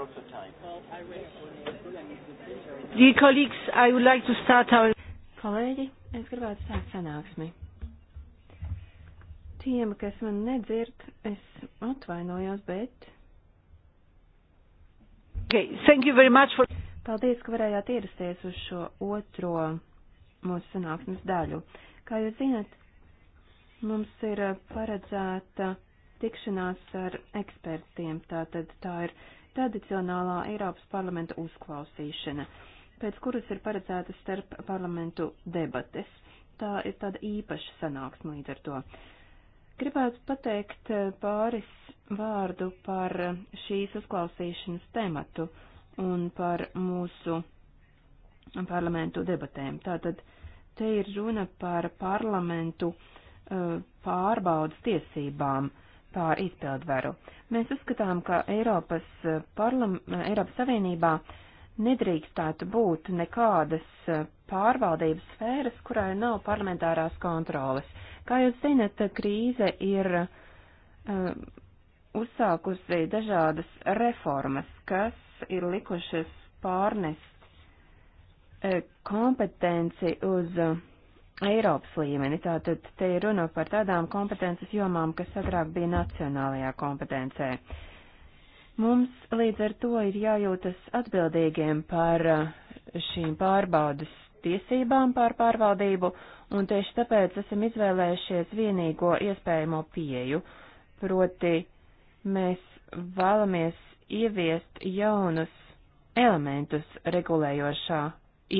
prototype. Dear colleagues, I would like to start our... Kolēģi, es gribētu sākt sanāksmi. Tiem, kas man nedzird, es atvainojos, bet... Okay, thank you very much for... Paldies, ka varējāt ierasties uz šo otro mūsu sanāksmes daļu. Kā jūs zināt, mums ir eh, paredzēta tikšanās ar ekspertiem, tātad tā ir tradicionālā Eiropas parlamenta uzklausīšana, pēc kuras ir paredzētas starp parlamentu debates. Tā ir tāda īpaša sanāksme līdz ar to. Gribētu pateikt eh, pāris vārdu par eh, šīs uzklausīšanas tematu un par mūsu parlamentu debatēm. Tātad te ir runa par parlamentu eh, pārbaudas tiesībām. Uh, pār izpildvaru. Mēs uzskatām, ka Eiropas, eh, parlam, eh, Eiropas Savienībā nedrīkstētu būt nekādas eh, pārvaldības sfēras, kurai nav parlamentārās kontroles. Kā jūs zinat, krīze ir uh, uzsākusi dažādas reformas, kas ir likušas pārnest kompetenci uz uh, Eiropas līmeni. Tātad te ir runa par tādām kompetences jomām, kas agrāk bija nacionālajā kompetencē. Mums līdz ar to ir jājūtas atbildīgiem par eh, šīm pārbaudas tiesībām pār pārvaldību, un tieši tāpēc esam izvēlējušies vienīgo iespējamo pieju, proti mēs vēlamies ieviest jaunus elementus regulējošā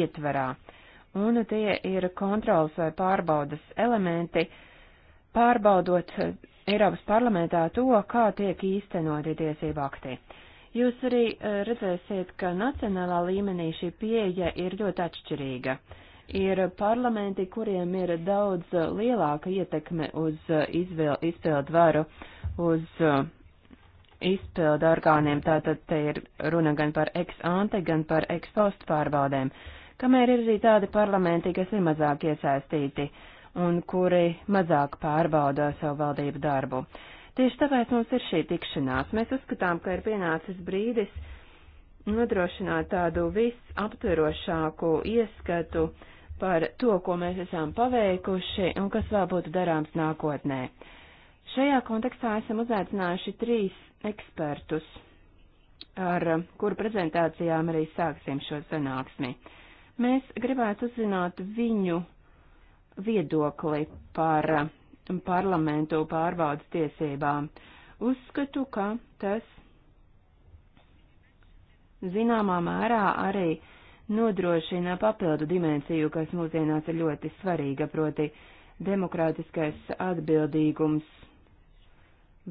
ietverā. Uh, un tie ir kontrols vai pārbaudas elementi, pārbaudot Eiropas parlamentā to, kā tiek īstenoti tiesību akti. Jūs arī eh, redzēsiet, ka nacionālā līmenī šī pieeja ir ļoti atšķirīga. Ir parlamenti, kuriem ir daudz eh, lielāka ietekme uz eh, izpildu varu, uz izpildu orgāniem, tātad te ir runa gan par ex ante, gan par ex post pārbaudēm. Uh, kamēr ir arī tādi parlamenti, kas ir mazāk iesaistīti un kuri mazāk pārbauda savu valdību darbu. Tieši tāpēc mums ir šī tikšanās. Mēs uzskatām, ka ir pienācis brīdis nodrošināt tādu visaptverošāku ieskatu par to, ko mēs esam paveikuši un kas vēl būtu darāms nākotnē. Šajā kontekstā esam uzaicinājuši trīs ekspertus, ar kuru prezentācijām arī sāksim šo sanāksmi. Mēs gribētu uzzināt viņu viedokli par parlamentu pārbaudas tiesībām. Uzskatu, ka tas zināmā mērā arī nodrošina papildu dimensiju, kas mūsdienās ir ļoti svarīga, proti demokrātiskais atbildīgums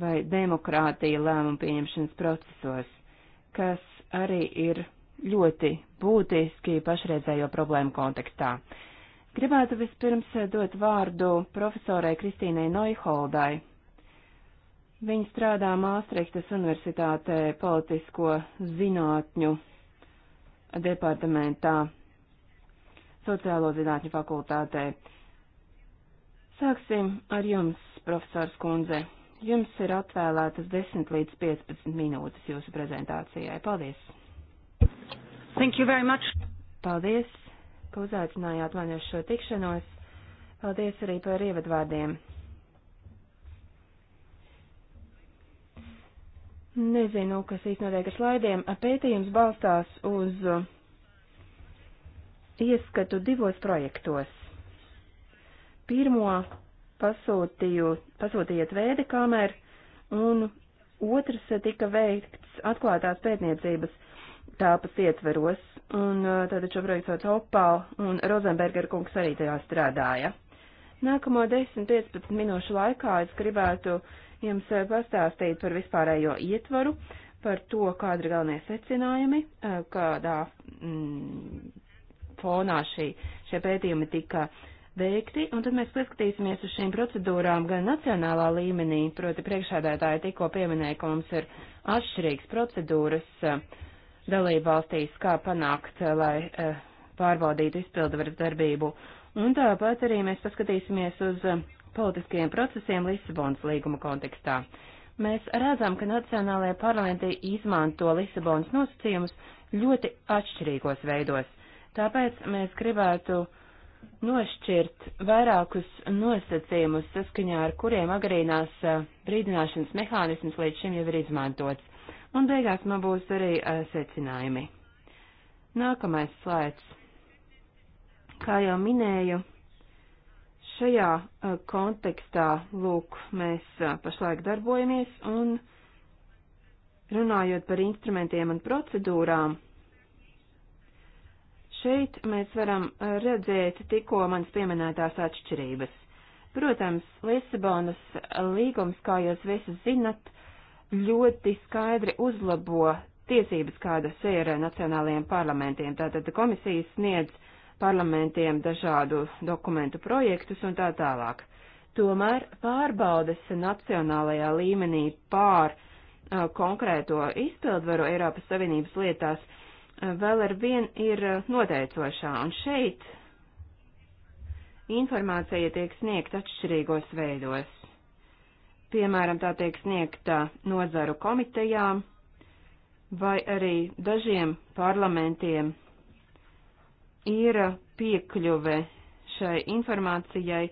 vai demokrātija lēmumu pieņemšanas procesos, kas arī ir ļoti būtiski pašreizējo problēmu kontekstā. Gribētu vispirms dot vārdu profesorai Kristīnai Noiholdai. Viņa strādā Māstrihtas Universitātē politisko zinātņu departamentā, sociālo zinātņu fakultātē. Sāksim ar jums, profesors Kundze. Jums ir atvēlētas 10 līdz 15 minūtes jūsu prezentācijai. Paldies! Thank you very much. Paldies, ka uzaicinājāt mani uz šo tikšanos. Paldies arī par ievadvārdiem. Nezinu, kas īsti notiek ar slaidiem. Pētījums balstās uz ieskatu divos projektos. Pirmo pasūtīju, pasūtījiet vēdi kameru, un otrs tika veikts atklātās pētniecības tāpas ietveros, un uh, tātad šo projektu sauc Opal, un Rozenberger kungs arī tajā strādāja. Nākamo 10-15 minūšu laikā es gribētu jums uh, pastāstīt par vispārējo ietvaru, par to, kāda ir galvenie secinājumi, uh, kādā mm, fonā šī, šie pētījumi tika veikti, un tad mēs paskatīsimies uz šīm procedūrām gan nacionālā līmenī, proti priekšādētāja tikko pieminēja, ka mums ir atšķirīgas procedūras uh, dalībvalstīs, kā panākt, eh, lai eh, pārbaudītu izpildu darbību. Un tāpat arī mēs paskatīsimies uz eh, politiskajiem procesiem Lisabonas līguma kontekstā. Mēs redzam, ka nacionālajie parlamenti izmanto Lisabonas nosacījumus ļoti atšķirīgos veidos. Tāpēc mēs gribētu nošķirt vairākus nosacījumus, saskaņā ar kuriem agrīnās brīdināšanas mehānisms līdz šim jau ir izmantots un beigās man būs arī uh, secinājumi. Nākamais slaids. Kā jau minēju, šajā uh, kontekstā, lūk, mēs uh, pašlaik darbojamies un runājot par instrumentiem un procedūrām, šeit mēs varam uh, redzēt tikko manas pieminētās atšķirības. Protams, Lisabonas līgums, kā jūs visi zinat, ļoti skaidri uzlabo tiesības, kādas ir nacionālajiem parlamentiem. Tātad komisijas sniedz parlamentiem dažādu dokumentu projektus un tā tālāk. Tomēr pārbaudes nacionālajā līmenī pār uh, konkrēto izpildvaru Eiropas Savienības lietās uh, vēl ar vien ir uh, noteicošā, un šeit informācija tiek sniegta atšķirīgos veidos piemēram, tā tiek sniegta nozaru komitejām vai arī dažiem parlamentiem ir piekļuve šai informācijai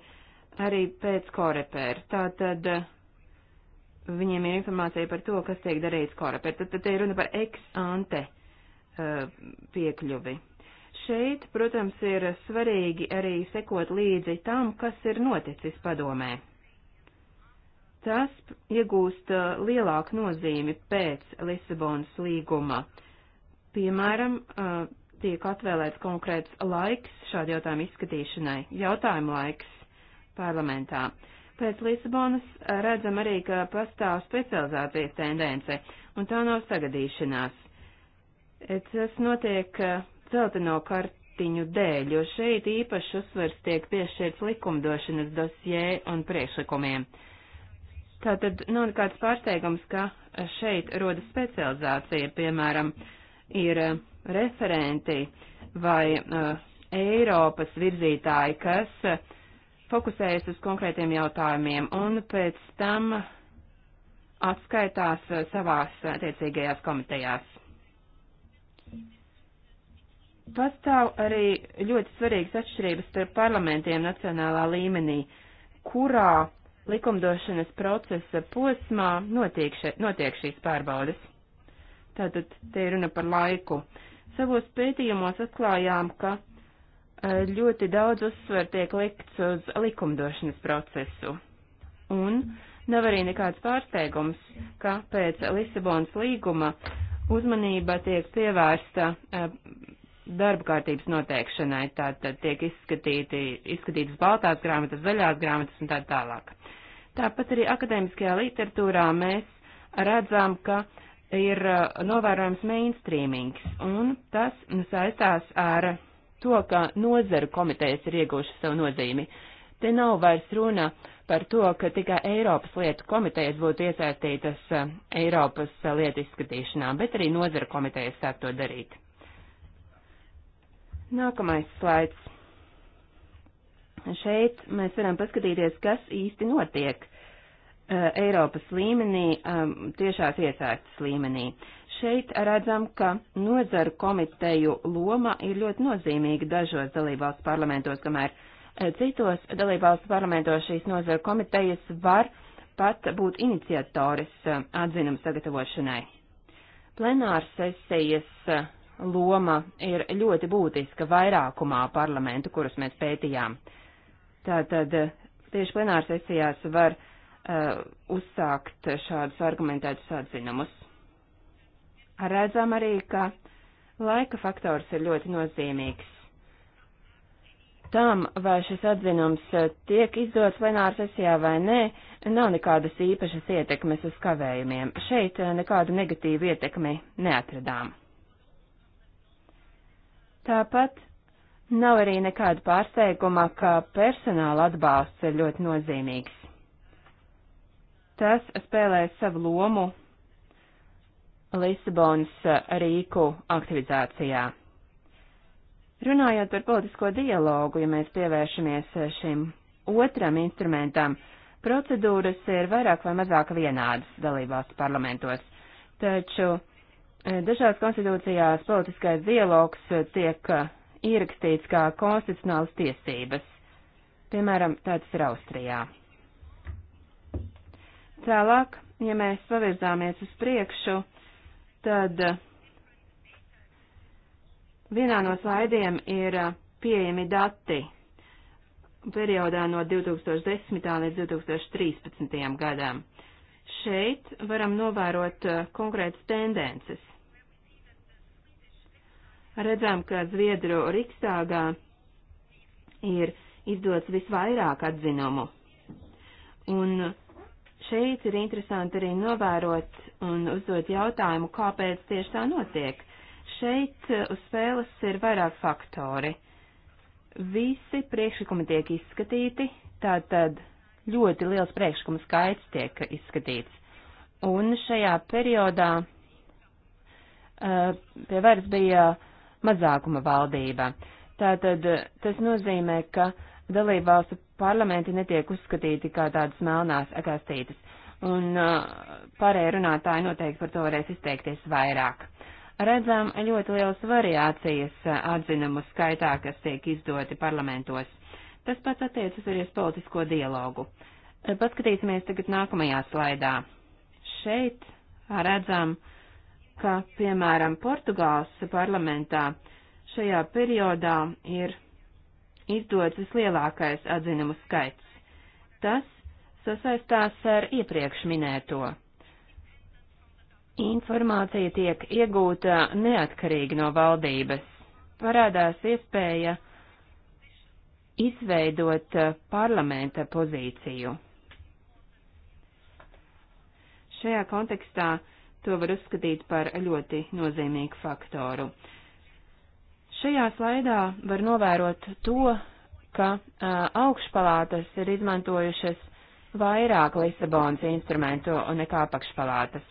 arī pēc korepēra. Tātad eh, viņiem ir informācija par to, kas tiek darīts korepēra. Tad, tad te ir runa par ex ante uh, piekļuvi. Šeit, protams, ir svarīgi arī sekot līdzi tam, kas ir noticis padomē. Tas iegūst uh, lielāku nozīmi pēc Lisabonas līguma. Piemēram, uh, tiek atvēlēts konkrēts laiks šādu jautājumu izskatīšanai, jautājumu laiks parlamentā. Pēc Lisabonas uh, redzam arī, ka pastāv specializācijas tendence, un tā nav sagadīšanās. Tas notiek celteno kartiņu dēļ, jo šeit īpaši uzsvers tiek piešķirts likumdošanas dosjē un priekšlikumiem. Uh, Tātad nav nekāds pārsteigums, ka šeit rodas specializācija, piemēram, ir eh, referenti vai uh, Eiropas virzītāji, kas uh, fokusējas uz konkrētiem jautājumiem un pēc tam atskaitās uh, savās attiecīgajās komitejās. Pastāv arī ļoti svarīgas atšķirības starp parlamentiem nacionālā līmenī, kurā likumdošanas procesa posmā notiek, še, notiek šīs pārbaudes. Tātad te ir runa par laiku. Savos pētījumos atklājām, ka e, ļoti daudz uzsver tiek likts uz likumdošanas procesu. Un nav arī nekāds pārsteigums, ka pēc Lisabonas līguma uzmanība tiek pievērsta e, darba kārtības noteikšanai, tātad tiek izskatīti, izskatītas baltās grāmatas, zaļās grāmatas un tā tālāk. Tāpat arī akadēmiskajā literatūrā mēs redzam, ka ir uh, novērojams mainstreamings, un tas nu, saistās ar to, ka nozaru komitejas ir iegūšas savu nozīmi. Te nav vairs runa par to, ka tikai Eiropas lietu komitejas būtu iesaistītas uh, Eiropas uh, lietu izskatīšanā, bet arī nozara komitejas sāk to darīt. Nākamais slaids. Šeit mēs varam paskatīties, kas īsti notiek uh, Eiropas līmenī, um, tiešās iesaistas līmenī. Šeit redzam, ka nozaru komiteju loma ir ļoti nozīmīga dažos dalībvalsts parlamentos, kamēr uh, citos dalībvalsts parlamentos šīs nozaru komitejas var pat būt iniciatoris uh, atzinuma sagatavošanai. Plenāras sesijas uh, loma ir ļoti būtiska vairākumā parlamentu, kurus mēs pētījām. Uh, Tātad eh, tieši plenārsesijās var uh, uzsākt šādus argumentētus atzinumus. Redzam arī, ka laika faktors ir ļoti nozīmīgs. Tam, vai šis atzinums eh, tiek izdots plenārsesijā vai nē, nav nekādas īpašas ietekmes uz kavējumiem. Šeit nekādu negatīvu ietekmi neatradām. Tāpat Nav arī nekāda pārsteiguma, ka personāla atbalsts ir ļoti nozīmīgs. Tas spēlē savu lomu Lisabonas rīku aktivizācijā. Runājot par politisko dialogu, ja mēs pievēršamies šim otram instrumentam, procedūras ir vairāk vai mazāk vienādas dalībvalstu parlamentos, taču eh, dažās konstitūcijās politiskais dialogs tiek eh, ierakstīts kā konstitucionālas tiesības. Piemēram, tāds ir Austrijā. Tālāk, ja mēs pavirzāmies uz priekšu, tad eh, vienā no slaidiem ir eh, pieejami dati periodā no 2010. līdz 2013. gadam. Šeit varam novērot eh, konkrētas tendences redzam, ka Zviedru Rikstāgā ir izdots visvairāk atzinumu. Un šeit ir interesanti arī novērot un uzdot jautājumu, kāpēc tieši tā notiek. Šeit uh, uz spēles ir vairāk faktori. Visi priekšlikumi tiek izskatīti, tātad ļoti liels priekšlikumu skaits tiek izskatīts. Un šajā periodā uh, pie varas bija mazākuma valdība. Tātad eh, tas nozīmē, ka dalībvalstu parlamenti netiek uzskatīti kā tādas melnās kastītes, un uh, pārējie runātāji noteikti par to varēs izteikties vairāk. Redzam ļoti lielas variācijas eh, atzinumu skaitā, kas tiek izdoti parlamentos. Tas pats attiecas arī uz politisko dialogu. Paskatīsimies tagad nākamajā slaidā. Šeit redzam uh, ka, piemēram, Portugāls parlamentā šajā periodā ir izdots vislielākais atzinumu skaits. Tas sasaistās ar iepriekš minēto. Informācija tiek iegūta neatkarīgi no valdības. Parādās iespēja izveidot parlamenta pozīciju. Šajā kontekstā uh, To var uzskatīt par ļoti nozīmīgu faktoru. Šajā slaidā var novērot to, ka a, augšpalātas ir izmantojušas vairāk Lisabonas instrumentu nekā apakšpalātas.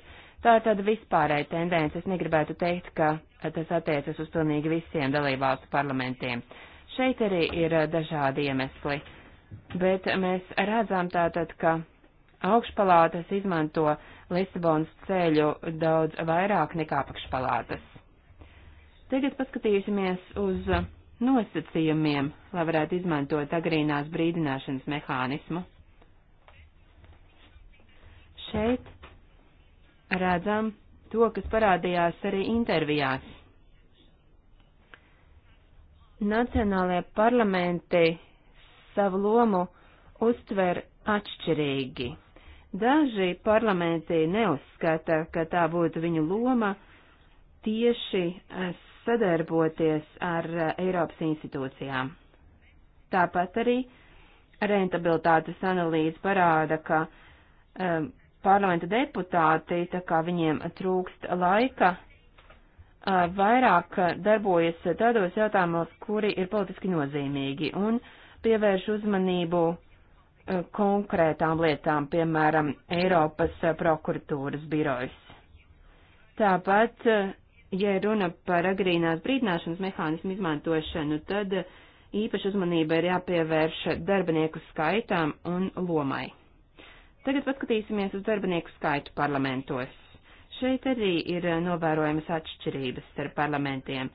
Tā ir tāda vispārēja tendence. Es negribētu teikt, ka tas attiecas uz pilnīgi visiem dalībvalstu parlamentiem. Šeit arī ir dažādi iemesli, bet mēs redzam tātad, ka Augšpalātas izmanto Lisabonas ceļu daudz vairāk nekā apakšpalātas. Tagad paskatīsimies uz nosacījumiem, lai varētu izmantot agrīnās brīdināšanas mehānismu. Šeit redzam to, kas parādījās arī intervijās. Nacionālajie parlamenti savu lomu uztver atšķirīgi. Daži parlamenti neuzskata, ka tā būtu viņu loma tieši eh, sadarboties ar eh, Eiropas institūcijām. Tāpat arī rentabilitātes analīze parāda, ka um, parlamenta deputāti, tā kā viņiem trūkst laika, uh, vairāk darbojas tādos jautājumos, kuri ir politiski nozīmīgi un pievērš uzmanību Eh, konkrētām lietām, piemēram, Eiropas eh, prokuratūras birojas. Tāpat, eh, ja runa par agrīnās brīdināšanas mehānismu izmantošanu, tad īpaša uzmanība ir jāpievērš darbinieku skaitām un lomai. Tagad paskatīsimies uz darbinieku skaitu parlamentos. Šeit arī ir novērojamas atšķirības starp parlamentiem.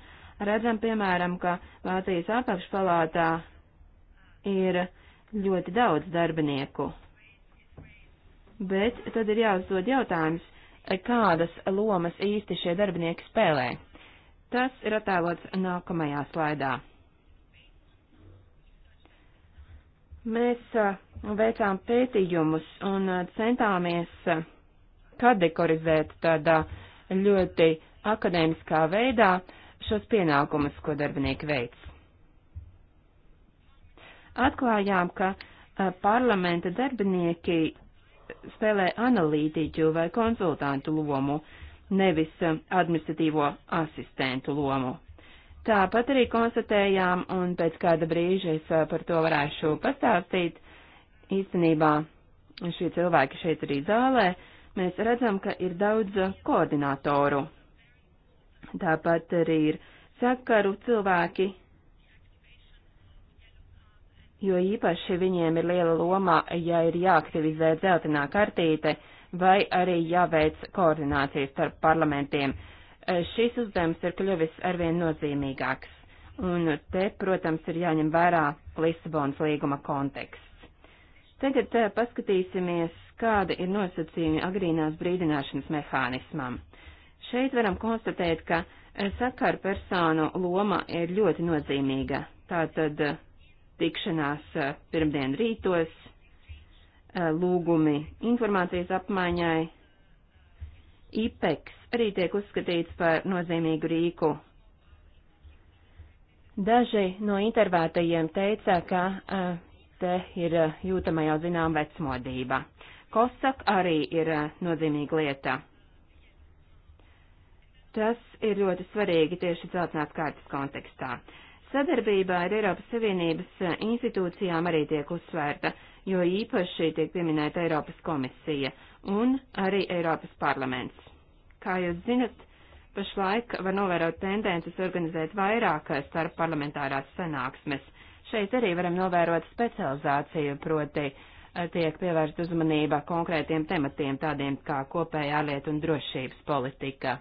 Redzam, piemēram, ka Vācijas apakšpalātā ir uh, ļoti daudz darbinieku. Bet tad ir jāuzdod jautājums, kādas lomas īsti šie darbinieki spēlē. Tas ir attēlots nākamajā slaidā. Mēs a, veicām pētījumus un a, centāmies a, kategorizēt tādā ļoti akadēmiskā veidā šos pienākumus, ko darbinieki veic atklājām, ka eh, parlamenta darbinieki spēlē analītiķu vai konsultantu lomu, nevis eh, administratīvo asistentu lomu. Tāpat arī konstatējām, un pēc kāda brīža es eh, par to varēšu pastāstīt, īstenībā šie cilvēki šeit arī zālē, mēs redzam, ka ir daudz koordinatoru. Tāpat arī ir sakaru cilvēki, jo īpaši viņiem ir liela loma, ja ir jāaktivizē dzeltenā kartīte vai arī jāveic koordinācijas starp parlamentiem. E, šis uzdevums ir kļuvis arvien nozīmīgāks, un te, protams, ir jāņem vērā Lisabonas līguma konteksts. Tagad e, paskatīsimies, kāda ir nosacījumi agrīnās brīdināšanas mehānismam. Šeit varam konstatēt, ka e, sakara personu loma ir ļoti nozīmīga. Tātad tikšanās eh, pirmdien rītos, eh, lūgumi informācijas apmaiņai. IPEX arī tiek uzskatīts par nozīmīgu rīku. Daži no intervētajiem teica, ka eh, te ir jūtama jau zinām vecmodība. Kosak arī ir nozīmīga lieta. Tas ir ļoti svarīgi tieši dzeltenās kārtas kontekstā. Uh, Sadarbībā ar Eiropas Savienības eh, institūcijām arī tiek uzsvērta, jo īpaši tiek pieminēta Eiropas komisija un arī Eiropas parlaments. Kā jūs zinat, pašlaik var novērot tendences organizēt vairāk eh, starp parlamentārās sanāksmes. Šeit arī varam novērot specializāciju, proti eh, tiek pievērsta uzmanība konkrētiem tematiem, tādiem kā kopējā ārlietu un drošības politika.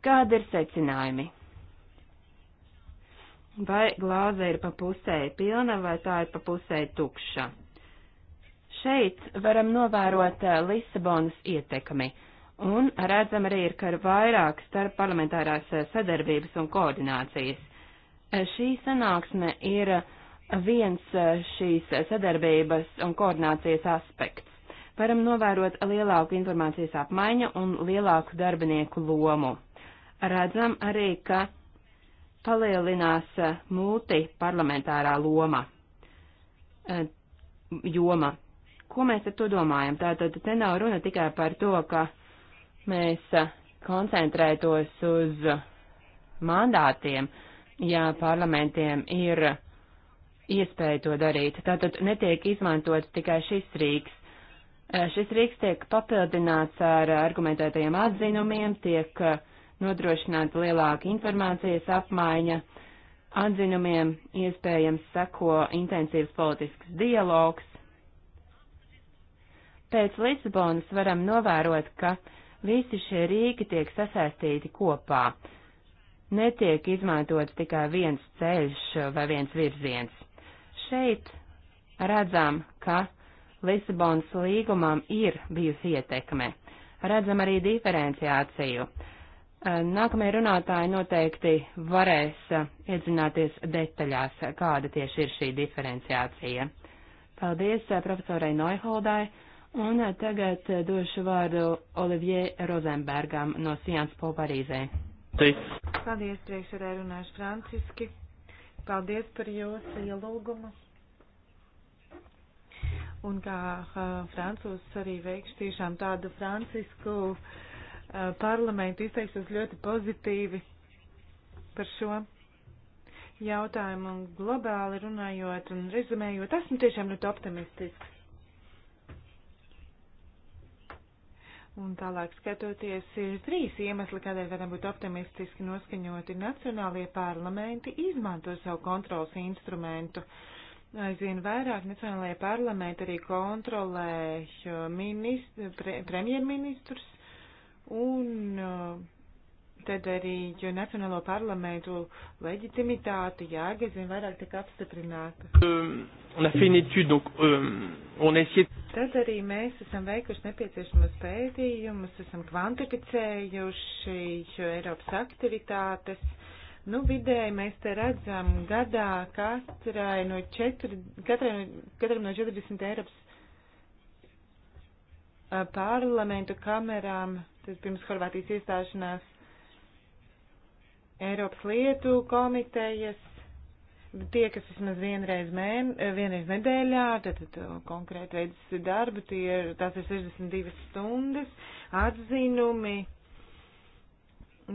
Kādi ir secinājumi? vai glāze ir pa pusēji pilna vai tā ir pa pusēji tukša. Šeit varam novērot eh, Lisabonas ietekmi, un redzam arī, ka ir vairāk starp parlamentārās eh, sadarbības un koordinācijas. Eh, šī sanāksme ir viens šīs sadarbības un koordinācijas aspekts. Varam novērot lielāku informācijas apmaiņu un lielāku darbinieku lomu. Redzam arī, ka palielinās eh, multiparlamentārā loma. Eh, joma. Ko mēs ar to domājam? Tātad te nav runa tikai par to, ka mēs eh, koncentrētos uz mandātiem, ja parlamentiem ir iespēja to darīt. Tātad netiek izmantots tikai šis rīks. Šis rīks tiek papildināts ar argumentētajiem atzinumiem, tiek uh, nodrošināta lielāka informācijas apmaiņa, atzinumiem iespējams seko intensīvs politisks dialogs. Pēc Lisabonas varam novērot, ka visi šie rīki tiek sasaistīti kopā. Netiek izmantots tikai viens ceļš vai viens virziens. Šeit redzam, ka Lisabonas līgumam ir bijusi ietekme. Redzam arī diferenciāciju. Eh, nākamie runātāji noteikti varēs eh, iedzināties detaļās, eh, kāda tieši ir šī diferenciācija. Paldies profesorai Noiholdai, un tagad došu vārdu Olivier Rozenbergam no Sijans Po Parīzē. Paldies, priekšsēdē runāšu franciski. Paldies par jūsu ielūgumu. Un kā uh, francūzs arī veikšu tiešām tādu francisku uh, Eh, parlamentu izteiksies ļoti pozitīvi par šo jautājumu globāli runājot un rezumējot. Esmu tiešām ļoti optimistisks. Un tālāk skatoties, ir trīs iemesli, kādēļ varam būt optimistiski noskaņoti. Nacionālie parlamenti izmanto savu kontrols instrumentu. Aizvien vairāk nacionālajie parlamenti arī kontrolē pre, premjerministrus Un uh, tad arī Nacionālo parlamentu leģitimitāte jāgazina vairāk tiek apstiprināta. Um, um, tad arī mēs esam veikuši nepieciešamas pētījumus, esam kvantificējuši Eiropas aktivitātes. Nu, vidēji mēs te redzam gadā katrai no, četri, katrai, katram no 40 Eiropas uh, parlamentu kamerām tas pirms Horvātijas iestāšanās Eiropas lietu komitejas tiekas vismaz vienreiz, mēn, vienreiz nedēļā, tad, tad konkrēti veids darbu, tie, tās ir 62 stundas, atzinumi,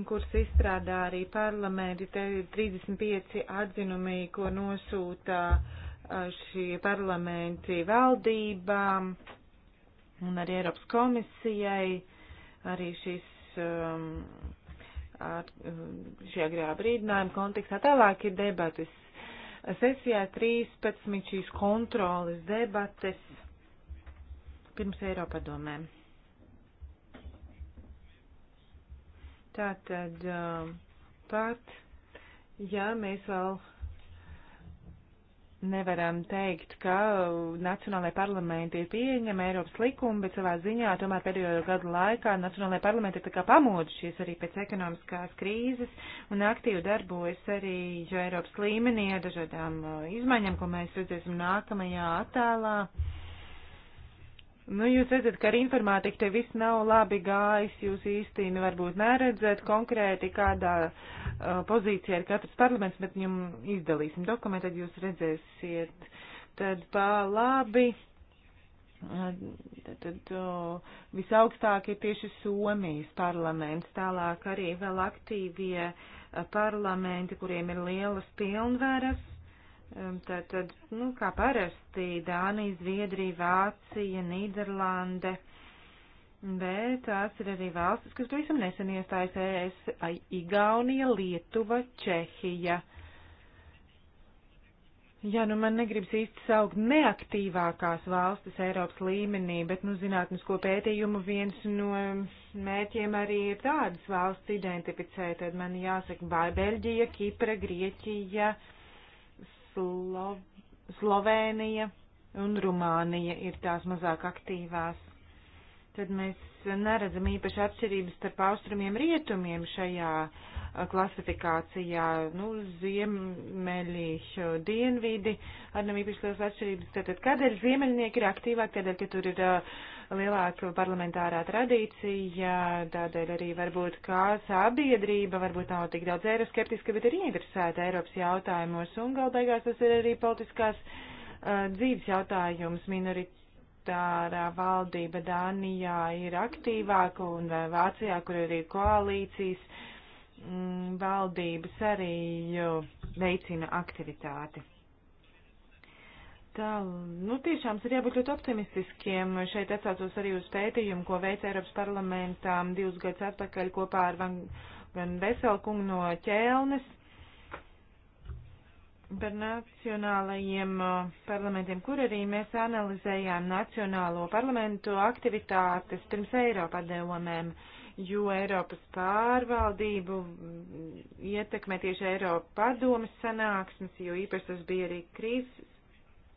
kurus izstrādā arī parlamenti, te ir 35 atzinumi, ko nosūta šie parlamenti valdībām un arī Eiropas komisijai arī šis. Um, Ar, um, šie agrā brīdinājuma kontekstā tālāk ir debatas. Sesijā 13 šīs kontrolas debates pirms Eiropadomēm. Tātad um, pat, ja mēs vēl nevaram teikt, ka nacionālajie parlamenti pieņem Eiropas likumu, bet savā ziņā tomēr pēdējo gadu laikā nacionālajie parlamenti ir tā kā pamodušies arī pēc ekonomiskās krīzes un aktīvi darbojas arī Eiropas līmenī ar dažādām uh, izmaiņām, ko mēs redzēsim nākamajā attēlā. Uh, Nu, jūs redzat, ka ar informātiku te viss nav labi gājis, jūs īsti varbūt neredzat konkrēti, kādā uh, pozīcijā ir katrs parlaments, bet viņam izdalīsim dokumentu, tad jūs redzēsiet. Tad pa labi, tad, tad uh, visaugstāk ir tieši Somijas parlaments, tālāk arī vēl aktīvie uh, parlamenti, kuriem ir lielas pilnvaras Tātad, nu, kā parasti, Dānija, Zviedrija, Vācija, Nīderlande, bet tās ir arī valstis, kas pavisam nesen iestājas ES, Igaunija, Lietuva, Čehija. Jā, nu man negribas īsti saukt neaktīvākās valstis Eiropas līmenī, bet, nu, zinātnisko pētījumu viens no mērķiem arī ir tādas valsts identificēt, tad man jāsaka Beļģija, Kipra, Grieķija, uh, Slo Slovēnija un Rumānija ir tās mazāk aktīvās. Tad mēs neredzam īpaši atšķirības starp austrumiem rietumiem šajā klasifikācijā. Nu, ziemeļi, dienvidi, arī nav īpaši liels atšķirības. Tātad, kādēļ ziemeļnieki ir aktīvāk? Tādēļ, ka tur ir uh, lielāka parlamentārā tradīcija, tādēļ arī varbūt kā sabiedrība varbūt nav tik daudz eiroskeptiska, bet ir ieinteresēta Eiropas jautājumos, un gal beigās tas ir arī politiskās uh, dzīves jautājums minoritātes parlamentārā valdība Dānijā ir aktīvāka un Vācijā, kur ir koalīcijas mm, valdības arī veicina aktivitāti. Tā, nu tiešām ir jābūt ļoti optimistiskiem. Šeit atsaucos arī uz pētījumu, ko veica Eiropas parlamentā divus gadus atpakaļ kopā ar Van, Van Veselkungu no Ķēlnes par nacionālajiem uh, parlamentiem, kur arī mēs analizējām nacionālo parlamentu aktivitātes pirms Eiropa deomēm, jo Eiropas pārvaldību mm, ietekmē tieši Eiropa padomas sanāksmes, jo īpaši tas bija arī krīzes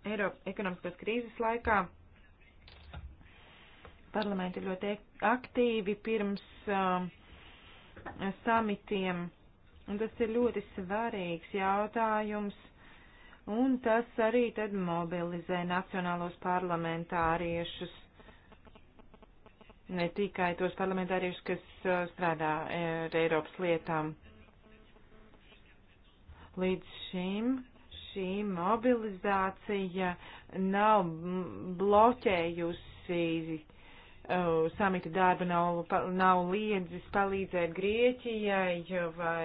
Eiropas ekonomiskās krīzes laikā. Parlamenti ļoti aktīvi pirms um, samitiem, un tas ir ļoti svarīgs jautājums, un tas arī tad mobilizē nacionālos parlamentāriešus, ne tikai tos parlamentāriešus, kas uh, strādā ar eh, Eiropas lietām. Līdz šim šī mobilizācija nav bloķējusi uh, samita darba, nav, nav liedzis palīdzēt Grieķijai vai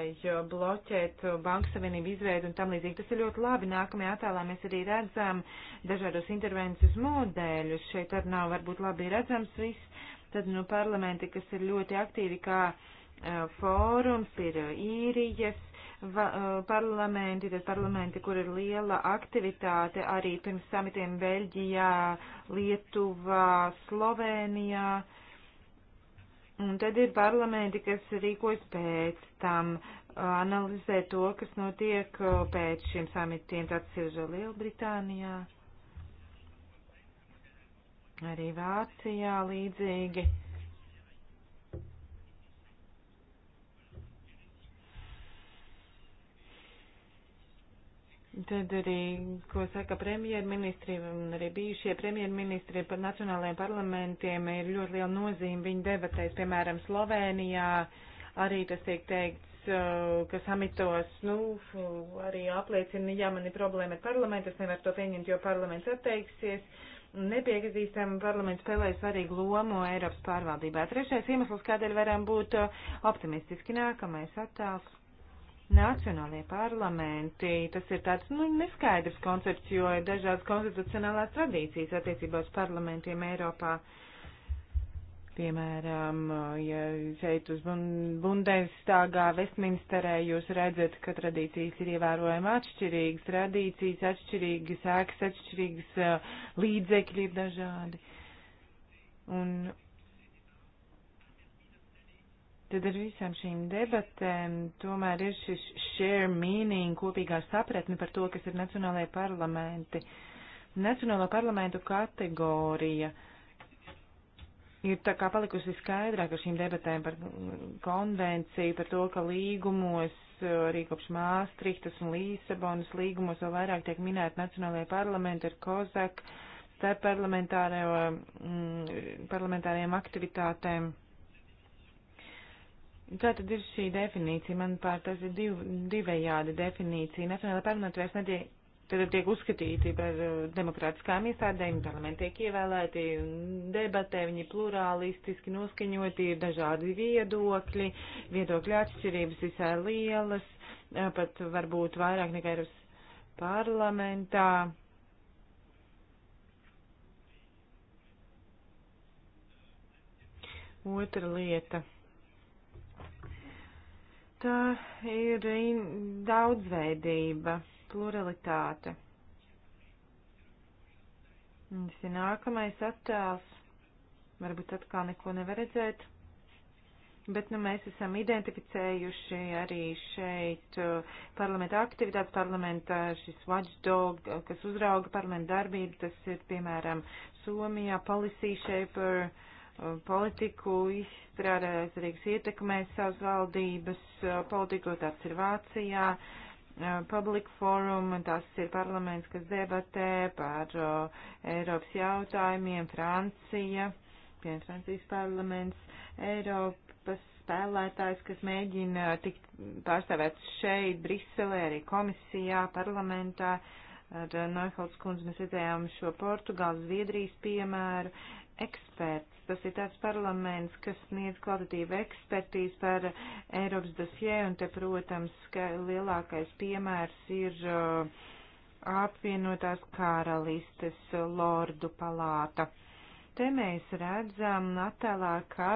bloķēt Banku Savienību izveidu un tam līdzīgi. Tas ir ļoti labi. Nākamajā attēlā mēs arī redzam dažādos intervences modeļus. Šeit arī nav varbūt labi redzams viss. Tad, nu, parlamenti, kas ir ļoti aktīvi kā uh, fórums, ir uh, īrijas Uh, parlamenti, tad parlamenti, kur ir liela aktivitāte arī pirms samitiem Beļģijā, Lietuvā, Slovenijā. Un tad ir parlamenti, kas rīkojas pēc tam, analizē to, kas notiek uh, pēc šiem samitiem. Tāds ir Lielbritānijā, arī Vācijā līdzīgi Tad arī, ko saka premjerministri un arī bijušie premjerministri par nacionālajiem parlamentiem, ir ļoti liela nozīme viņu debatēs, piemēram, Slovenijā. Arī tas tiek teikts, uh, ka samitos, nu, arī apliecina, ja man ir problēma ar parlamentu, es nevaru to pieņemt, jo parlaments atteiksies. Nepiekritīstam parlaments spēlē svarīgu lomu Eiropas pārvaldībā. Trešais iemesls, kādēļ varam būt uh, optimistiski nākamais attēls. Nacionālajie parlamenti, tas ir tāds nu, neskaidrs koncepts, jo ir dažādas konstitucionālās tradīcijas attiecībā uz parlamentiem Eiropā. Piemēram, ja šeit uz Bundestāgā, Vestminsterē jūs redzat, ka tradīcijas ir ievērojami atšķirīgas, tradīcijas atšķirīgas, ēkas atšķirīgas, līdzekļi ir dažādi. Un Tad ar visām šīm debatēm tomēr ir šis share meaning, kopīgā sapratne par to, kas ir nacionālajie parlamenti. Nacionālo parlamentu kategorija ir tā kā palikusi skaidrāk ar šīm debatēm par konvenciju, par to, ka līgumos, arī kopš Māstrihtas un Līsabonas līgumos vēl vairāk tiek minēti nacionālajie parlamenti ar Kozak, starp mm, parlamentārajiem aktivitātēm Tā tad ir šī definīcija, manuprāt, tas ir div, divējāda definīcija. Nacionāla parlamenta vairs netiek, tad tiek uzskatīti par uh, demokrātiskām iestādēm, parlamenti tiek ievēlēti, debatē viņi plurālistiski noskaņoti, ir dažādi viedokļi, viedokļu atšķirības visai lielas, uh, pat varbūt vairāk nekā ir uz parlamentā. Otra lieta bet uh, ir daudzveidība, pluralitāte. Tas ir nākamais attēls. Varbūt atkal neko nevar redzēt. Bet nu, mēs esam identificējuši arī šeit uh, parlamenta aktivitātes, parlamenta šis watchdog, uh, kas uzrauga parlamenta darbību. Tas ir piemēram Somijā policy shaper. Uh, Uh, politiku izstrādājas arī ietekmēs savas valdības uh, politiku, tāds ir Vācijā, uh, Public Forum, tas ir parlaments, kas debatē par Eiropas jautājumiem, Francija, pie Francijas parlaments, Eiropas spēlētājs, kas mēģina tikt pārstāvēts šeit, Briselē, arī komisijā, parlamentā. Ar Neuholz kundzi mēs redzējām šo Portugāles, Zviedrijas piemēru, eksperti Tas ir tāds parlaments, kas sniedz kvalitatīvu ekspertīzi par Eiropas dosjē, un te, protams, ka lielākais piemērs ir uh, apvienotās karalistes lordu palāta. Te mēs redzam attēlā, ka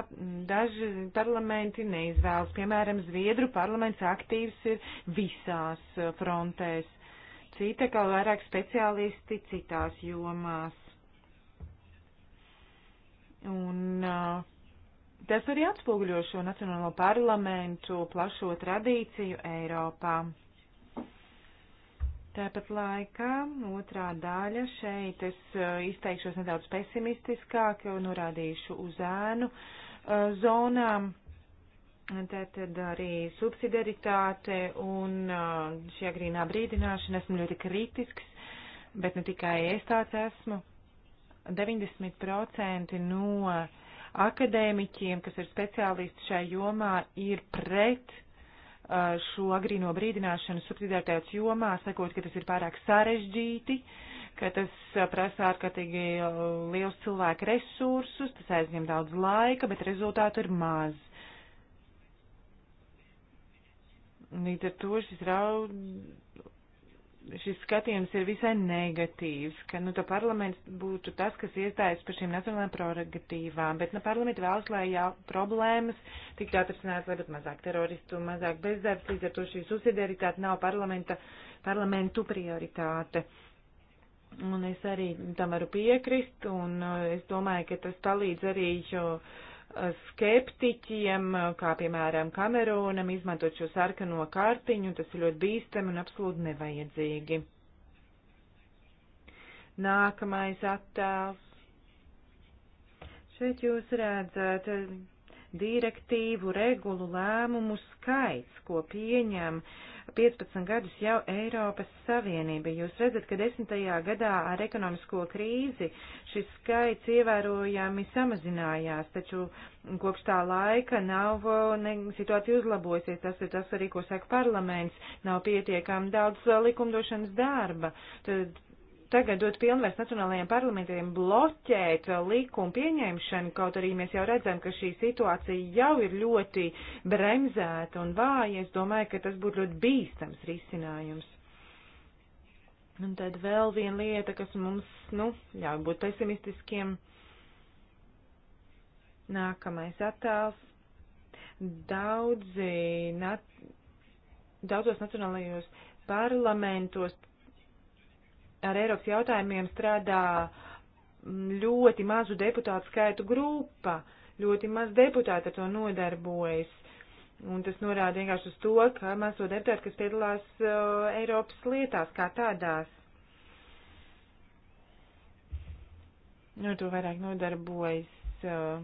daži parlamenti neizvēlas. Piemēram, Zviedru parlaments aktīvs ir visās uh, frontēs. Cita, kā vairāk speciālisti citās jomās Un uh, tas arī atspoguļo šo Nacionālo parlamentu plašo tradīciju Eiropā. Tāpat laikā otrā daļa šeit es uh, izteikšos nedaudz pesimistiskāk, jo norādīšu uz ēnu uh, zonām. Tātad arī subsidiaritāte un uh, šī agrīnā brīdināšana esmu ļoti kritisks, bet ne tikai es tāds esmu. 90% no akadēmiķiem, kas ir speciālisti šai jomā, ir pret uh, šo agrīno brīdināšanu subsidiārtājas jomā, sakot, ka tas ir pārāk sarežģīti, ka tas uh, prasa ārkārtīgi uh, liels cilvēku resursus, tas aizņem daudz laika, bet rezultātu ir maz. Līdz ar to šis raud šis skatījums ir visai negatīvs, ka nu, parlaments būtu tas, kas iestājas par šīm nacionālajām prerogatīvām, bet nu, parlamenti vēlas, lai jau problēmas tiktu atrisinātas, lai būtu mazāk teroristu, mazāk bezdarbs, līdz ar to šī subsidiaritāte nav parlamentu prioritāte. Un es arī tam varu piekrist, un uh, es domāju, ka tas palīdz arī. Jo, uh, skeptiķiem, kā piemēram Kamerūnam, izmantot šo sarkano kartiņu, tas ir ļoti bīstami un absolūti nevajadzīgi. Nākamais attēls. Šeit jūs redzat direktīvu, regulu lēmumu skaits, ko pieņem uh, 15 gadus jau Eiropas Savienība. Jūs redzat, ka desmitajā gadā ar ekonomisko krīzi šis skaits ievērojami samazinājās, taču kopš tā laika nav uh, ne, situācija uzlabojusies. Tas ir tas arī, ko saka parlaments, nav pietiekami daudz uh, likumdošanas darba. Tad tagad dot pilnvērs nacionālajiem parlamentiem bloķēt likumu pieņemšanu, kaut arī mēs jau redzam, ka šī situācija jau ir ļoti bremzēta un vāja. Es domāju, ka tas būtu ļoti bīstams risinājums. Un tad vēl viena lieta, kas mums, nu, ļauj būt pesimistiskiem. Nākamais attēls. Daudzi, nat, daudzos nacionālajos parlamentos ar Eiropas jautājumiem strādā mm, ļoti mazu deputātu skaitu grupa, ļoti maz deputāti ar to nodarbojas. Un tas norāda vienkārši uz to, ka mazo deputātu, kas piedalās uh, Eiropas lietās kā tādās, nu, to vairāk nodarbojas. Uh,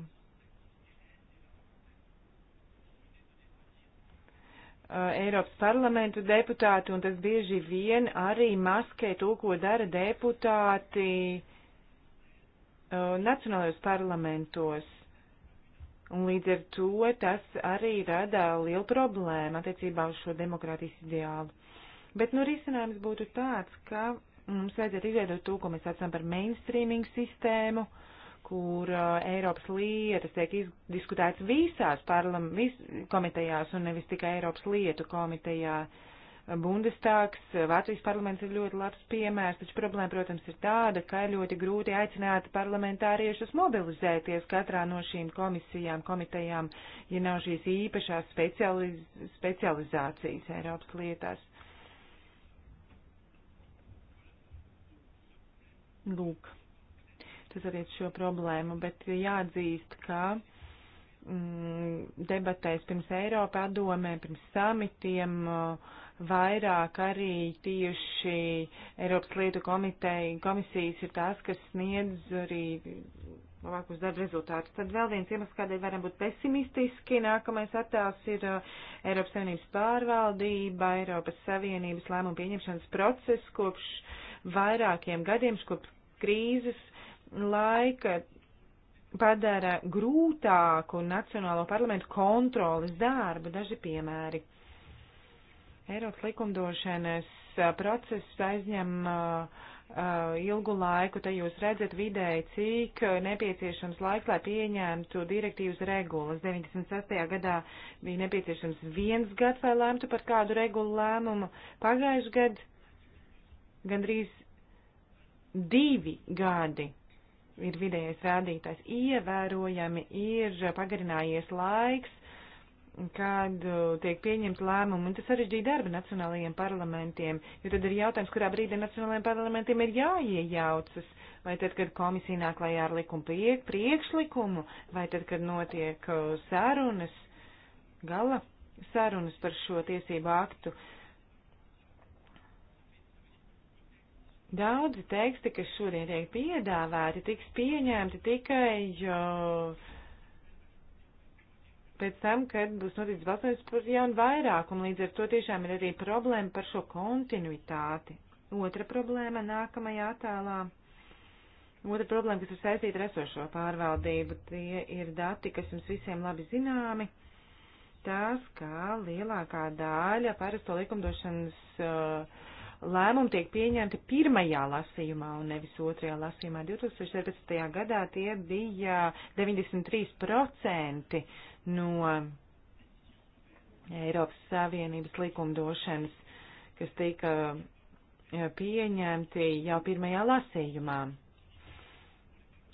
Uh, Eiropas parlamentu deputāti, un tas bieži vien arī maskē to, ko dara deputāti uh, nacionālajos parlamentos. Un līdz ar to tas arī rada lielu problēmu attiecībā uz šo demokrātijas ideālu. Bet nu risinājums būtu tāds, ka mums vajadzētu izveidot to, ko mēs saucam par mainstreaming sistēmu, uh, kur uh, Eiropas lietas tiek diskutētas visās parlam, vis, komitejās un nevis tikai Eiropas lietu komitejā. Bundestāgs, Vācijas parlaments ir ļoti labs piemērs, taču problēma, protams, ir tāda, ka ir ļoti grūti aicināt parlamentāriešus mobilizēties katrā no šīm komisijām, komitejām, ja nav šīs īpašās specializ, specializācijas Eiropas lietās. Lūk tas arī šo problēmu, bet jāatzīst, ka mm, debatēs pirms Eiropā domē, pirms samitiem vairāk arī tieši Eiropas lietu komiteja, komisijas ir tās, kas sniedz arī labākus darba rezultātus. Tad vēl viens iemesls, kādēļ varam būt pesimistiski, nākamais attēls ir Eiropas Savienības pārvaldība, Eiropas Savienības lēmumu pieņemšanas process kopš vairākiem gadiem, kopš krīzes laika padara grūtāku Nacionālo parlamentu kontrolas darbu. Daži piemēri. Eiropas likumdošanas process aizņem uh, ilgu laiku, tad jūs redzat vidēji, cik nepieciešams laiks, lai pieņemtu direktīvas regulas. 96. gadā bija nepieciešams viens gads, lai lēmtu par kādu regulu lēmumu. Pagājuši gadu gandrīz divi gadi ir vidējais rādītājs. Ievērojami ir pagarinājies laiks, kad uh, tiek pieņemts lēmumi, un tas sarežģīja darbu nacionālajiem parlamentiem, jo tad ir jautājums, kurā brīdī nacionālajiem parlamentiem ir jāiejaucas, vai tad, kad komisija nāk lajā ar likumu priek, priekšlikumu, vai tad, kad notiek uh, sarunas, gala sarunas par šo tiesību aktu. Uh, Daudzi teksti, kas šodien tiek piedāvāti, tiks pieņemti tikai pēc tam, kad būs noticis balsojums par jaunu vairākumu. Līdz ar to tiešām ir arī problēma par šo kontinuitāti. Otra problēma nākamajā attēlā. Otra problēma, kas ir saistīta ar esošo pārvaldību, tie ir dati, kas jums visiem labi zināmi. Tās, kā lielākā daļa parasto likumdošanas uh, lēmumi tiek pieņemti pirmajā lasījumā un nevis otrajā lasījumā. 2017. gadā tie bija 93% no Eiropas Savienības likumdošanas, kas tika pieņemti jau pirmajā lasījumā.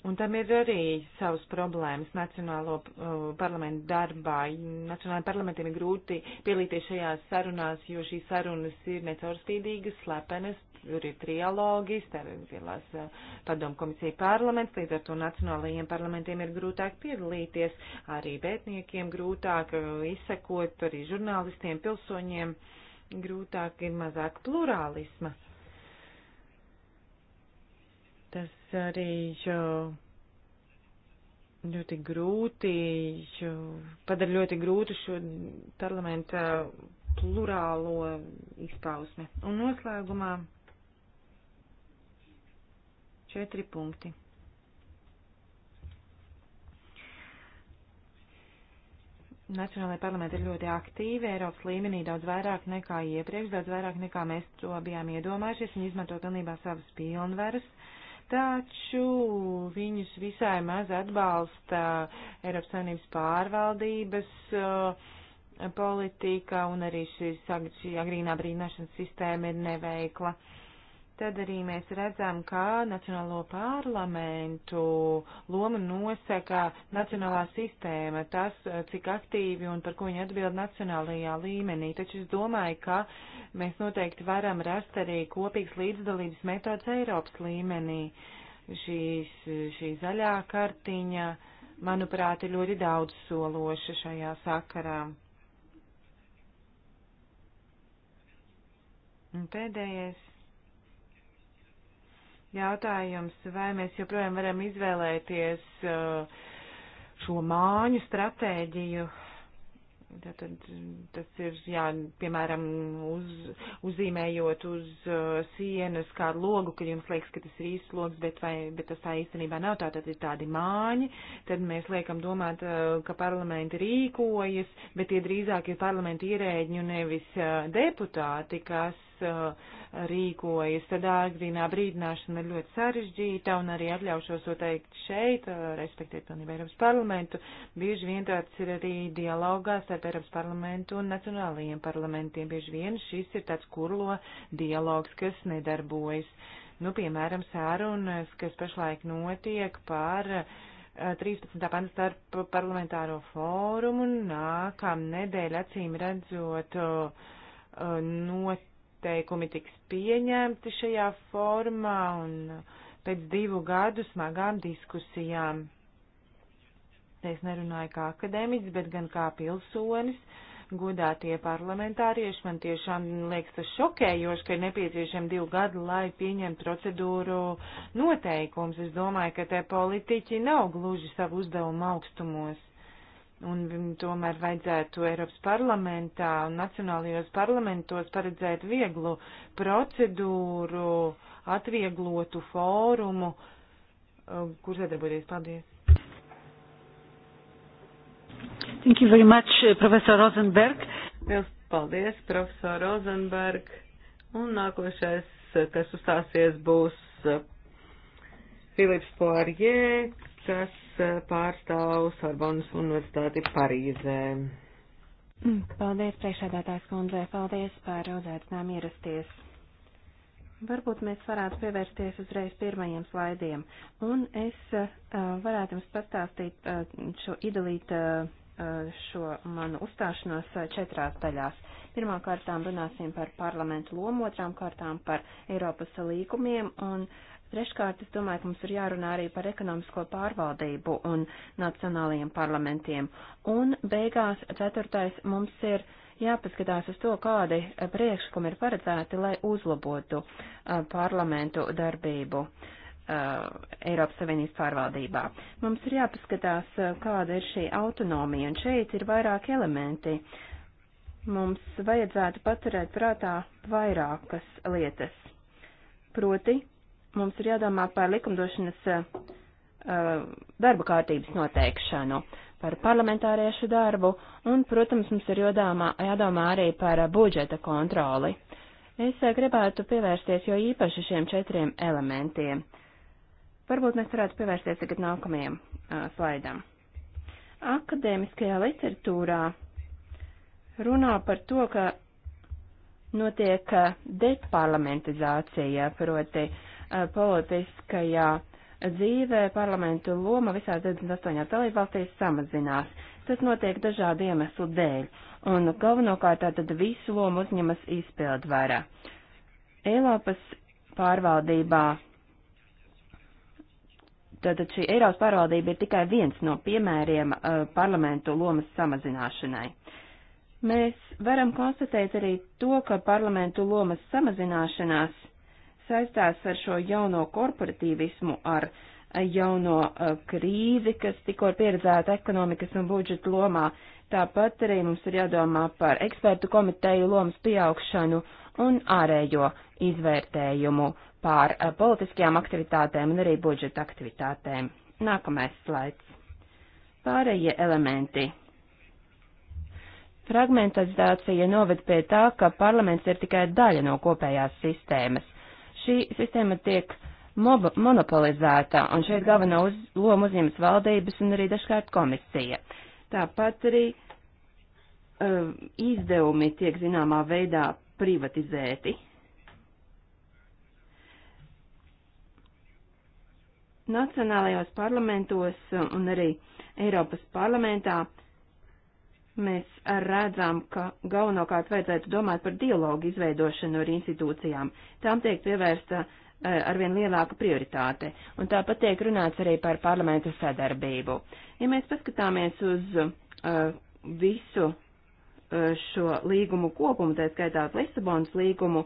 Un tam ir arī savas problēmas Nacionālo uh, parlamentu darbā. Nacionālajiem parlamentiem ir grūti pielīties šajās sarunās, jo šīs sarunas ir necaurstīdīgas, slepenas, tur ir trialogi, piedalās uh, padomu komisija parlaments, līdz ar to Nacionālajiem parlamentiem ir grūtāk piedalīties, arī pētniekiem grūtāk uh, izsekot, arī žurnālistiem, pilsoņiem grūtāk ir mazāk plurālisma. Uh, Tas arī ļoti grūti, padara ļoti grūtu šo parlamenta plurālo izpausmi. Un noslēgumā četri punkti. Nacionālajā parlamentā ir ļoti aktīvi, Eiropas līmenī daudz vairāk nekā iepriekš, daudz vairāk nekā mēs to bijām iedomājušies. Viņi izmanto pilnībā savas pilnvaras. Uh, taču viņus visai maz atbalsta Eiropas Savienības pārvaldības uh, politika un arī šis, šī agrīnā brīdināšanas sistēma ir neveikla. Uh, tad arī mēs redzam, kā Nacionālo parlamentu loma nosaka nacionālā sistēma, tas, cik aktīvi un par ko viņi atbild nacionālajā līmenī. Taču es domāju, ka mēs noteikti varam rast arī kopīgas līdzdalības metodas Eiropas līmenī. Šīs, šī zaļā kartiņa, manuprāt, ir ļoti daudz sološa šajā sakarā. Un pēdējais jautājums, vai mēs joprojām varam izvēlēties uh, šo māņu stratēģiju. Tātad tas ir, jā, piemēram, uz, uzīmējot uz uh, sienas kādu logu, kad jums liekas, ka tas ir īsts logs, bet, vai, bet tas tā īstenībā nav. Tātad ir tādi māņi, tad mēs liekam domāt, uh, ka parlamenti rīkojas, bet tie drīzāk ir parlamenti ierēģi un nevis deputāti, kas uh, rīkojas. Tad agrīnā brīdināšana ir ļoti sarežģīta un arī atļaušos to teikt šeit, respektēt pilnībā Eiropas parlamentu. Bieži vien tāds ir arī dialogā starp Eiropas parlamentu un nacionālajiem parlamentiem. Bieži vien šis ir tāds kurlo dialogs, kas nedarbojas. Nu, piemēram, sārunas, kas pašlaik notiek par uh, 13. panta starp parlamentāro fórumu nākam nedēļ acīm redzot not noteikumi tiks pieņemti šajā formā un pēc divu gadu smagām diskusijām. Es nerunāju kā akadēmiķis, bet gan kā pilsonis. Godātie parlamentārieši, man tiešām liekas tas šokējoši, ka ir nepieciešami divi gadi, lai pieņemtu procedūru noteikums. Es domāju, ka te politiķi nav gluži savu uzdevumu augstumos Un tomēr vajadzētu Eiropas parlamentā un nacionālajos parlamentos paredzēt vieglu procedūru, atvieglotu fórumu, um, kur sadarboties. Paldies! Thank you very much, uh, Professor Rosenberg. Liels paldies, Profesor Rosenberg. Un nākošais, uh, kas uzstāsies, būs uh, Filips Poirjē, kas pārstāvu Sorbonas Universitāti Parīzē. Paldies, priekšādātājs kundze, paldies par uzaicinājumu ierasties. Varbūt mēs varētu pievērsties uzreiz pirmajiem slaidiem, un es uh, varētu jums pastāstīt uh, šo idalīt uh, eh, šo manu uzstāšanos četrās daļās. Pirmā kārtām runāsim par parlamentu lomu, otrām kārtām par Eiropas līkumiem un Treškārt, es domāju, ka mums ir jārunā arī par ekonomisko pārvaldību un nacionālajiem parlamentiem. Un beigās, ceturtais, mums ir jāpaskatās uz to, kādi priekšlikumi ir paredzēti, lai uzlabotu uh, parlamentu darbību. Uh, Eiropas Savienības pārvaldībā. Mums ir jāpaskatās, uh, kāda ir šī autonomija, un šeit ir vairāki elementi. Mums vajadzētu paturēt prātā vairākas lietas. Proti, mums ir jādomā par likumdošanas eh, eh, darba kārtības noteikšanu, par parlamentāriešu darbu un, protams, mums ir jādomā, jādomā arī par budžeta kontroli. Es eh, gribētu pievērsties jo īpaši šiem četriem elementiem. Varbūt mēs varētu pievērsties tagad nākamajam uh, slaidam. Akadēmiskajā literatūrā runā par to, ka notiek deparlamentizācija, proti uh, Eh, politiskajā dzīvē parlamentu loma visās 28 dalībvalstīs samazinās. Tas notiek dažādu iemeslu dēļ, un galvenokārt tātad visu lomu uzņemas izpildvērā. Eiropas pārvaldībā Tātad šī Eiropas pārvaldība ir tikai viens no piemēriem uh, parlamentu lomas samazināšanai. Mēs varam konstatēt arī to, ka parlamentu lomas samazināšanās saistās ar šo jauno korporatīvismu, ar eh, jauno eh, krīzi, kas tikko ir pieredzēta ekonomikas un budžeta lomā. Tāpat arī mums ir jādomā par ekspertu komiteju lomas pieaugšanu un ārējo izvērtējumu pār eh, politiskajām aktivitātēm un arī budžeta aktivitātēm. Nākamais slaids. Pārējie elementi. Fragmentizācija noved pie tā, ka parlaments ir tikai daļa no kopējās sistēmas. Šī sistēma tiek moba, monopolizēta, un šeit galveno uz, lomu uzņemas valdības un arī dažkārt komisija. Tāpat arī uh, izdevumi tiek zināmā veidā privatizēti. Nacionālajos parlamentos un arī Eiropas parlamentā uh, mēs redzam, ka galvenokārt vajadzētu domāt par dialogu izveidošanu ar institūcijām. Tām tiek pievērsta eh, arvien lielāka prioritāte, un tāpat tiek runāts arī par parlamentu sadarbību. Ja mēs paskatāmies uz uh, visu uh, šo līgumu kopumu, tā skaitā Lisabonas līgumu,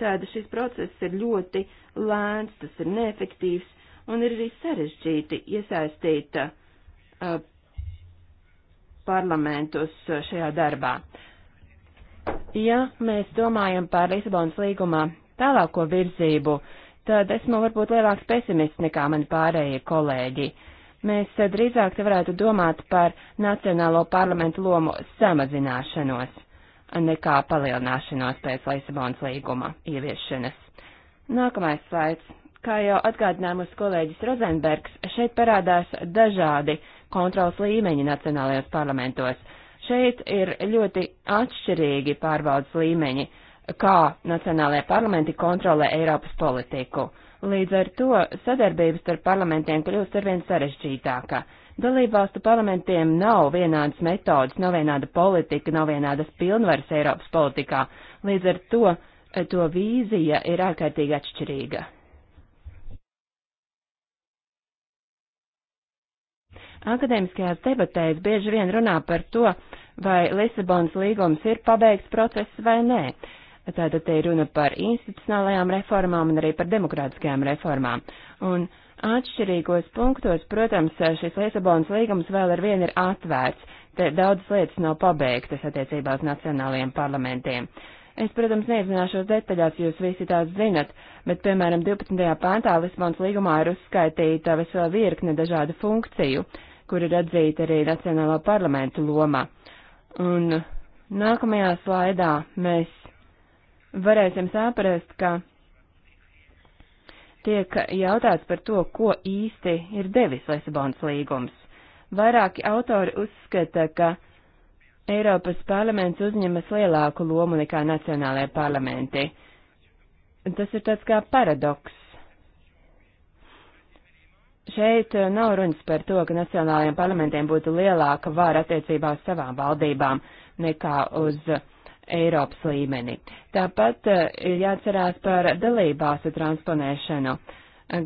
tad šis process ir ļoti lēns, tas ir neefektīvs, un ir arī sarežģīti iesaistīt uh, parlamentus šajā darbā. Ja mēs domājam par Lisabonas līgumā tālāko virzību, tad esmu varbūt lielāks pesimists nekā mani pārējie kolēģi. Mēs drīzāk te varētu domāt par nacionālo parlamentu lomu samazināšanos nekā palielināšanos pēc Lisabonas līguma ieviešanas. Nākamais slaids. Kā jau atgādināja mūsu kolēģis Rozenbergs, šeit parādās dažādi kontrols līmeņi nacionālajos parlamentos. Šeit ir ļoti atšķirīgi pārbaudas līmeņi, kā nacionālajie parlamenti kontrolē Eiropas politiku. Līdz ar to sadarbības starp parlamentiem kļūst arvien sarežģītāka. Dalībvalstu parlamentiem nav vienādas metodas, nav vienāda politika, nav vienādas pilnvaras Eiropas politikā, līdz ar to to vīzija ir ārkārtīgi atšķirīga. Akadēmiskajās debatēs bieži vien runā par to, vai Lisabonas līgums ir pabeigts process vai nē. Tātad te ir runa par institucionālajām reformām un arī par demokrātiskajām reformām. Un atšķirīgos punktos, protams, šis Lisabonas līgums vēl ar vienu ir atvērts. Te daudzas lietas nav pabeigtas attiecībā uz nacionālajiem parlamentiem. Es, protams, neiedzināšos detaļās, jūs visi tās zinat, bet, piemēram, 12. pāntā Lisbonas līgumā ir uzskaitīta vesela virkne dažādu funkciju, kur ir atzīta arī Nacionālā parlamenta loma. Un nākamajā slaidā mēs varēsim saprast, ka tiek jautāts par to, ko īsti ir devis Lisabonas līgums. Vairāki autori uzskata, ka Eiropas parlaments uzņemas lielāku lomu nekā nacionālajie parlamenti. Tas ir tāds kā paradoks, Šeit eh, nav runas par to, ka nacionālajiem parlamentiem būtu lielāka vara attiecībā uz savām valdībām nekā uz Eiropas līmeni. Tāpat eh, ir jāatcerās par dalībāsu transponēšanu.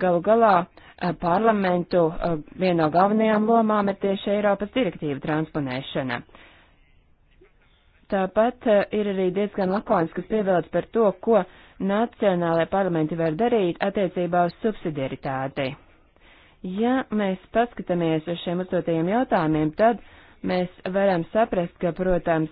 Galu galā eh, parlamentu viena no galvenajām lomām ir tieši Eiropas direktīva transponēšana. Tāpat ir arī diezgan lakonisks piebildes par to, ko nacionālajie parlamenti var darīt attiecībā uz subsidiaritāti. Ja mēs paskatāmies uz šiem uzdotajiem jautājumiem, tad mēs varam saprast, ka, protams,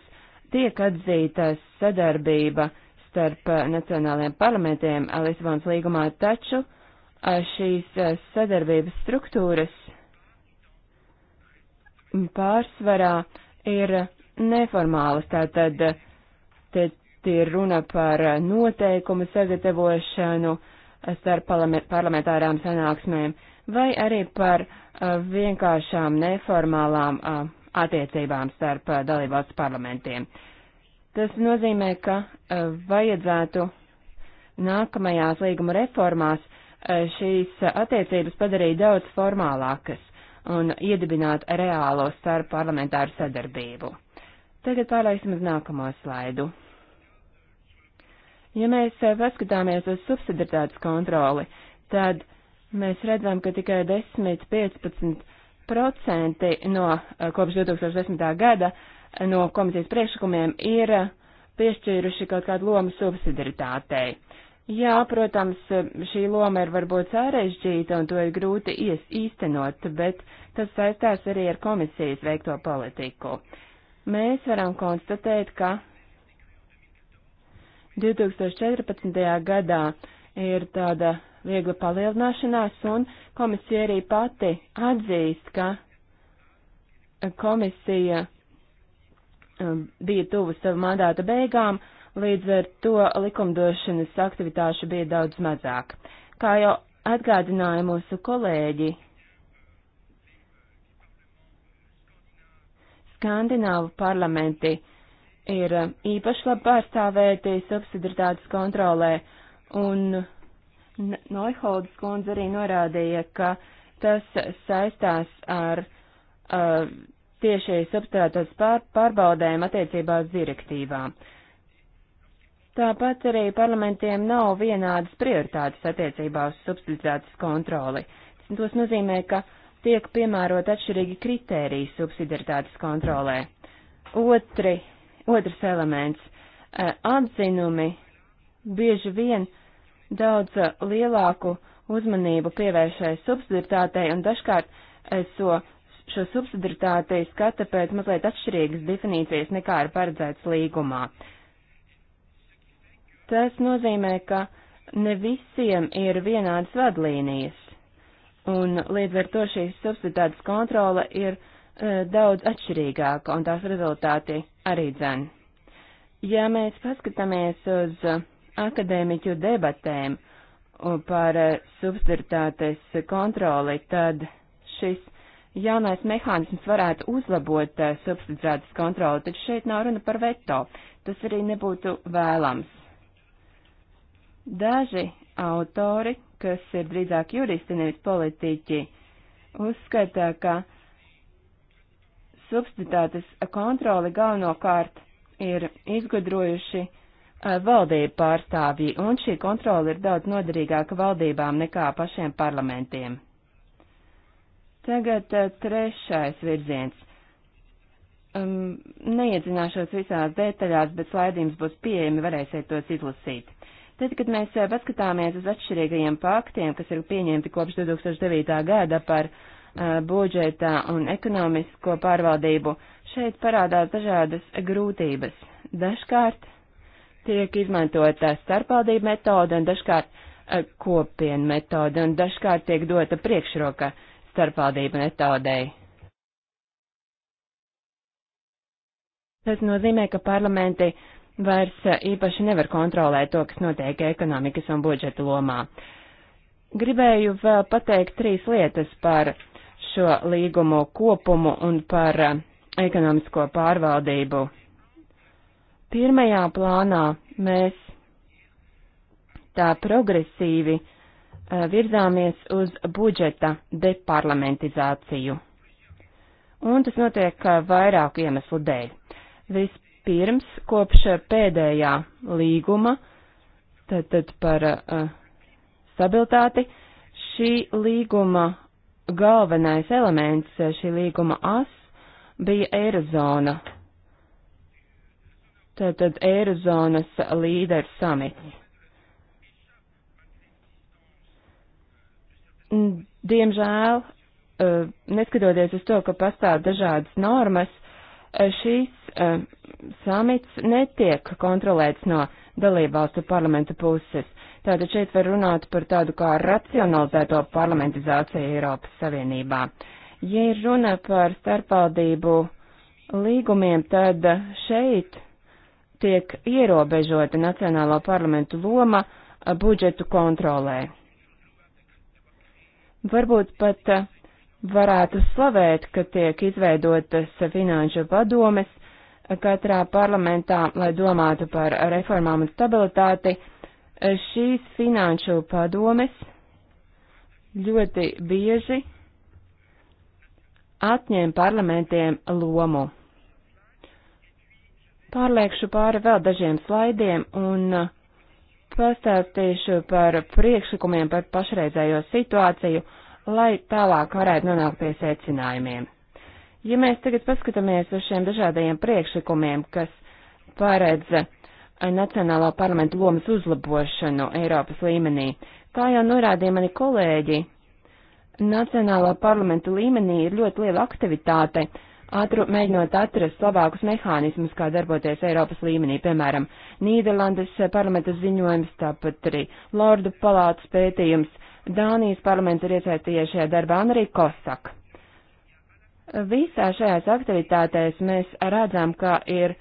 tiek atzīta sadarbība starp eh, nacionālajiem parlamentiem Lisabonas līgumā, taču eh, šīs eh, sadarbības struktūras pārsvarā ir neformālas, tātad te, te ir runa par noteikumu sagatavošanu starp parlamentārām sanāksmēm vai arī par uh, vienkāršām neformālām uh, attiecībām starp uh, dalībvalsts parlamentiem. Tas nozīmē, ka uh, vajadzētu nākamajās līguma reformās uh, šīs attiecības padarīt daudz formālākas un iedibināt reālo starp parlamentāru sadarbību. Tagad pārlaiksim uz nākamo slaidu. Ja mēs uh, paskatāmies uz subsidaritātes kontroli, tad uh, Mēs redzam, ka tikai 10-15% no eh, kopš 2010. gada eh, no komisijas priekšlikumiem ir eh, piešķīruši kaut kādu lomu subsidiritātei. Jā, protams, šī loma ir varbūt sarežģīta un to ir grūti ies, īstenot, bet tas saistās arī ar komisijas veikto politiku. Mēs varam konstatēt, ka 2014. gadā ir tāda viegla palielināšanās, un komisija arī pati atzīst, ka eh, komisija eh, bija tuvu savu mandāta beigām, līdz ar to likumdošanas aktivitāšu bija daudz mazāk. Kā jau atgādināja mūsu kolēģi, Skandināvu parlamenti ir eh, īpaši labi pārstāvēti subsidiritātes kontrolē, un Noiholds kundze arī norādīja, ka tas saistās ar uh, tieši substrātas pār, pārbaudēm attiecībā uz direktīvām. Tāpat arī parlamentiem nav vienādas prioritātes attiecībā uz subsidiācijas kontroli. Tas nozīmē, ka tiek piemērot atšķirīgi kritēriji subsidiaritātes kontrolē. Otri, otrs elements uh, - atzinumi bieži vien uh, daudz eh, lielāku uzmanību pievēršai subsidiritātei un dažkārt eso šo subsidiritāti skata pēc mazliet atšķirīgas definīcijas nekā ir paredzēts līgumā. Tas nozīmē, ka ne visiem ir vienādas vadlīnijas, un līdz ar to šīs subsidētas kontrole ir e, daudz atšķirīgāka, un tās rezultāti arī dzen. Ja mēs paskatāmies uz akadēmiķu debatēm par subsidiaritātes kontroli, tad šis jaunais mehānisms varētu uzlabot subsidiaritātes kontroli, tad šeit nav runa par veto. Tas arī nebūtu vēlams. Daži autori, kas ir drīzāk juristi, nevis politiķi, uzskata, ka substitātes kontroli galvenokārt ir izgudrojuši valdību pārstāvji, un šī kontrola ir daudz noderīgāka valdībām nekā pašiem parlamentiem. Tagad eh, trešais virziens. Um, neiedzināšos visās detaļās, bet slaidījums būs pieejami, varēsiet tos izlasīt. Tad, kad mēs eh, paskatāmies uz atšķirīgajiem paktiem, kas ir pieņemti kopš 2009. gada par uh, budžeta un ekonomisko pārvaldību, šeit parādās dažādas grūtības. Dažkārt tiek izmantota starpvaldība metode un dažkārt eh, kopienu metode, un dažkārt tiek dota priekšroka starpvaldību metodei. Tas nozīmē, ka parlamenti vairs eh, īpaši nevar kontrolēt to, kas notiek ekonomikas un budžeta lomā. Gribēju vēl pateikt trīs lietas par šo līgumu kopumu un par eh, ekonomisko pārvaldību Pirmajā plānā mēs tā progresīvi eh, virzāmies uz budžeta deparlamentizāciju. Un tas notiek eh, vairāku iemeslu dēļ. Vispirms, kopš pēdējā līguma, tad, tad par uh, stabilitāti, šī līguma galvenais elements, šī līguma as bija Eirozona Tātad Eirozonas līderu samits. Diemžēl, e, neskatoties uz to, ka pastāv dažādas normas, e, šīs e, samits netiek kontrolēts no dalībvalstu parlamentu puses. Tātad šeit var runāt par tādu kā racionalizēto parlamentizāciju Eiropas Savienībā. Ja ir runa par starpvaldību līgumiem, tad šeit tiek ierobežota Nacionālo parlamentu loma budžetu kontrolē. Varbūt pat varētu slavēt, ka tiek izveidotas finanšu padomes katrā parlamentā, lai domātu par reformām un stabilitāti. Šīs finanšu padomes ļoti bieži atņem parlamentiem lomu. Pārliekšu pāri vēl dažiem slaidiem un uh, pastāstīšu par priekšlikumiem par pašreizējo situāciju, lai tālāk varētu nonākt pie secinājumiem. Ja mēs tagad paskatāmies uz šiem dažādajiem priekšlikumiem, kas paredz uh, Nacionālā parlamenta lomas uzlabošanu Eiropas līmenī, kā jau norādīja mani kolēģi, Nacionālā parlamenta līmenī ir ļoti liela aktivitāte, uh, atru, mēģinot atrast labākus mehānismus, kā darboties Eiropas līmenī, piemēram, Nīderlandes parlamenta ziņojums, tāpat arī Lordu palātas pētījums, Dānijas parlaments ir iesaistījies šajā darbā un arī Kosak. Visā šajās aktivitātēs mēs redzam, ka ir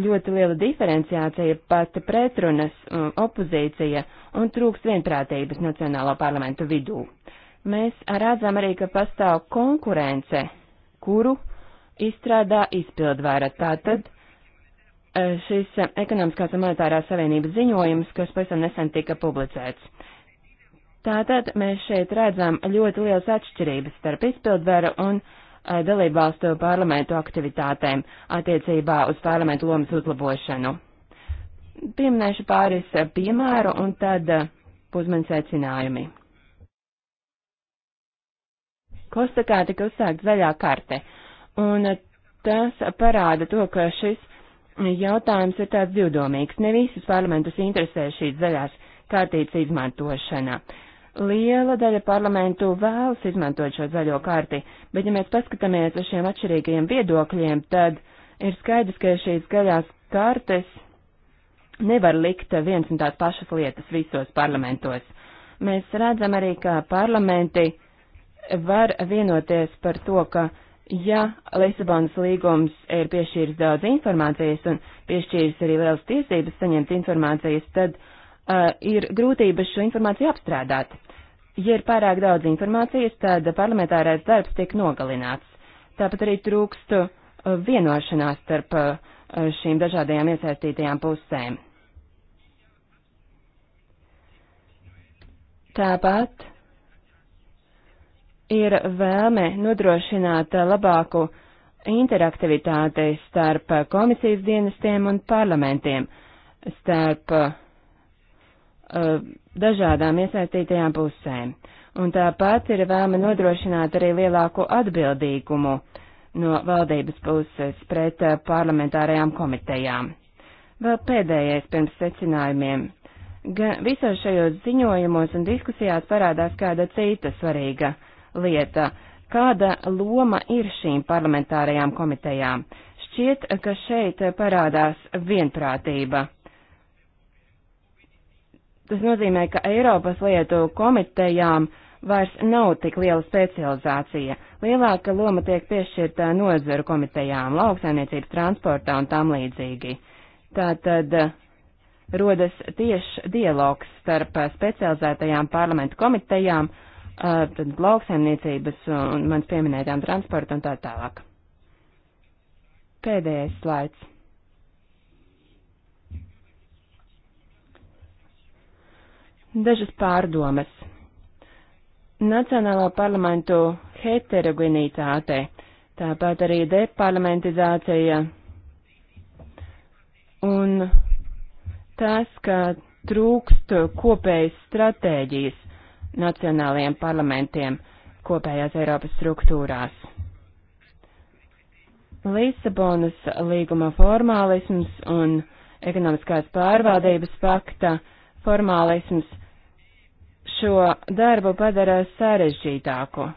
ļoti liela diferenciācija, pat pretrunas um, opozīcija un trūks vienprātības Nacionālo parlamentu vidū. Mēs redzam arī, ka pastāv konkurence, kuru uh, izstrādā izpildvāra. Tātad e, šis e, ekonomiskās un monetārās savienības ziņojums, kas pēc tam nesen tika publicēts. Tātad mēs šeit redzam ļoti lielas atšķirības starp izpildvaru un e, dalībvalstu parlamentu aktivitātēm attiecībā uz parlamentu lomas uzlabošanu. Pieminēšu pāris piemēru un tad uzmanis secinājumi. Kostakā tika uzsākt zaļā karte. Un tas parāda to, ka šis jautājums ir tāds divdomīgs. Ne visus parlamentus interesē šīs zaļās kārtītas izmantošana. Liela daļa parlamentu vēlas izmantot šo zaļo karti, bet ja mēs paskatāmies uz šiem atšķirīgajiem viedokļiem, tad ir skaidrs, ka šīs gaļās kartes nevar likt viens un tās pašas lietas visos parlamentos. Mēs redzam arī, ka parlamenti var vienoties par to, ka ja Lisabonas līgums ir piešķīris daudz informācijas un piešķīris arī lielas tiesības saņemt informācijas, tad uh, ir grūtības šo informāciju apstrādāt. Ja ir pārāk daudz informācijas, tad parlamentārais darbs tiek nogalināts. Tāpat arī trūkst uh, vienošanās starp uh, šīm dažādajām iesaistītajām pusēm. Tāpat ir vēlme nodrošināt labāku interaktivitāti starp komisijas dienestiem un parlamentiem, starp uh, dažādām iesaistītajām pusēm. Un tāpat ir vēlme nodrošināt arī lielāku atbildīgumu no valdības puses pret uh, parlamentārajām komitejām. Vēl pēdējais pirms secinājumiem. Gan visos šajos ziņojumos un diskusijās parādās kāda cita svarīga uh, lieta. Kāda loma ir šīm parlamentārajām komitejām? Šķiet, ka šeit parādās vienprātība. Tas nozīmē, ka Eiropas lietu komitejām vairs nav tik liela specializācija. Lielāka loma tiek piešķirta nozaru komitejām, lauksaimniecības transportā un tam līdzīgi. Tātad eh, rodas tieši dialogs starp specializētajām parlamentu komitejām Uh, tad lauksaimniecības un mans pieminētām transportu un tā tālāk. Pēdējais slaids. Dažas pārdomas. Nacionālo parlamentu heterogenītāte, tāpat arī deparlamentizācija un tas, ka trūkst kopējas stratēģijas nacionālajiem parlamentiem kopējās Eiropas struktūrās. Lisabonas līguma formālisms un ekonomiskās pārvaldības pakta formālisms šo darbu padara sarežģītāku.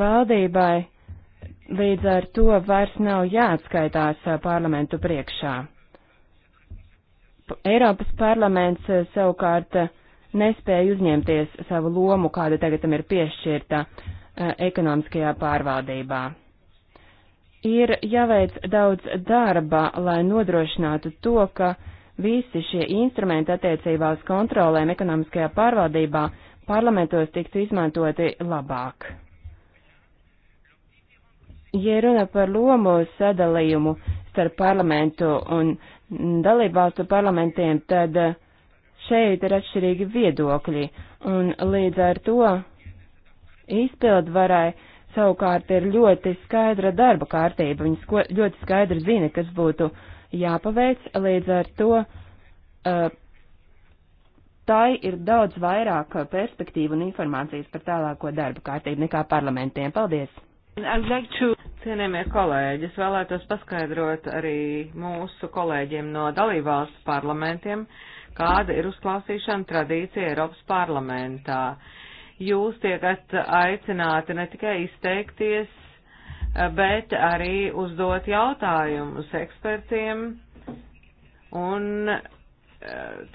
Valdībai līdz ar to vairs nav jāatskaitās parlamentu priekšā. Eiropas parlaments eh, savukārt eh, nespēja uzņemties savu lomu, kāda tagad tam ir piešķirta eh, ekonomiskajā pārvaldībā. Ir jāveic daudz darba, lai nodrošinātu to, ka visi šie instrumenti attiecībā uz kontrolēm ekonomiskajā pārvaldībā parlamentos tiktu izmantoti labāk. Ja runa par lomu sadalījumu starp parlamentu un uh, dalībvalstu parlamentiem, tad eh, šeit ir atšķirīgi viedokļi, un līdz ar to izpildvarai savukārt ir ļoti skaidra darba kārtība, viņas ko, ļoti skaidri zina, kas būtu jāpaveic, līdz ar to uh, tai ir daudz vairāk perspektīvu un informācijas par tālāko darba kārtību nekā parlamentiem. Paldies! Like to... Cienījamie kolēģi, es vēlētos paskaidrot arī mūsu kolēģiem no dalībvalstu parlamentiem, kāda ir uzklausīšana tradīcija Eiropas parlamentā. Jūs tiekat aicināti ne tikai izteikties, bet arī uzdot jautājumus ekspertiem, un e,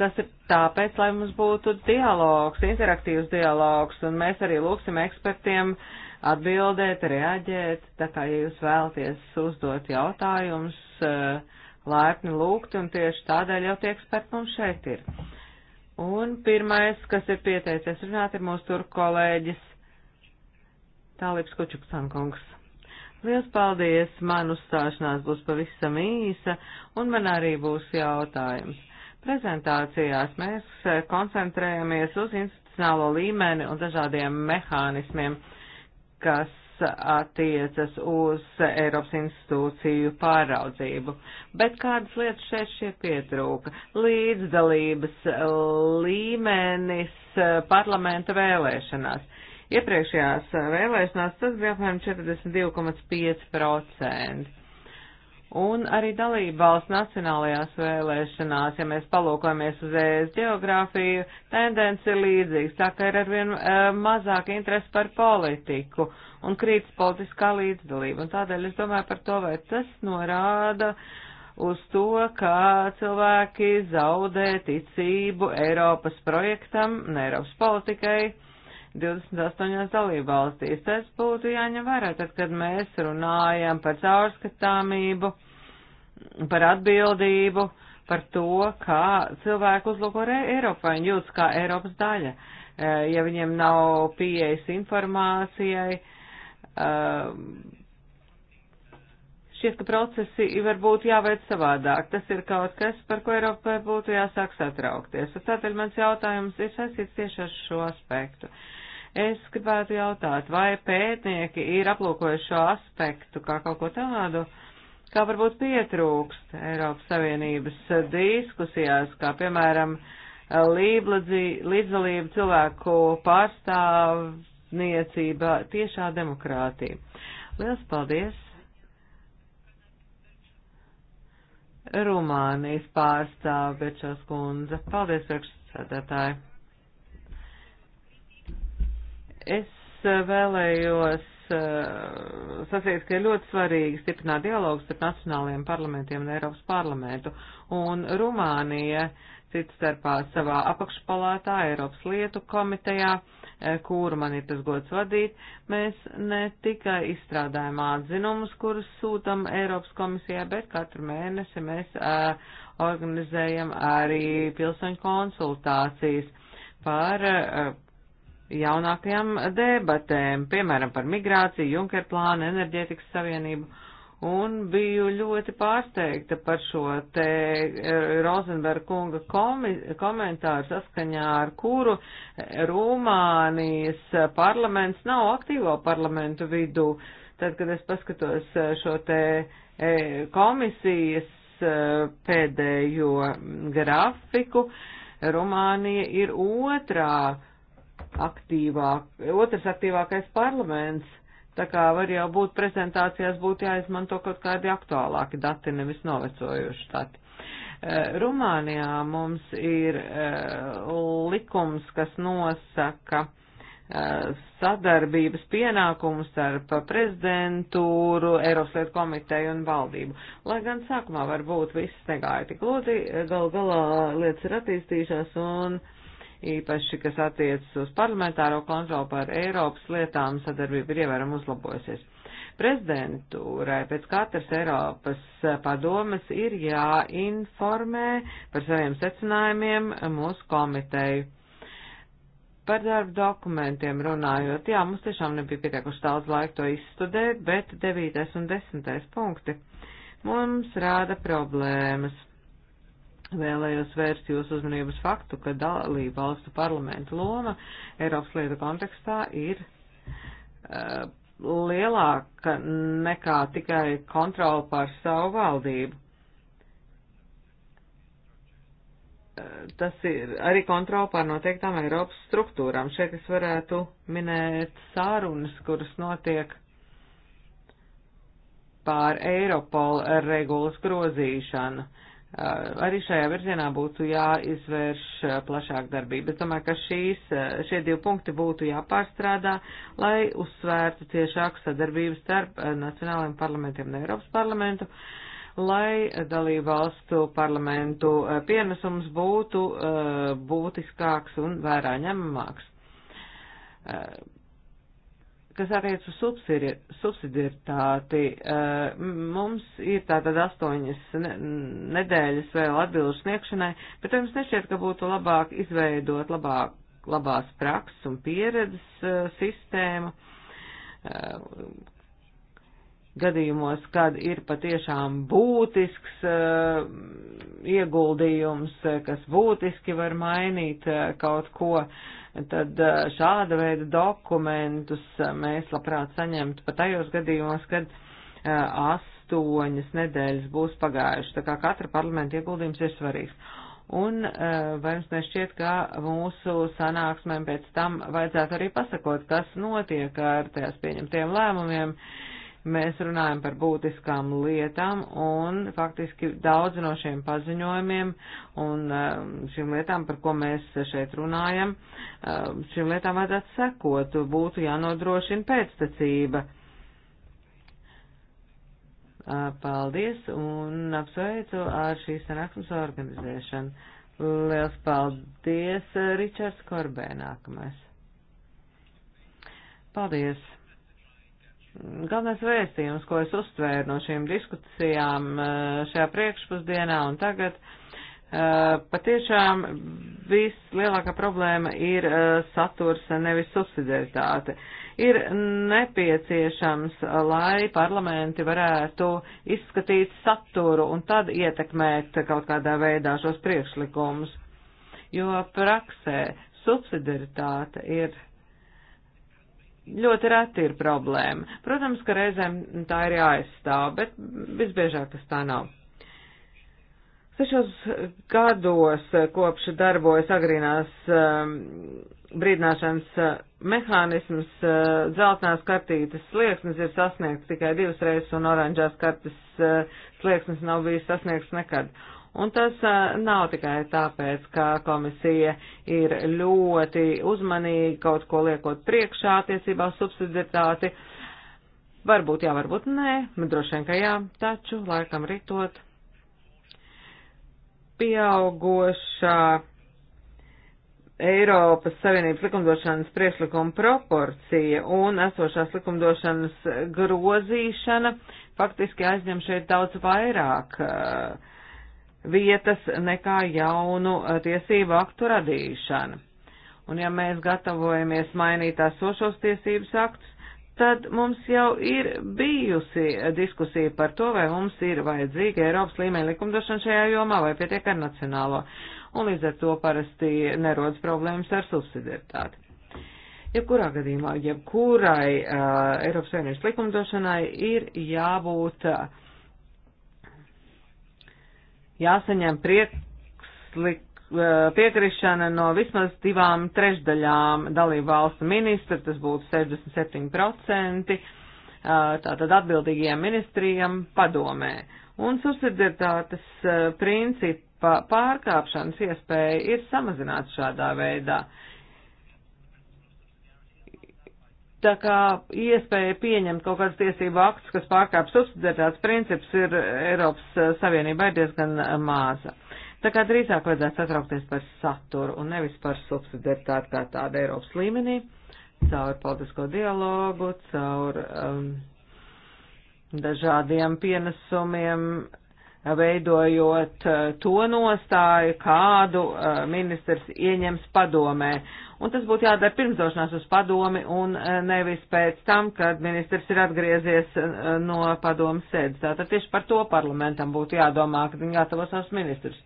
tas ir tāpēc, lai mums būtu dialogs, interaktīvs dialogs, un mēs arī lūksim ekspertiem uh, atbildēt, reaģēt, tā kā ja jūs vēlaties uzdot jautājumus, eh, laipni lūgt, un tieši tādēļ jau tie eksperti mums šeit ir. Un pirmais, kas ir pieteicies runāt, ir mūsu tur kolēģis Tālips Kučuksankungs. Liels paldies, man uzstāšanās būs pavisam īsa, un man arī būs jautājums. Prezentācijās mēs eh, koncentrējamies uz institucionālo līmeni un dažādiem mehānismiem. Uh, kas attiecas uz Eiropas institūciju pāraudzību. Bet kādas lietas šeit šie pietrūka? Līdzdalības līmenis parlamenta vēlēšanās. Iepriekšējās vēlēšanās tas bija apmēram 42,5%. Un arī dalībvalsts nacionālajās vēlēšanās, ja mēs palūkojamies uz ES geogrāfiju, tendence ir līdzīga, tā ka ir arvien e, mazāk interesi par politiku un krītas politiskā līdzdalība. Un tādēļ es domāju par to, vai tas norāda uz to, ka cilvēki zaudē ticību Eiropas projektam un Eiropas politikai 28 dalībvalstīs. Tas būtu jāņem vērā, tad, kad mēs runājam par caurskatāmību, par atbildību, par to, kā cilvēku uzlūko Eiropu, vai viņi jūtas kā Eiropas daļa. E, ja viņiem nav pieejas informācijai, e, šķiet, ka procesi var būt jāveic savādāk. Tas ir kaut kas, par ko Eiropai būtu jāsāk satraukties. Un tātad mans jautājums ir saistīts tieši ar šo aspektu. Uh, Es gribētu jautāt, vai pētnieki ir aplūkojuši šo aspektu kā kaut ko tādu, kā varbūt pietrūkst Eiropas Savienības diskusijās, kā piemēram līdzdalība cilvēku pārstāvniecība tiešā demokrātija. Liels paldies! Rumānijas pārstāve Bečas kundze. Paldies, priekšsēdētāji! Es eh, vēlējos eh, sasiet, ka ir ļoti svarīgi stiprināt dialogu starp nacionālajiem parlamentiem un Eiropas parlamentu. Un Rumānija, cits starpā savā apakšpalātā, Eiropas lietu komitejā, eh, kuru man ir tas gods vadīt, mēs ne tikai izstrādājam atzinumus, kurus sūtam Eiropas komisijā, bet katru mēnesi mēs organizējam arī pilsoņu konsultācijas par jaunākajām debatēm, piemēram, par migrāciju, Junker plānu, enerģētikas savienību, un biju ļoti pārsteigta par šo te eh, Rozenberga kunga komi, komentāru saskaņā, ar kuru Rumānijas parlaments nav aktīvo parlamentu vidū. Tad, kad es paskatos eh, šo te eh, komisijas pēdējo grafiku, Rumānija ir otrā aktīvāk, otrs aktīvākais parlaments, tā kā var jau būt prezentācijās būtu jāizmanto kaut kādi aktuālāki dati, nevis novecojuši dati. Eh, Rumānijā mums ir eh, likums, kas nosaka eh, sadarbības pienākumus starp prezidentūru, Eiropas lietu komiteju un valdību. Lai gan sākumā varbūt viss negāja tik lūdzi, gal galā lietas ir attīstījušās un uh, īpaši, kas attiecas uz parlamentāro kontroli par Eiropas lietām, sadarbība ir ievēram uzlabojusies. Prezidentūrai pēc katras Eiropas padomes ir jāinformē par saviem secinājumiem mūsu komiteju. Par darbu dokumentiem runājot, jā, mums tiešām nebija pietiekuši daudz laika to izstudēt, bet 9. un 10. punkti mums rāda problēmas Vēlējos vērst jūsu uzmanības faktu, ka dalība valstu parlamentu loma Eiropas lietu kontekstā ir uh, lielāka nekā tikai kontrola pār savu valdību. Uh, tas ir arī kontrola pār noteiktām Eiropas struktūrām. Šeit es varētu minēt sārunas, kuras notiek pār Eiropola regulas grozīšanu. Uh, arī šajā virzienā būtu jāizvērš plašāk darbība. Es domāju, ka šīs, šie divi punkti būtu jāpārstrādā, lai uzsvērtu ciešāku sadarbību starp nacionālajiem parlamentiem un Eiropas parlamentu, lai dalību valstu parlamentu pienesums būtu būtiskāks un vērā ņemamāks kas attiec uz subsidiaritāti, eh, mums ir tātad astoņas nedēļas vēl atbildu sniegšanai, bet jums nešķiet, ka būtu labāk izveidot labāk, labās prakses un pieredzes eh, sistēmu eh, gadījumos, kad ir patiešām būtisks ieguldījums, kas būtiski var mainīt kaut ko tad šāda veida dokumentus mēs labprāt saņemtu pat tajos gadījumos, kad astoņas nedēļas būs pagājuši. Tā kā katra parlamenta ieguldījums ir svarīgs. Un vai jums nešķiet, ka mūsu sanāksmēm pēc tam vajadzētu arī pasakot, kas notiek ar tajās pieņemtiem lēmumiem, uh, mēs runājam par būtiskām lietām un faktiski daudz no šiem paziņojumiem un um, šīm lietām, par ko mēs šeit runājam, um, šīm lietām vajadzētu sekot, būtu jānodrošina pēctecība. Uh, paldies un apsveicu ar šīs sanāksmes organizēšanu. Liels paldies, Ričards Korbē, nākamais. Paldies! Galvenais vēstījums, ko es uztvēru no šīm diskusijām eh, šajā priekšpusdienā un tagad, eh, patiešām vislielākā problēma ir eh, saturs, nevis subsidiaritāte. Ir nepieciešams, lai parlamenti varētu izskatīt saturu un tad ietekmēt kaut kādā veidā šos priekšlikumus, jo praksē subsidiaritāte ir ļoti reti ir problēma. Protams, ka reizēm tā ir jāaizstāv, bet visbiežāk tas tā nav. Sešos gados, eh, kopš darbojas agrīnās um, brīdināšanas eh, mehānisms, uh, dzeltenās kartītes slieksnis ir sasniegts tikai divas reizes un oranžās kartes uh, slieksnis nav bijis sasniegts nekad. Un tas nav tikai tāpēc, ka komisija ir ļoti uzmanīga kaut ko liekot priekšā attiecībā uz subsidiaritāti. Varbūt jā, varbūt nē, droši vien, ka jā, taču laikam ritot pieaugošā Eiropas Savienības likumdošanas priekšlikuma proporcija un esošās likumdošanas grozīšana faktiski aizņem šeit daudz vairāk uh, vietas nekā jaunu eh, tiesību aktu radīšana. Un ja mēs gatavojamies mainīt esošos tiesības aktus, tad mums jau ir bijusi eh, diskusija par to, vai mums ir vajadzīga Eiropas līmeņa likumdošana šajā jomā vai pietiek ar nacionālo. Un līdz ar to parasti nerodas problēmas ar subsidiaritāti. Jebkurā gadījumā, jebkurai uh, Eiropas Savienības likumdošanai ir jābūt uh, jāsaņem priekslik, eh, piekrišana no vismaz divām trešdaļām dalību valstu ministra, tas būtu 67%, eh, tātad atbildīgajiem ministrijam padomē. Un subsidiaritātes eh, principa pārkāpšanas iespēja ir samazināta šādā veidā. Uh, Tā kā iespēja pieņemt kaut kādas tiesību aktus, kas pārkāp subsidiaritātes princips, ir Eiropas eh, Savienībai diezgan eh, māza. Tā kā drīzāk vajadzētu satraukties par saturu un nevis par subsidiaritāti kā tādu Eiropas līmenī, caur politisko dialogu, caur um, dažādiem pienesumiem, veidojot eh, to nostāju, kādu ministrs ieņems padomē un tas būtu jādara pirms došanās uz padomi un eh, nevis pēc tam, kad ministrs ir atgriezies eh, no padomas sēdes. Tātad tieši par to parlamentam būtu jādomā, kad viņi gatavo savus ministrus.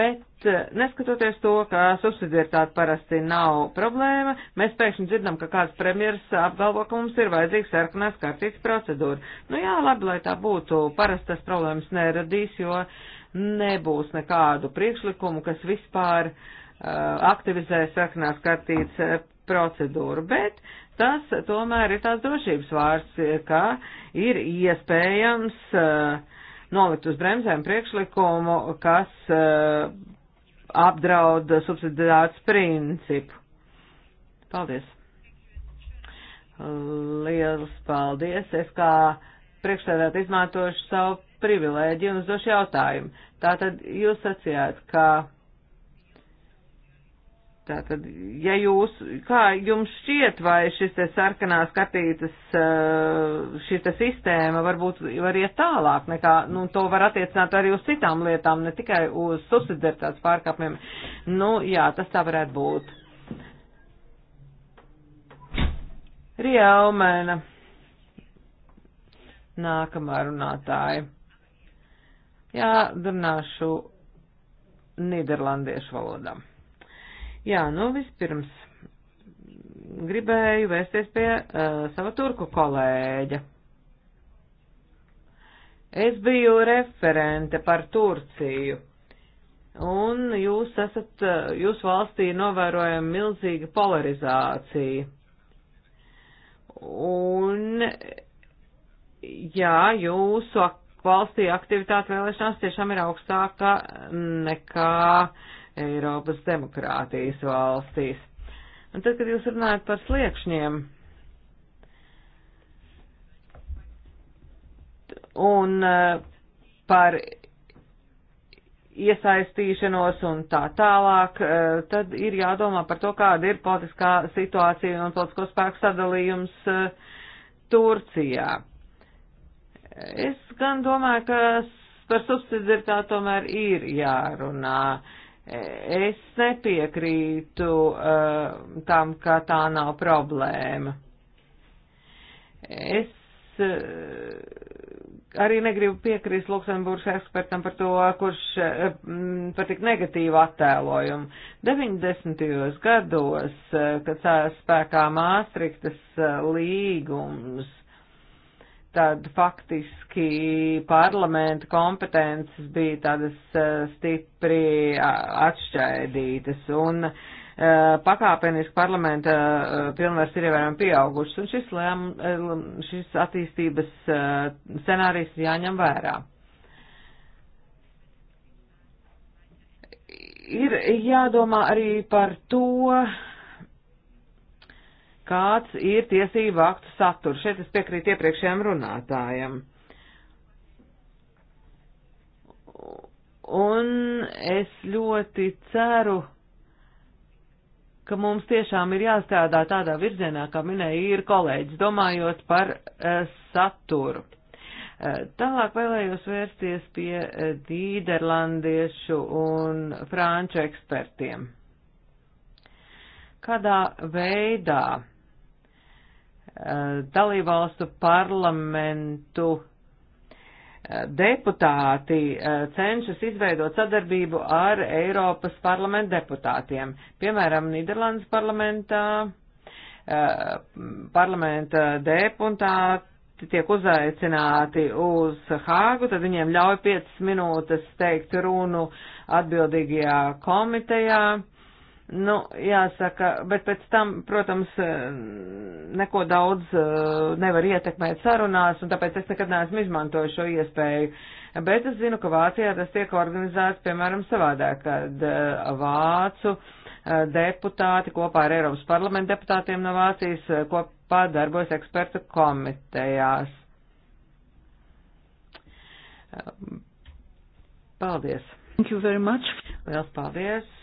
Bet eh, neskatoties to, ka subsidiaritāte parasti nav problēma, mēs pēkšņi dzirdam, ka kāds premjeras apgalvo, ka mums ir vajadzīgs sarkanās kārtīgas procedūra. Nu jā, labi, lai tā būtu, parasti tas problēmas neradīs, jo nebūs nekādu priekšlikumu, kas vispār uh, Uh, aktivizē sarkanās kartītes uh, procedūru, bet tas tomēr ir tāds drošības vārds, ka ir iespējams uh, nolikt uz bremzēm priekšlikumu, kas apdraud subsidētāts principu. Paldies! Lielas paldies! Es kā priekšsēdēt izmantošu savu privilēģiju un uzdošu jautājumu. Tātad jūs sacījāt, ka Tātad, ja jūs, kā jums šķiet, vai šis te sarkanās kartītes, eh, šī te sistēma varbūt var iet tālāk nekā, nu, to var attiecināt arī uz citām lietām, ne tikai uz subsidiaritātes pārkāpumiem. Nu, jā, tas tā varētu būt. Rieaumēna. Nākamā runātāja. Jā, runāšu Nīderlandiešu valodām. Jā, nu vispirms gribēju vērsties pie uh, sava turku kolēģa. Es biju referente par Turciju, un jūs esat, jūs valstī novērojam milzīga polarizācija. Un, jā, jūsu valstī aktivitāte vēlēšanās tiešām ir augstāka nekā uh, Eiropas demokrātijas valstīs. Un tad, kad jūs runājat par sliekšņiem un eh, par iesaistīšanos un tā tālāk, eh, tad ir jādomā par to, kāda ir politiskā situācija un politisko spēku sadalījums eh, Turcijā. Es gan domāju, ka par subsidiaritāti tomēr ir jārunā. Uh, Es nepiekrītu uh, tam, ka tā nav problēma. Es eh, arī negribu piekrist Luksemburgas ekspertam par to, kurš eh, par tik negatīvu attēlojumu. 90. gados, kad tā spēkā Māstriktas līgums, tad faktiski parlamenta kompetences bija tādas eh, stipri atšķaidītas un eh, pakāpeniski parlamenta eh, pilnvars ir ievērojami pieaugušas un šis, lēm, šis attīstības scenārijs jāņem vērā. Ir jādomā arī par to, kāds ir tiesību aktu saturs. Šeit es piekrītu iepriekšējiem runātājiem. Un es ļoti ceru, ka mums tiešām ir jāstrādā tādā virzienā, kā minēja ir kolēģis, domājot par uh, saturu. Uh, tālāk vēlējos vērsties pie uh, e, Dīderlandiešu un Franču ekspertiem. Kādā veidā Eh, dalībvalstu parlamentu eh, deputāti eh, cenšas izveidot sadarbību ar Eiropas parlamentu deputātiem. Piemēram, Nīderlandes parlamentā parlamenta deputāti tiek uzaicināti uz Hāgu, tad viņiem ļauj 5 minūtes teikt runu atbildīgajā komitejā Nu, jāsaka, bet pēc tam, protams, eh, neko daudz eh, nevar ietekmēt sarunās, un tāpēc es nekad neesmu izmantojis šo iespēju. Bet es zinu, ka Vācijā tas tiek organizēts, piemēram, savādāk, kad eh, vācu deputāti kopā ar Eiropas parlamenta deputātiem no Vācijas kopā darbojas ekspertu komitejās. Paldies! Thank you very much! Liels paldies!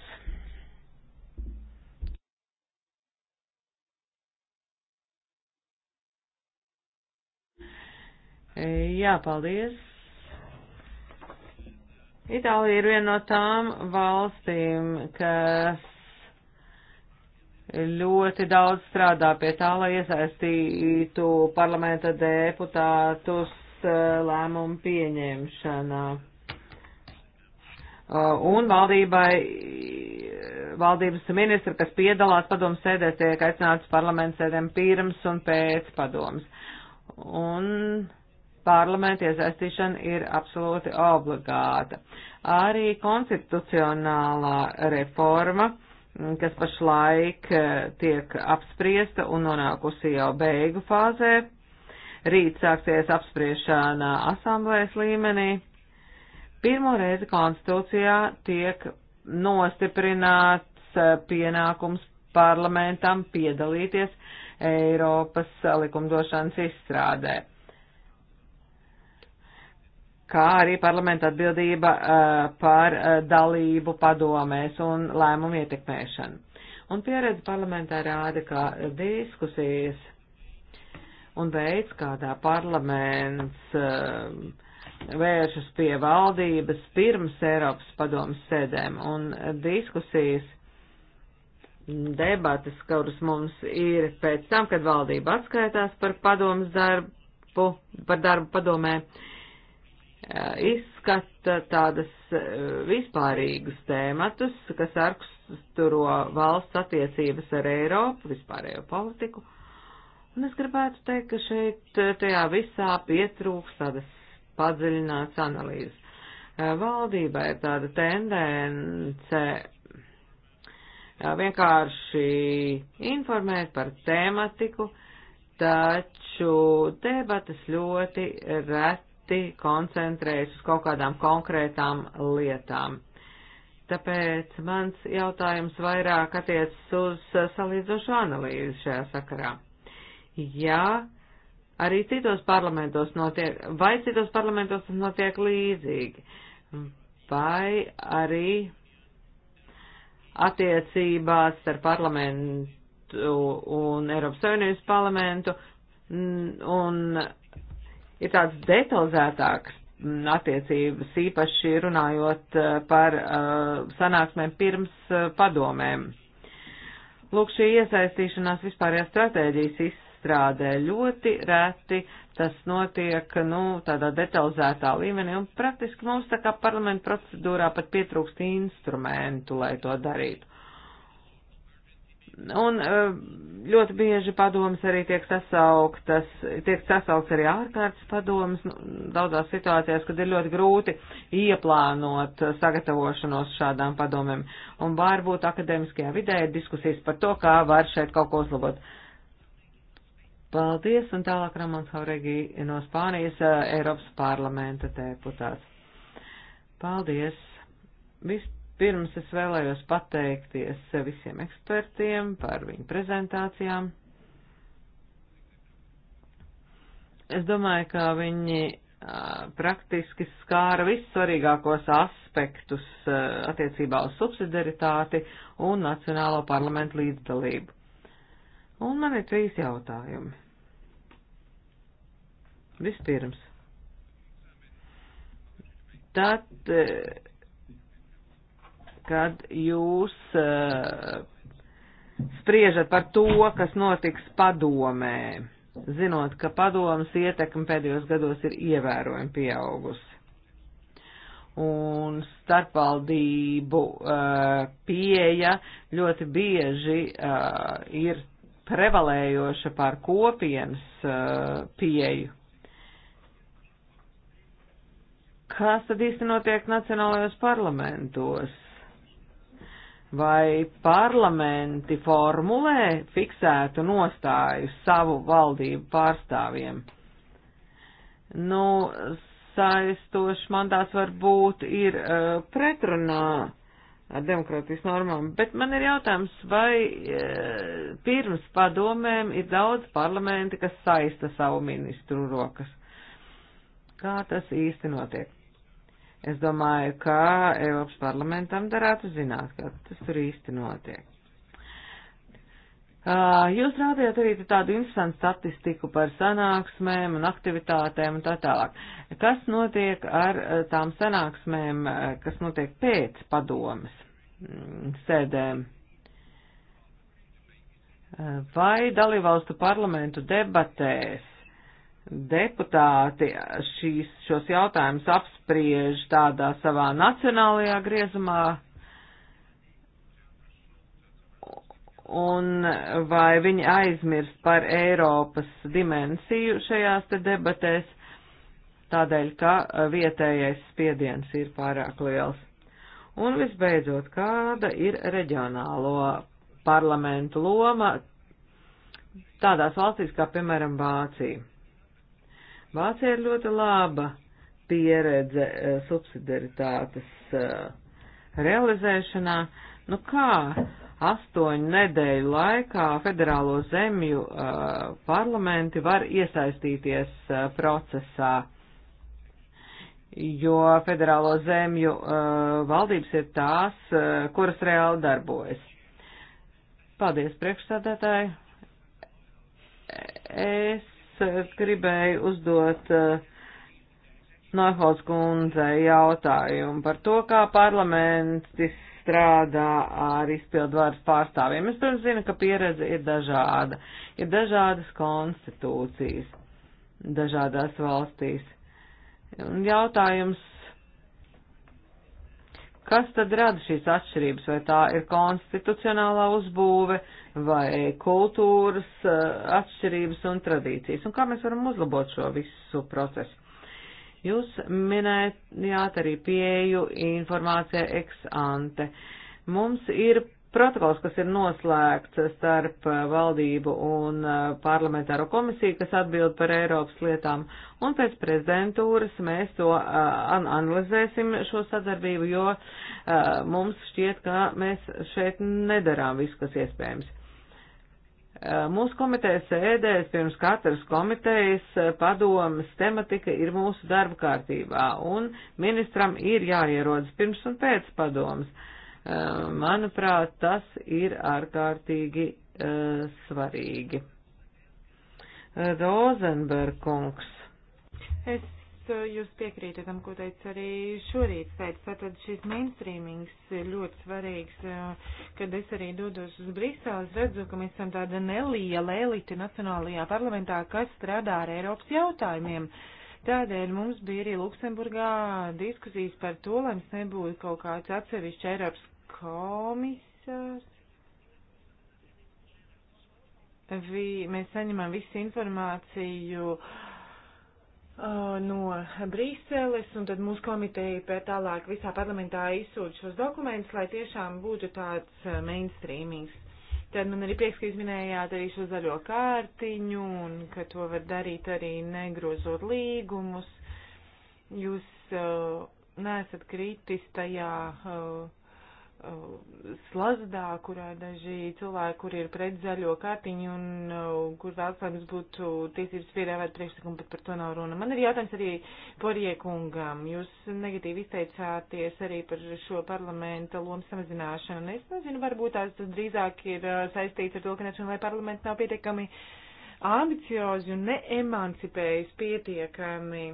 Jā, paldies. Itālija ir viena no tām valstīm, kas ļoti daudz strādā pie tā, lai iesaistītu parlamenta deputātus uh, lēmumu pieņemšanā. Uh, un valdībai, valdības ministri, kas piedalās padomu sēdēs, tiek aicināts parlamentu sēdēm pirms un pēc padomas. Un parlamenta iesaistīšana ir absolūti obligāta. Arī konstitucionālā reforma, kas pašlaik eh, tiek apspriesta un nonākusi jau beigu fāzē, rīt sāksies apspriešana asamblēs līmenī. Pirmo reizi konstitūcijā tiek nostiprināts eh, pienākums parlamentam piedalīties Eiropas likumdošanas izstrādē kā arī parlamenta atbildība eh, par eh, dalību padomēs un lēmumu ietekmēšanu. Un pieredze parlamentā rāda, ka diskusijas un veids, kādā parlaments eh, vēršas pie valdības pirms Eiropas padomas sēdēm un diskusijas debatas, kuras mums ir pēc tam, kad valdība atskaitās par padomas darbu, par darbu padomē, uh, izskata tādas vispārīgas tēmatus, kas arksturo valsts attiecības ar Eiropu, vispārējo politiku. Un es gribētu teikt, ka šeit tajā visā pietrūks tādas padziļināts analīzes. Valdībā ir tāda tendence vienkārši informēt par tēmatiku, taču debatas ļoti reti ļoti koncentrējas uz kaut kādām konkrētām lietām. Tāpēc mans jautājums vairāk attiecas uz salīdzošu analīzi šajā sakarā. Ja arī citos parlamentos notiek, vai citos parlamentos tas notiek līdzīgi, vai arī attiecībās ar parlamentu un Eiropas Savienības parlamentu un ir tāds detalizētāks attiecības, īpaši runājot eh, par eh, sanāksmēm pirms eh, padomēm. Lūk, šī iesaistīšanās vispārējā stratēģijas izstrādē ļoti reti tas notiek, nu, tādā detalizētā līmenī, un praktiski mums tā kā parlamenta procedūrā pat pietrūkst instrumentu, lai to darītu. Un e, ļoti bieži padomas arī tiek sasauktas, tiek sasauktas arī ārkārtas padomas nu, daudzās situācijās, kad ir ļoti grūti ieplānot sagatavošanos šādām padomēm. Un varbūt akadēmiskajā vidē ir diskusijas par to, kā var šeit kaut ko uzlabot. Paldies, un tālāk Ramons Hauregi no Spānijas e, Eiropas parlamenta deputāts. Paldies! Viss Pirms es vēlējos pateikties visiem ekspertiem par viņu prezentācijām. Es domāju, ka viņi praktiski skāra vissvarīgākos aspektus attiecībā uz subsidiaritāti un Nacionālo parlamentu līdzdalību. Un man ir trīs jautājumi. Vispirms. Tad kad jūs eh, spriežat par to, kas notiks padomē, zinot, ka padomas ietekme pēdējos gados ir ievērojami pieaugusi. Un starpvaldību uh, pieeja ļoti bieži uh, ir prevalējoša pār kopienas uh, pieeju. Kas tad īsti notiek nacionālajos parlamentos? vai parlamenti formulē fiksētu nostāju savu valdību pārstāvjiem. Nu, saistošs mandāts varbūt ir uh, pretrunā ar demokrātijas normām, bet man ir jautājums, vai uh, pirms padomēm ir daudz parlamenti, kas saista savu ministru rokas. Kā tas īsti notiek? Es domāju, ka Eiropas parlamentam darētu zināt, kā tas tur īsti notiek. Uh, jūs rādījāt arī tādu interesantu statistiku par sanāksmēm un aktivitātēm un tā tālāk. Kas notiek ar tām sanāksmēm, kas notiek pēc padomas mm, sēdēm? Vai dalībvalstu parlamentu debatēs deputāti šīs, šos jautājumus apspriež tādā savā nacionālajā griezumā, un vai viņi aizmirst par Eiropas dimensiju šajās te debatēs, tādēļ, ka vietējais spiediens ir pārāk liels. Un visbeidzot, kāda ir reģionālo parlamentu loma tādās valstīs kā, piemēram, Vācija? Vācija ir ļoti laba pieredze eh, subsidiaritātes eh, realizēšanā. Nu kā astoņu nedēļu laikā federālo zemju eh, parlamenti var iesaistīties procesā? Jo federālo zemju valdības ir tās, kuras reāli darbojas. Paldies, priekšsādātāji. E, es gribēju uzdot eh, Noholds kundzei jautājumu par to, kā parlamentis strādā ar izpildvaras pārstāvjiem. Es, protams, zinu, ka pieredze ir dažāda. Ir dažādas konstitūcijas dažādās valstīs. Un jautājums Kas tad rada šīs atšķirības? Vai tā ir konstitucionālā uzbūve vai kultūras eh, atšķirības un tradīcijas? Un kā mēs varam uzlabot šo visu procesu? Jūs minējāt arī pieju informācija ex ante. Mums ir protokols, kas ir noslēgts starp uh, valdību un uh, parlamentāro komisiju, kas atbild par Eiropas lietām, un pēc prezidentūras mēs to uh, analizēsim šo sadarbību, jo mums šķiet, ka mēs šeit nedarām visu, kas iespējams. Mūsu komitejas sēdēs pirms katras komitejas padomas tematika ir mūsu darba kārtībā, un ministram ir jāierodas pirms un pēc padomas Eh, manuprāt, tas ir ārkārtīgi eh, svarīgi. Eh, Rozenbergs. Es jūs piekrītu tam, ko teicu arī šorīt. Tātad šis mainstreamings ir ļoti svarīgs. Kad es arī dodos uz Briseles, redzu, ka mēs esam tāda neliela elite nacionālajā parlamentā, kas strādā ar Eiropas jautājumiem. Tādēļ mums bija arī Luksemburgā diskusijas par to, lai mums nebūtu kaut kāds atsevišķs Eiropas komisārs. Vi, mēs saņemam visu informāciju uh, no Brīseles, un tad mūsu komiteja pēc tālāk visā parlamentā izsūta šos dokumentus, lai tiešām būtu tāds uh, mainstreamings. Tad man arī prieks, ka izminējāt arī šo zaļo kārtiņu, un ka to var darīt arī negrozot līgumus. Jūs uh, neesat kritis tajā. Uh, Uh, slazdā, kurā daži cilvēki, kur ir pret zaļo kartiņu un uh, kur vēl slēgums būtu tiesības piedāvāt priekšlikumu, bet par to nav runa. Man ir jautājums arī poriekungam. Jūs negatīvi izteicāties arī par šo parlamenta lomu samazināšanu. Un es nezinu, varbūt tās drīzāk ir uh, saistīts ar to, ka nacionālai parlaments nav pietiekami ambiciozi un neemancipējas pietiekami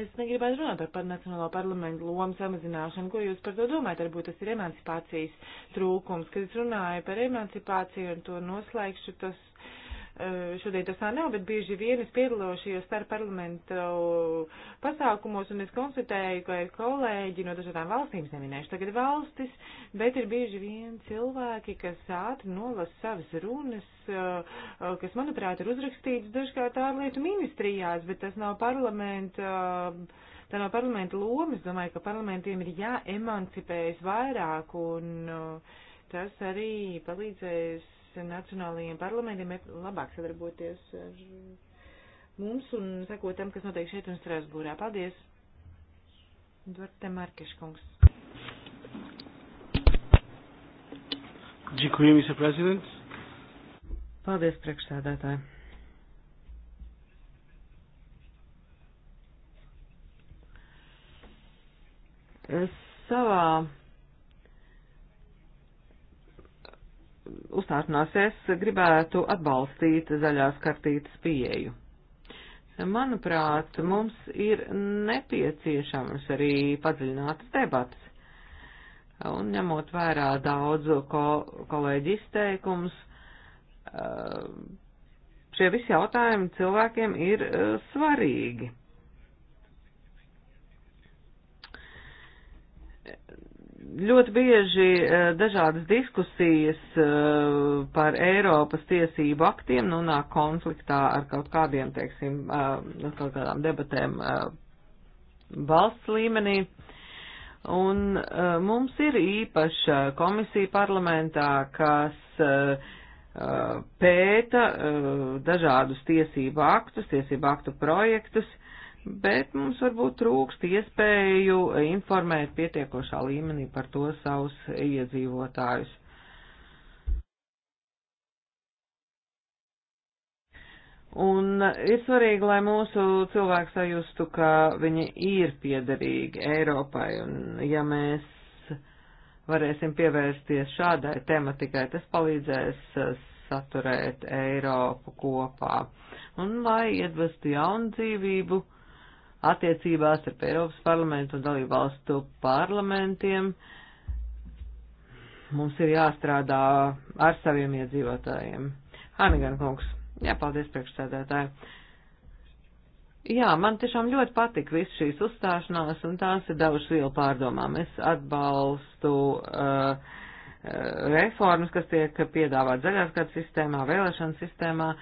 Es negribētu runāt par, par Nacionālo parlamentu lomu samazināšanu. Ko jūs par to domājat? Varbūt tas ir emancipācijas trūkums. Kad es runāju par emancipāciju un to noslēgšu, tas Eh, šodien tas tā nav, bet bieži vien es piedalošos starp parlamentu pasākumos un es konstatēju, ka ir kolēģi no dažādām valstīm, neminēšu tagad valstis, bet ir bieži vien cilvēki, kas ātri nolas savas runas, eh, kas, manuprāt, ir uzrakstīts dažkārt ārlietu ministrijās, bet tas nav parlamenta. Eh, tā nav parlamenta loma. Es domāju, ka parlamentiem ir jāemancipējas vairāk, un tas arī palīdzēs nacionālajiem parlamentiem labāk sadarboties ar mums un sekot tam, kas notiek šeit un Strasbūrā. Paldies! Dvarte Markeškungs. Dziekuji, Mr. President. Paldies, priekšsēdētāji. Es savā uzstāšanās es gribētu atbalstīt zaļās kartītes pieeju. Manuprāt, mums ir nepieciešams arī padziļinātas debatas. Un ņemot vērā daudzu ko, kolēģi izteikums, eh, šie visi jautājumi cilvēkiem ir eh, svarīgi. ļoti bieži eh, dažādas diskusijas eh, par Eiropas tiesību aktiem nonāk konfliktā ar kaut kādiem, teiksim, eh, kaut kādām debatēm valsts līmenī. Un mums ir īpaša komisija parlamentā, kas pēta dažādus tiesību aktus, tiesību aktu projektus bet mums varbūt trūkst iespēju informēt pietiekošā līmenī par to savus iedzīvotājus. Un ir svarīgi, lai mūsu cilvēki sajustu, ka viņi ir piederīgi Eiropai, un ja mēs varēsim pievērsties šādai tematikai, tas palīdzēs uh, saturēt Eiropu kopā. Un lai iedvestu jaunu dzīvību attiecībās ar Eiropas parlamentu un dalību valstu parlamentiem. Mums ir jāstrādā ar saviem iedzīvotājiem. Hanigan kungs, jā, paldies priekšsēdētāji. Jā, man tiešām ļoti patika viss šīs uzstāšanās, un tās ir devušas vielu pārdomām. Es atbalstu uh, uh, reformas, kas tiek piedāvāt zaļās kārtas sistēmā, vēlēšana sistēmā,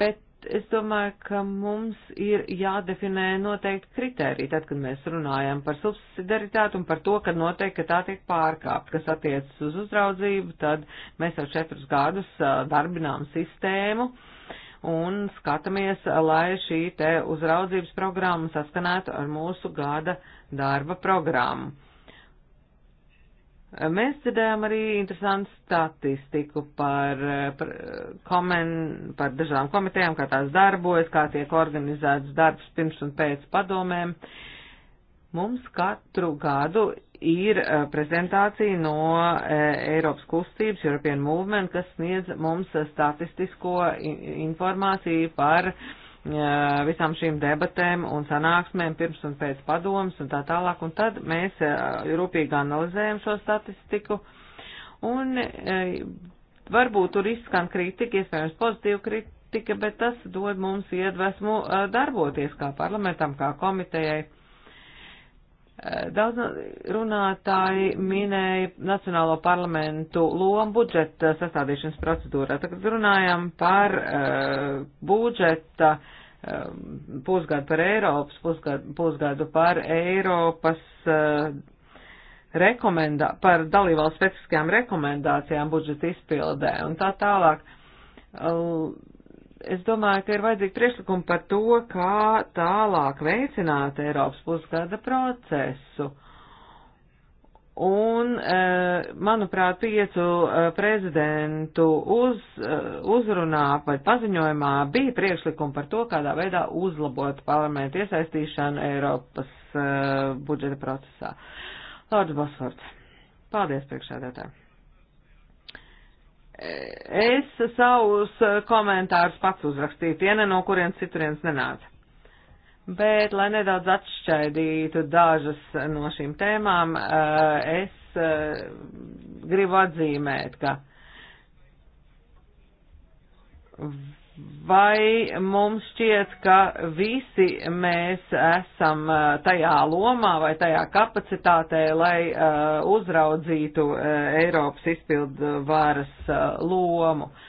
bet es domāju, ka mums ir jādefinē noteikti kriteriji, tad, kad mēs runājam par subsidaritātu un par to, ka noteikti, ka tā tiek pārkāpt, kas attiecas uz uzraudzību, tad mēs jau četrus gadus darbinām sistēmu un skatāmies, lai šī te uzraudzības programma saskanētu ar mūsu gada darba programmu. Mēs dzirdējām arī interesantu statistiku par, par, komen, par dažām komitejām, kā tās darbojas, kā tiek organizēts darbs pirms un pēc padomēm. Mums katru gadu ir eh, prezentācija no eh, Eiropas kustības European Movement, kas sniedz mums eh, statistisko informāciju par uh, visām šīm debatēm un sanāksmēm pirms un pēc padomas un tā tālāk, un tad mēs rūpīgi analizējam šo statistiku, un varbūt tur izskan kritika, iespējams pozitīva kritika, bet tas dod mums iedvesmu darboties kā parlamentam, kā komitejai. Daudz runātāji minēja Nacionālo parlamentu lomu budžeta sastādīšanas procedūrā. Tagad runājam par uh, budžeta uh, Um, pusgadu par Eiropas, pusgadu, pusgadu par Eiropas uh, rekomendā, par dalībvalsts specifiskajām rekomendācijām budžeta izpildē un tā tālāk. Es domāju, ka ir vajadzīgi priekšlikumi par to, kā tālāk veicināt Eiropas pusgada procesu. Un, e, manuprāt, piecu e, prezidentu uz, e, uzrunā vai paziņojumā bija priekšlikumi par to, kādā veidā uzlabot parlamentu iesaistīšanu Eiropas uh, budžeta procesā. Lords Bosfords, paldies priekšsēdētāji. Es savus komentārus pats uzrakstīju, tie ne no kurienes citurienes nenāca. Bet, lai nedaudz atšķaidītu dažas no šīm tēmām, eh, es eh, gribu atzīmēt, ka vai mums šķiet, ka visi mēs esam eh, tajā lomā vai tajā kapacitātē, lai uzraudzītu Eiropas izpildu varas lomu. Uh,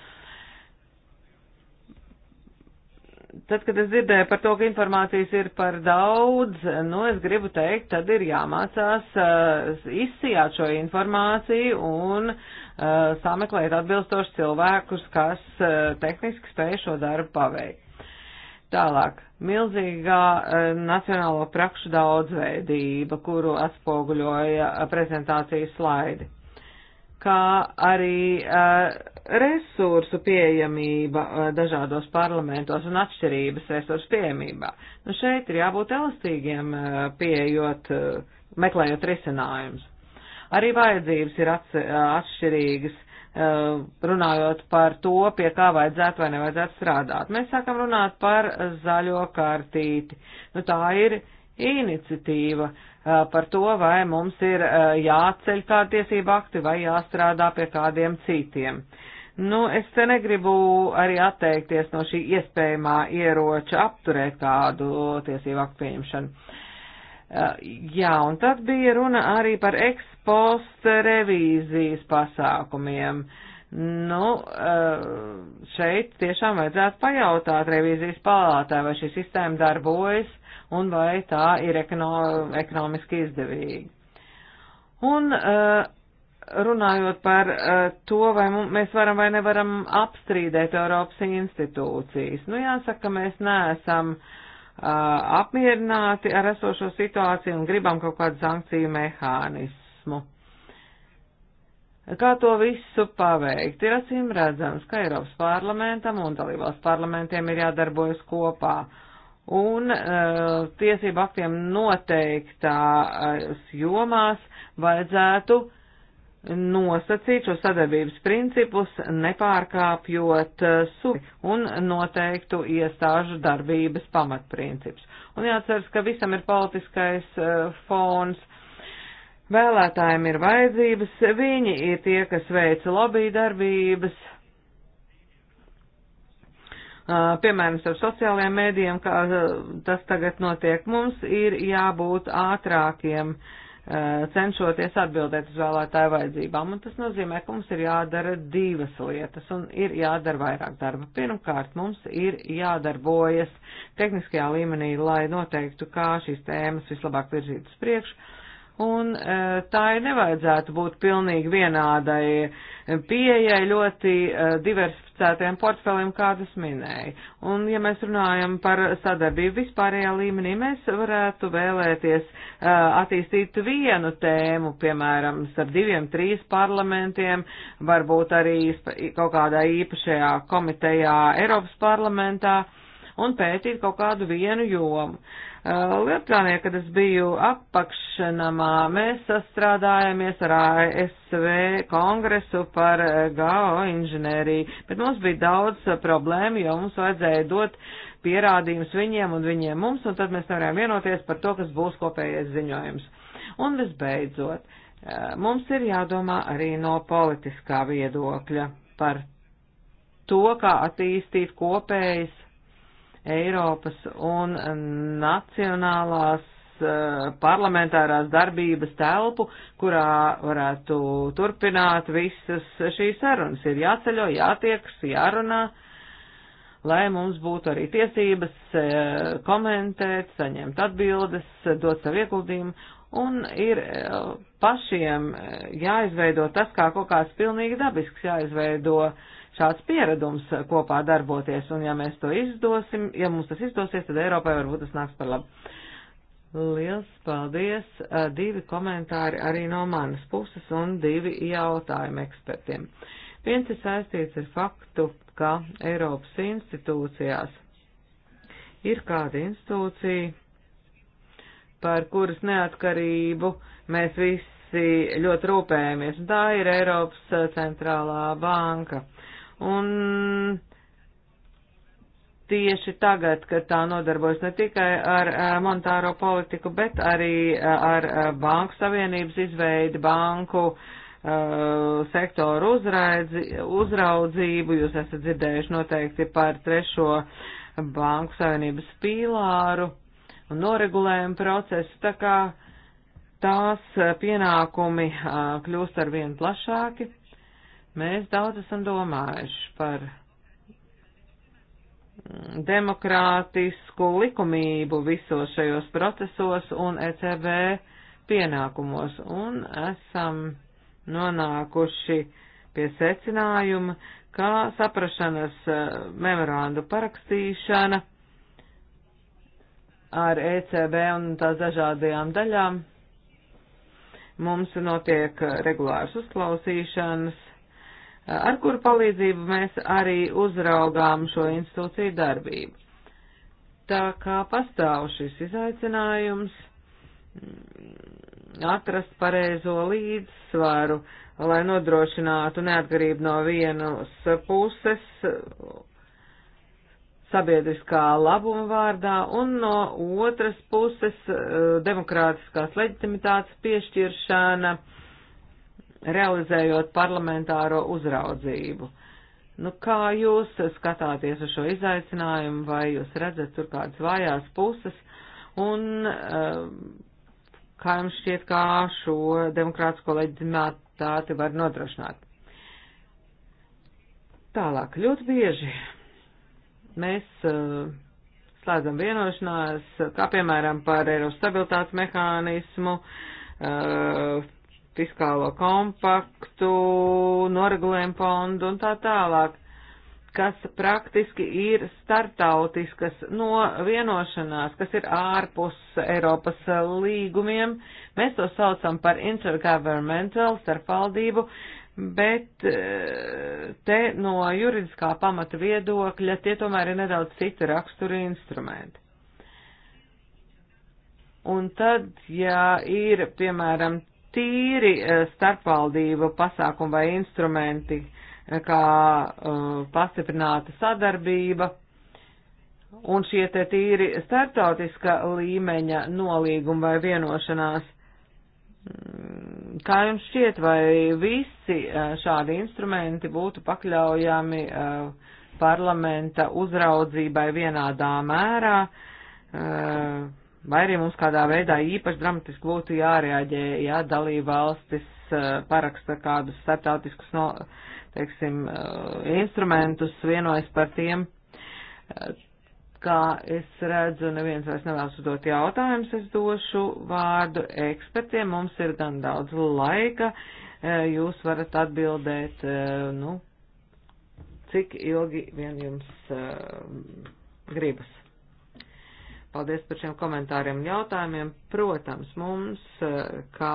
Tad, kad es dzirdēju par to, ka informācijas ir par daudz, nu, es gribu teikt, tad ir jāmācās uh, izsijāt šo informāciju un uh, sameklēt atbilstošus cilvēkus, kas uh, tehniski spēj šo darbu paveikt. Tālāk, milzīgā uh, nacionālo prakšu daudzveidība, kuru atspoguļoja prezentācijas slaidi, kā arī uh, resursu pieejamība dažādos parlamentos un atšķirības resursu pieejamībā. Nu, šeit ir jābūt elastīgiem pieejot, meklējot risinājumus. Arī vajadzības ir atšķirīgas, runājot par to, pie kā vajadzētu vai nevajadzētu strādāt. Mēs sākam runāt par zaļo kartīti. Nu, tā ir iniciatīva par to, vai mums ir jāceļ kādi tiesību akti vai jāstrādā pie kādiem citiem. Nu, es te negribu arī atteikties no šī iespējamā ieroča apturēt kādu tiesību aktu pieņemšanu. Uh, jā, un tad bija runa arī par ekspost revīzijas pasākumiem. Nu, uh, šeit tiešām vajadzētu pajautāt revīzijas palātā, vai šī sistēma darbojas un vai tā ir ekono, ekonomiski izdevīga. Un uh, runājot par eh, to, vai mēs varam vai nevaram apstrīdēt Eiropas institūcijas. Nu, jāsaka, mēs neesam eh, apmierināti ar esošo situāciju un gribam kaut kādu sankciju mehānismu. Kā to visu paveikt? Ir acīm redzams, ka Eiropas parlamentam un dalībvalsts parlamentiem ir jādarbojas kopā. Un uh, tiesību aktiem noteiktās jomās vajadzētu uh, nosacīt šo sadarbības principus, nepārkāpjot eh, suvi un noteiktu iestāžu darbības pamatprincips. Un jāceras, ka visam ir politiskais uh, fons. Vēlētājiem ir vajadzības, viņi ir tie, kas veica lobby darbības, Uh, piemēram, ar sociālajiem mēdījiem, kā uh, tas tagad notiek, mums ir jābūt ātrākiem uh, Eh, cenšoties atbildēt uz vēlētāju vajadzībām. Un tas nozīmē, ka mums ir jādara divas lietas un ir jādara vairāk darba. Pirmkārt, mums ir jādarbojas tehniskajā līmenī, lai noteiktu, kā šīs tēmas vislabāk virzīt uz priekšu. Un eh, tā ir nevajadzētu būt pilnīgi vienādai pieejai, ļoti eh, diversificētiem portfeliem, kādus minēju. Un, ja mēs runājam par sadarbību vispārējā līmenī, mēs varētu vēlēties uh, attīstīt vienu tēmu, piemēram, ar diviem, trīs parlamentiem, varbūt arī kaut kādā īpašajā komitejā Eiropas parlamentā un pētīt kaut kādu vienu jomu. Uh, Eh, Lietuvānijā, kad es biju apakšanamā, mēs sastrādājāmies ar ASV kongresu par eh, GAO inženēriju, bet mums bija daudz eh, problēmu, jo mums vajadzēja dot pierādījumus viņiem un viņiem mums, un tad mēs nevarējām vienoties par to, kas būs kopējais ziņojums. Un visbeidzot, mums ir jādomā arī no politiskā viedokļa par to, kā attīstīt kopējas Eiropas un nacionālās eh, parlamentārās darbības telpu, kurā varētu turpināt visas šīs sarunas. Ir jāceļo, jātieks, jārunā, lai mums būtu arī tiesības eh, komentēt, saņemt atbildes, dot savu ieguldījumu. Un ir eh, pašiem jāizveido tas, kā kaut kāds pilnīgi dabisks jāizveido uh, šāds pieredums eh, kopā darboties, un ja mēs to izdosim, ja mums tas izdosies, tad Eiropai varbūt tas nāks par labu. Liels paldies! Eh, divi komentāri arī no manas puses un divi jautājumi ekspertiem. Viens ir saistīts ar faktu, ka Eiropas institūcijās ir kāda institūcija, par kuras neatkarību mēs visi ļoti rūpējamies, un tā ir Eiropas eh, centrālā banka. Un tieši tagad, kad tā nodarbojas ne tikai ar eh, monetāro politiku, bet arī eh, ar eh, banku savienības izveidi, banku sektoru uzraidzi, uzraudzību, jūs esat dzirdējuši noteikti par trešo banku savienības pīlāru un noregulējumu procesu, tā kā tās pienākumi kļūst ar vien plašāki Mēs daudz esam domājuši par demokrātisku likumību visos šajos procesos un ECB pienākumos, un esam nonākuši pie secinājuma, kā saprašanas eh, memorandu parakstīšana ar ECB un tās dažādajām daļām. Mums notiek regulāras uzklausīšanas, ar kuru palīdzību mēs arī uzraugām šo institūciju darbību. Tā kā pastāv šis izaicinājums mm, atrast pareizo līdzsvaru, lai nodrošinātu neatkarību no vienas puses sabiedriskā labuma vārdā un no otras puses eh, demokrātiskās leģitimitātes piešķiršana uh, realizējot parlamentāro uzraudzību. Nu, kā jūs skatāties uz šo izaicinājumu, vai jūs redzat tur kādas vājās puses, un eh, kā jums šķiet, kā šo demokrātisko leģitimitāti var nodrošināt? Tālāk, ļoti bieži mēs uh, slēdzam vienošanās, kā piemēram par Eiropas stabilitātes mehānismu, uh, fiskālo kompaktu, noregulējumu fondu un tā tālāk, kas praktiski ir startautiskas no vienošanās, kas ir ārpus Eiropas līgumiem. Mēs to saucam par intergovernmental, starpvaldību, bet eh, te no juridiskā pamata viedokļa tie tomēr ir nedaudz cita rakstura instrumenti. Un tad, ja ir, piemēram, tīri eh, starpvaldību pasākumi vai instrumenti, eh, kā eh, pastiprināta sadarbība, un šie te tīri starptautiska līmeņa nolīguma vai vienošanās. Mm, kā jums šķiet, vai visi šādi instrumenti būtu pakļaujami parlamenta uzraudzībai vienādā mērā? Uh, vai arī mums kādā veidā īpaši dramatiski būtu jārēģē, ja dalība valstis eh, paraksta kādus starptautiskus, no, teiksim, eh, instrumentus, vienojas par tiem. Eh, kā es redzu, neviens vairs nevēlas uzdot jautājumus, es došu vārdu ekspertiem, mums ir gan daudz laika, jūs varat atbildēt, nu, cik ilgi vien jums gribas. Paldies par šiem komentāriem un jautājumiem. Protams, mums, eh, kā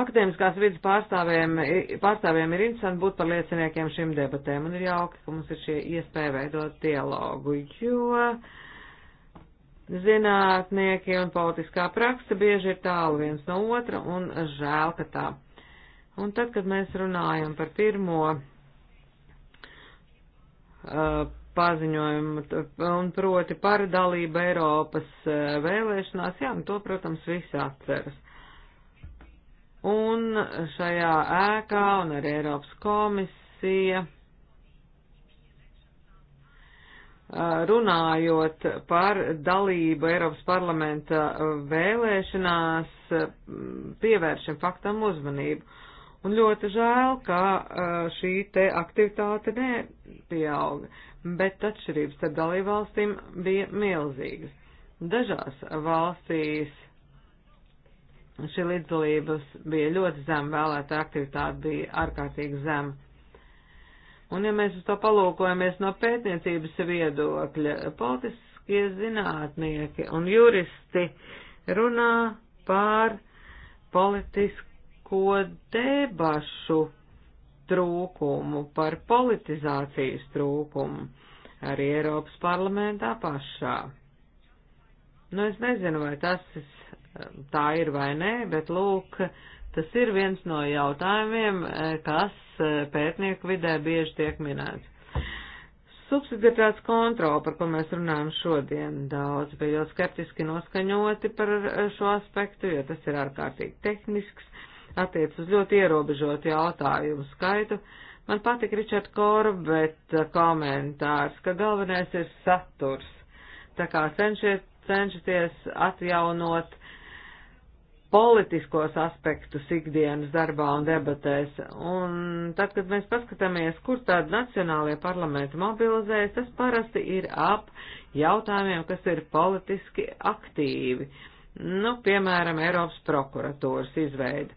akadēmiskās vidas pārstāvjiem, pārstāvjiem ir interesanti būt par lieciniekiem šīm debatēm, un ir jauki, ka mums ir šī iespēja veidot dialogu, jo zinātnieki un politiskā praksa bieži ir tālu viens no otra, un žēl, ka tā. Un tad, kad mēs runājam par pirmo. Uh, paziņojumu, un proti par dalību Eiropas e, vēlēšanās, jā, un nu to, protams, visi atceras. Un šajā ēkā un arī Eiropas komisija e, runājot par dalību Eiropas parlamenta e, vēlēšanās, pievēršam faktam uzmanību Un ļoti žēl, ka šī te aktivitāte nepieauga, bet atšķirības starp dalībvalstīm bija milzīgas. Dažās valstīs šī līdzdalības bija ļoti zema, vēlētā aktivitāte bija ārkārtīgi zema. Un ja mēs uz to palūkojamies no pētniecības viedokļa, politiskie zinātnieki un juristi runā pār politisku ko debašu trūkumu, par politizācijas trūkumu arī Eiropas parlamentā pašā. Nu, es nezinu, vai tas tā ir vai nē, bet lūk, tas ir viens no jautājumiem, kas pētnieku vidē bieži tiek minēts. Subsidiatāts kontrola, par ko mēs runājam šodien, daudz bija ļoti skeptiski noskaņoti par šo aspektu, jo tas ir ārkārtīgi tehnisks attiec uz ļoti ierobežotu jautājumu skaitu. Man patika Richard Korbeta komentārs, ka galvenais ir saturs. Tā kā cenšies, cenšaties atjaunot politiskos aspektus ikdienas darbā un debatēs. Un tad, kad mēs paskatāmies, kur tādi nacionālie parlamenti mobilizējas, tas parasti ir ap jautājumiem, kas ir politiski aktīvi. Nu, piemēram, Eiropas prokuratūras izveida.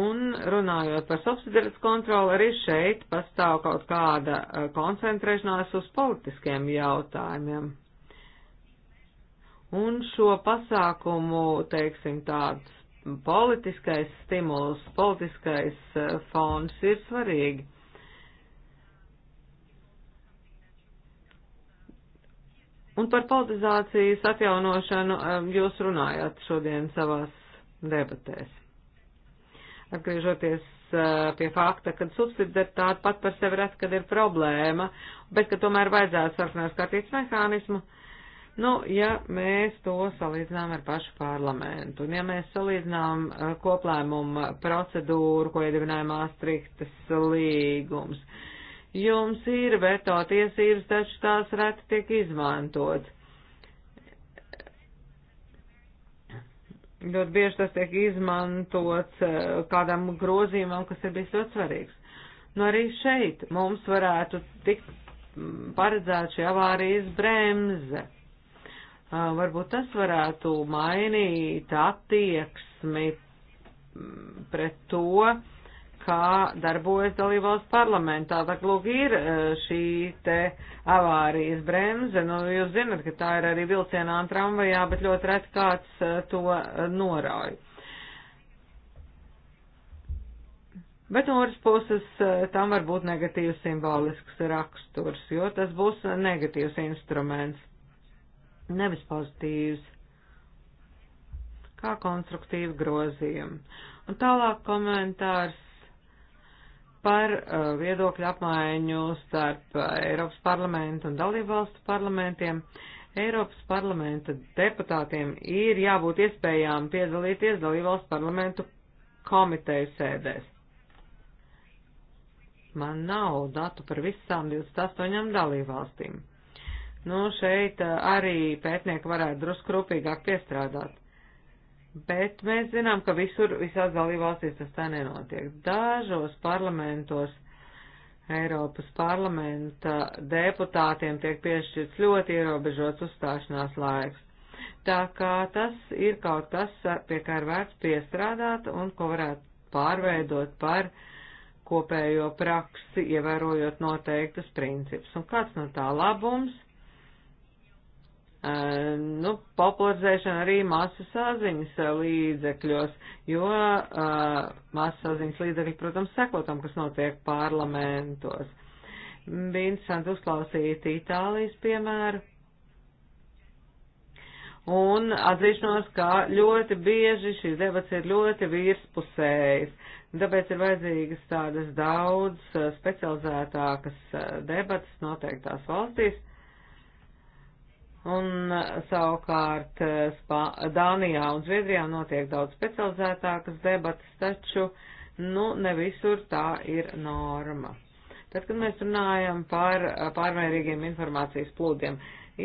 Un runājot par subsidiaritātes kontroli, arī šeit pastāv kaut kāda eh, koncentrēšanās uz politiskiem jautājumiem. Un šo pasākumu, teiksim, tāds politiskais stimuls, politiskais eh, fons ir svarīgi. Un par politizācijas atjaunošanu eh, jūs runājāt šodien savās debatēs atgriežoties pie fakta, ka subsidiaritāte pat par sevi redz, kad ir problēma, bet ka tomēr vajadzētu sarkanās kārtības mehānismu. Nu, ja mēs to salīdzinām ar pašu parlamentu, un ja mēs salīdzinām koplēmumu procedūru, ko iedibināja Māstriktas līgums, jums ir veto tiesības, taču tās reti tiek izmantotas Ļoti bieži tas tiek izmantots eh, kādam grozījumam, kas ir bijis ļoti svarīgs. Nu arī šeit mums varētu tikt mm, paredzēt šī avārijas bremze. Eh, varbūt tas varētu mainīt attieksmi mm, pret to, kā darbojas dalībvalsts parlamentā. Tā lūk ir e, šī te avārijas bremze. Nu, jūs zinat, ka tā ir arī vilcienā un tramvajā, bet ļoti reti kāds e, to e, norauj. Bet no otras puses tam var būt negatīvs simbolisks raksturs, jo tas būs negatīvs instruments, nevis pozitīvs, kā konstruktīvi grozījumi. Un tālāk komentārs par uh, viedokļu apmaiņu starp uh, Eiropas parlamentu un dalībvalstu parlamentiem. Eiropas parlamenta deputātiem ir jābūt iespējām piedalīties dalībvalstu parlamentu komiteju sēdēs. Man nav datu par visām 28 dalībvalstīm. Nu, šeit uh, arī pētnieki varētu drusku rūpīgāk piestrādāt. Bet mēs zinām, ka visur, visās dalībvalstīs tas tā nenotiek. Dažos parlamentos, Eiropas parlamenta deputātiem tiek piešķirts ļoti ierobežots uzstāšanās laiks. Tā kā tas ir kaut kas, pie kā ir vērts piestrādāt un ko varētu pārveidot par kopējo praksi, ievērojot noteiktus principus. Un kāds no tā labums? Ehm, nu, popularizēšana arī masu saziņas eh, līdzekļos, jo uh, eh, masu saziņas līdzekļi, protams, sekotam, kas notiek parlamentos. Bija interesanti uzklausīt Itālijas piemēru. Un atzīšanos, ka ļoti bieži šīs debats ir ļoti virspusējas, tāpēc ir vajadzīgas tādas daudz eh, specializētākas debatas noteiktās valstīs, Un eh, savukārt eh, Spā Dānijā un Zviedrijā notiek daudz specializētākas debatas, taču nu ne visur tā ir norma. Tad, kad mēs runājam par eh, pārmērīgiem informācijas plūdiem,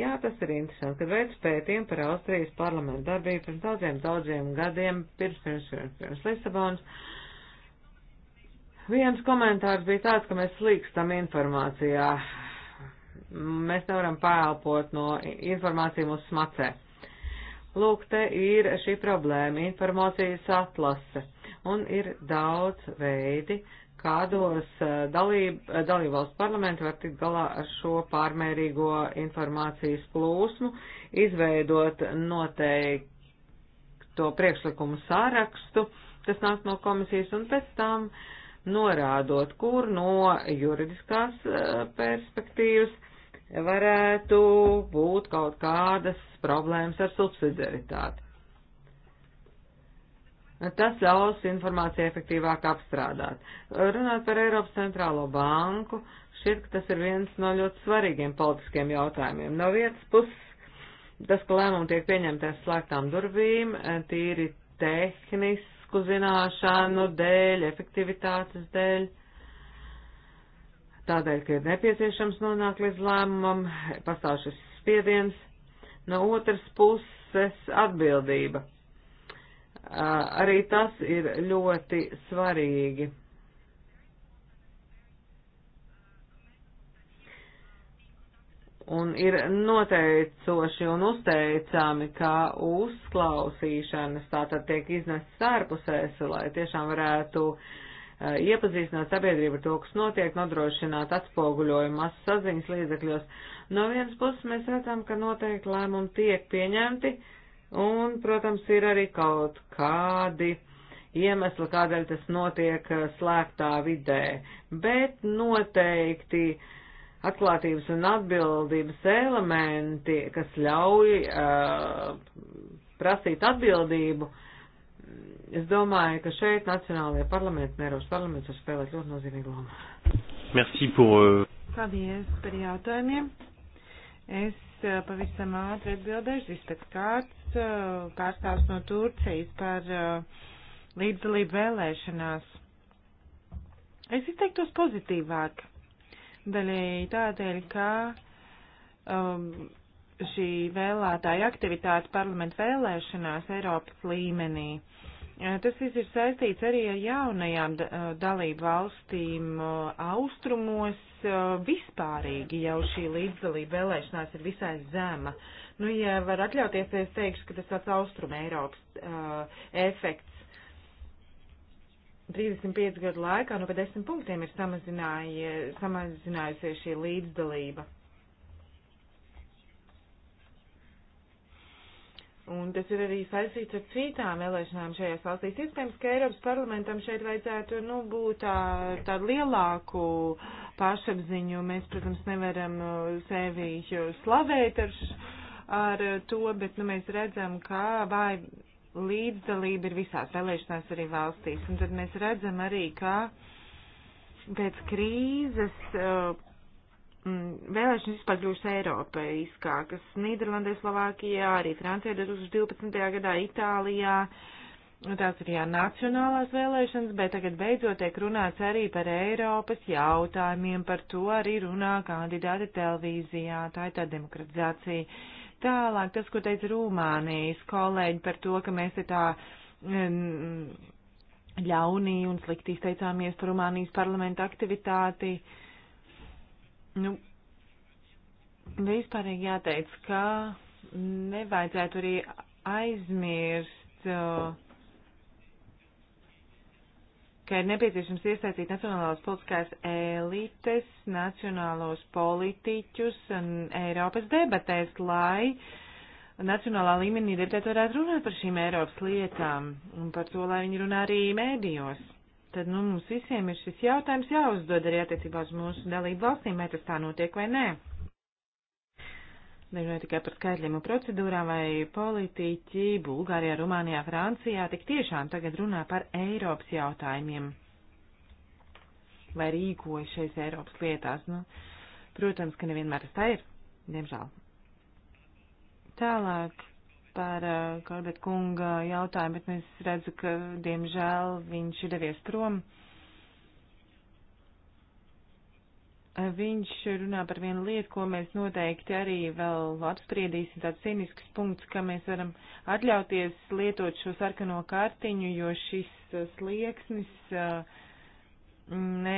jā, tas ir interesanti, kad veids pētījumu par Austrijas parlamentu darbību pirms daudziem, daudziem gadiem, pirms, pirms, pirms, pirms Lisabonas. Viens komentārs bija tāds, ka mēs slīkstam informācijā mēs nevaram pēlpot no informāciju mūsu smacē. Lūk, te ir šī problēma - informācijas atlase, un ir daudz veidi, kādos eh, eh, dalībvalsts parlamenti var tikt galā ar šo pārmērīgo informācijas plūsmu, izveidot noteikto priekšlikumu sārakstu, kas nāk no komisijas, un pēc tam norādot, kur no juridiskās eh, perspektīvas varētu būt kaut kādas problēmas ar subsidiaritāti. Tas ļaus informāciju efektīvāk apstrādāt. Runāt par Eiropas centrālo banku, šķiet, ka tas ir viens no ļoti svarīgiem politiskiem jautājumiem. No vietas puses, tas, ka lēmumi tiek pieņemti aiz slēgtām durvīm, tīri tehnisku zināšanu dēļ, efektivitātes dēļ. Uh, tādēļ, ka ir nepieciešams nonākt līdz lēmumam, pastāv šis spiediens, no otras puses atbildība. Arī tas ir ļoti svarīgi. Un ir noteicoši un uzteicami, ka uzklausīšanas tātad tiek iznests ārpusēs, lai tiešām varētu uh, iepazīstināt sabiedrību ar to, kas notiek, nodrošināt atspoguļojumu masu saziņas līdzekļos. No vienas puses mēs redzam, ka noteikti lēmumi tiek pieņemti, un, protams, ir arī kaut kādi iemesli, kādēļ tas notiek slēgtā vidē, bet noteikti atklātības un atbildības elementi, kas ļauj uh, prasīt atbildību, uh, es domāju, ka šeit Nacionālajie parlamenti un Eiropas parlaments var spēlēt ļoti nozīmīgu lomu. Merci pour. Euh, Paldies par jautājumiem. Es uh, pavisam ātri atbildēšu. Vispēc kāds uh, pārstāvs no Turcijas par uh, līdzdalību vēlēšanās. Es izteiktos pozitīvāk. Daļēji tādēļ, ka um, šī vēlētāja aktivitāte parlamentu vēlēšanās Eiropas līmenī. E, tas viss ir saistīts arī ar jaunajām e, dalību valstīm e, austrumos. Vispārīgi jau šī līdzdalība vēlēšanās ir visai zema. Nu, ja var atļauties, es teikšu, ka tas tāds austruma Eiropas uh, efekts 35 gadu laikā, nu, pa 10 punktiem ir samazinājusies šī līdzdalība. Un tas ir arī saistīts ar citām vēlēšanām šajās valstīs. Iespējams, ka Eiropas parlamentam šeit vajadzētu nu, būt tā, tādu lielāku pašapziņu. Mēs, protams, nevaram uh, sevi slavēt ar, ar uh, to, bet nu, mēs redzam, ka vai līdzdalība ir visās vēlēšanās arī valstīs. Un tad mēs redzam arī, ka pēc krīzes. Uh, Mm, vēlēšanas vispār kļūst eiropeiskākas. Nīderlandē, Slovākijā, arī Francijā 2012. gadā, Itālijā. Nu, tās ir jā, nacionālās vēlēšanas, bet tagad beidzot tiek runāts arī par Eiropas jautājumiem, par to arī runā kandidāti televīzijā, tā ir tā demokratizācija. Tālāk tas, ko teica Rumānijas kolēģi par to, ka mēs te tā um, ļaunī un slikti izteicāmies par Rumānijas parlamenta aktivitāti. Uh, Nu, vispārīgi jāteic, ka nevajadzētu arī aizmirst, uh, ka ir nepieciešams iesaistīt nacionālās politiskās elites, nacionālos politiķus un Eiropas debatēs, lai nacionālā līmenī deputēti varētu runāt par šīm Eiropas lietām un par to, lai viņi runā arī mēdījos tad nu, mums visiem ir šis jautājums jāuzdod arī attiecībā uz mūsu dalību valstīm, vai tas tā notiek vai nē. Ne tikai par skaidriem un procedūrām, vai politiķi Bulgārijā, Rumānijā, Francijā tik tiešām tagad runā par Eiropas jautājumiem vai rīkojas šais Eiropas lietās. Nu, protams, ka nevienmēr tas tā ir, diemžēl. Tālāk par uh, Korbet kunga jautājumu, bet es redzu, ka diemžēl viņš ir devies prom. Eh, viņš runā par vienu lietu, ko mēs noteikti arī vēl apspriedīsim, tāds cīnisks punkts, ka mēs varam atļauties lietot šo sarkano kartiņu, jo šis eh, slieksnis uh, ne,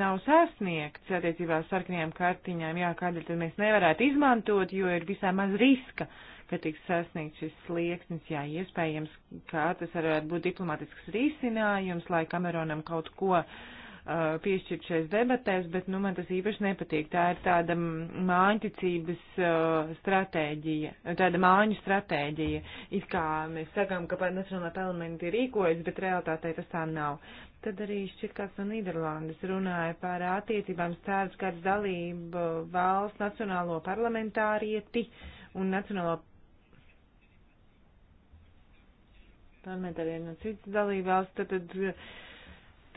nav sasniegts attiecībā uz sarkanajām kartiņām, jā, kādēļ tad mēs nevarētu izmantot, jo ir visai maz riska, ka tiks sasniegt šis slieksnis. Jā, iespējams, kā tas varētu būt diplomātisks risinājums, lai Kameronam kaut ko uh, piešķirt šais debatēs, bet nu, man tas īpaši nepatīk. Tā ir tāda māņticības uh, stratēģija, tāda māņu stratēģija. It kā mēs sakām, ka Nacionālā parlamenta rīkojas, bet realitātē tas tā nav. Tad arī šķiet kāds no Nīderlandes runāja par attiecībām starp kāds dalību valsts nacionālo parlamentārieti un nacionālo parlamentāriem no citas dalībvalsts, tad, tad eh,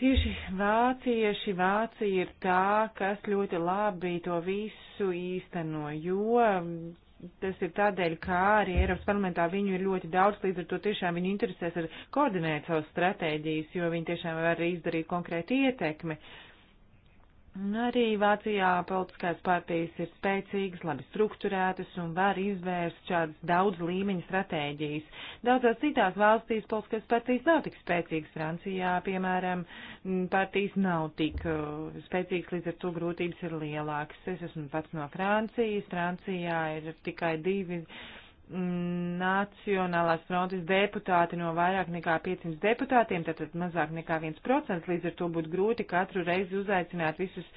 tieši vācieši, Vācija ir tā, kas ļoti labi to visu īsteno, jo mm, tas ir tādēļ, kā arī Eiropas parlamentā viņu ir ļoti daudz, līdz ar to tiešām viņi interesēs ar koordinēt savas stratēģijas, jo viņi tiešām var izdarīt konkrēti ietekmi. Uh, Arī Vācijā politiskās partijas ir spēcīgas, labi strukturētas un var izvērst šādas daudz līmeņu stratēģijas. Daudzās citās valstīs politiskās partijas nav tik spēcīgas. Francijā, piemēram, partijas nav tik uh, spēcīgas, līdz ar to grūtības ir lielākas. Es esmu pats no Francijas. Francijā ir tikai divi Nacionālās frontes deputāti no vairāk nekā 500 deputātiem, tātad mazāk nekā 1%, līdz ar to būtu grūti katru reizi uzaicināt visus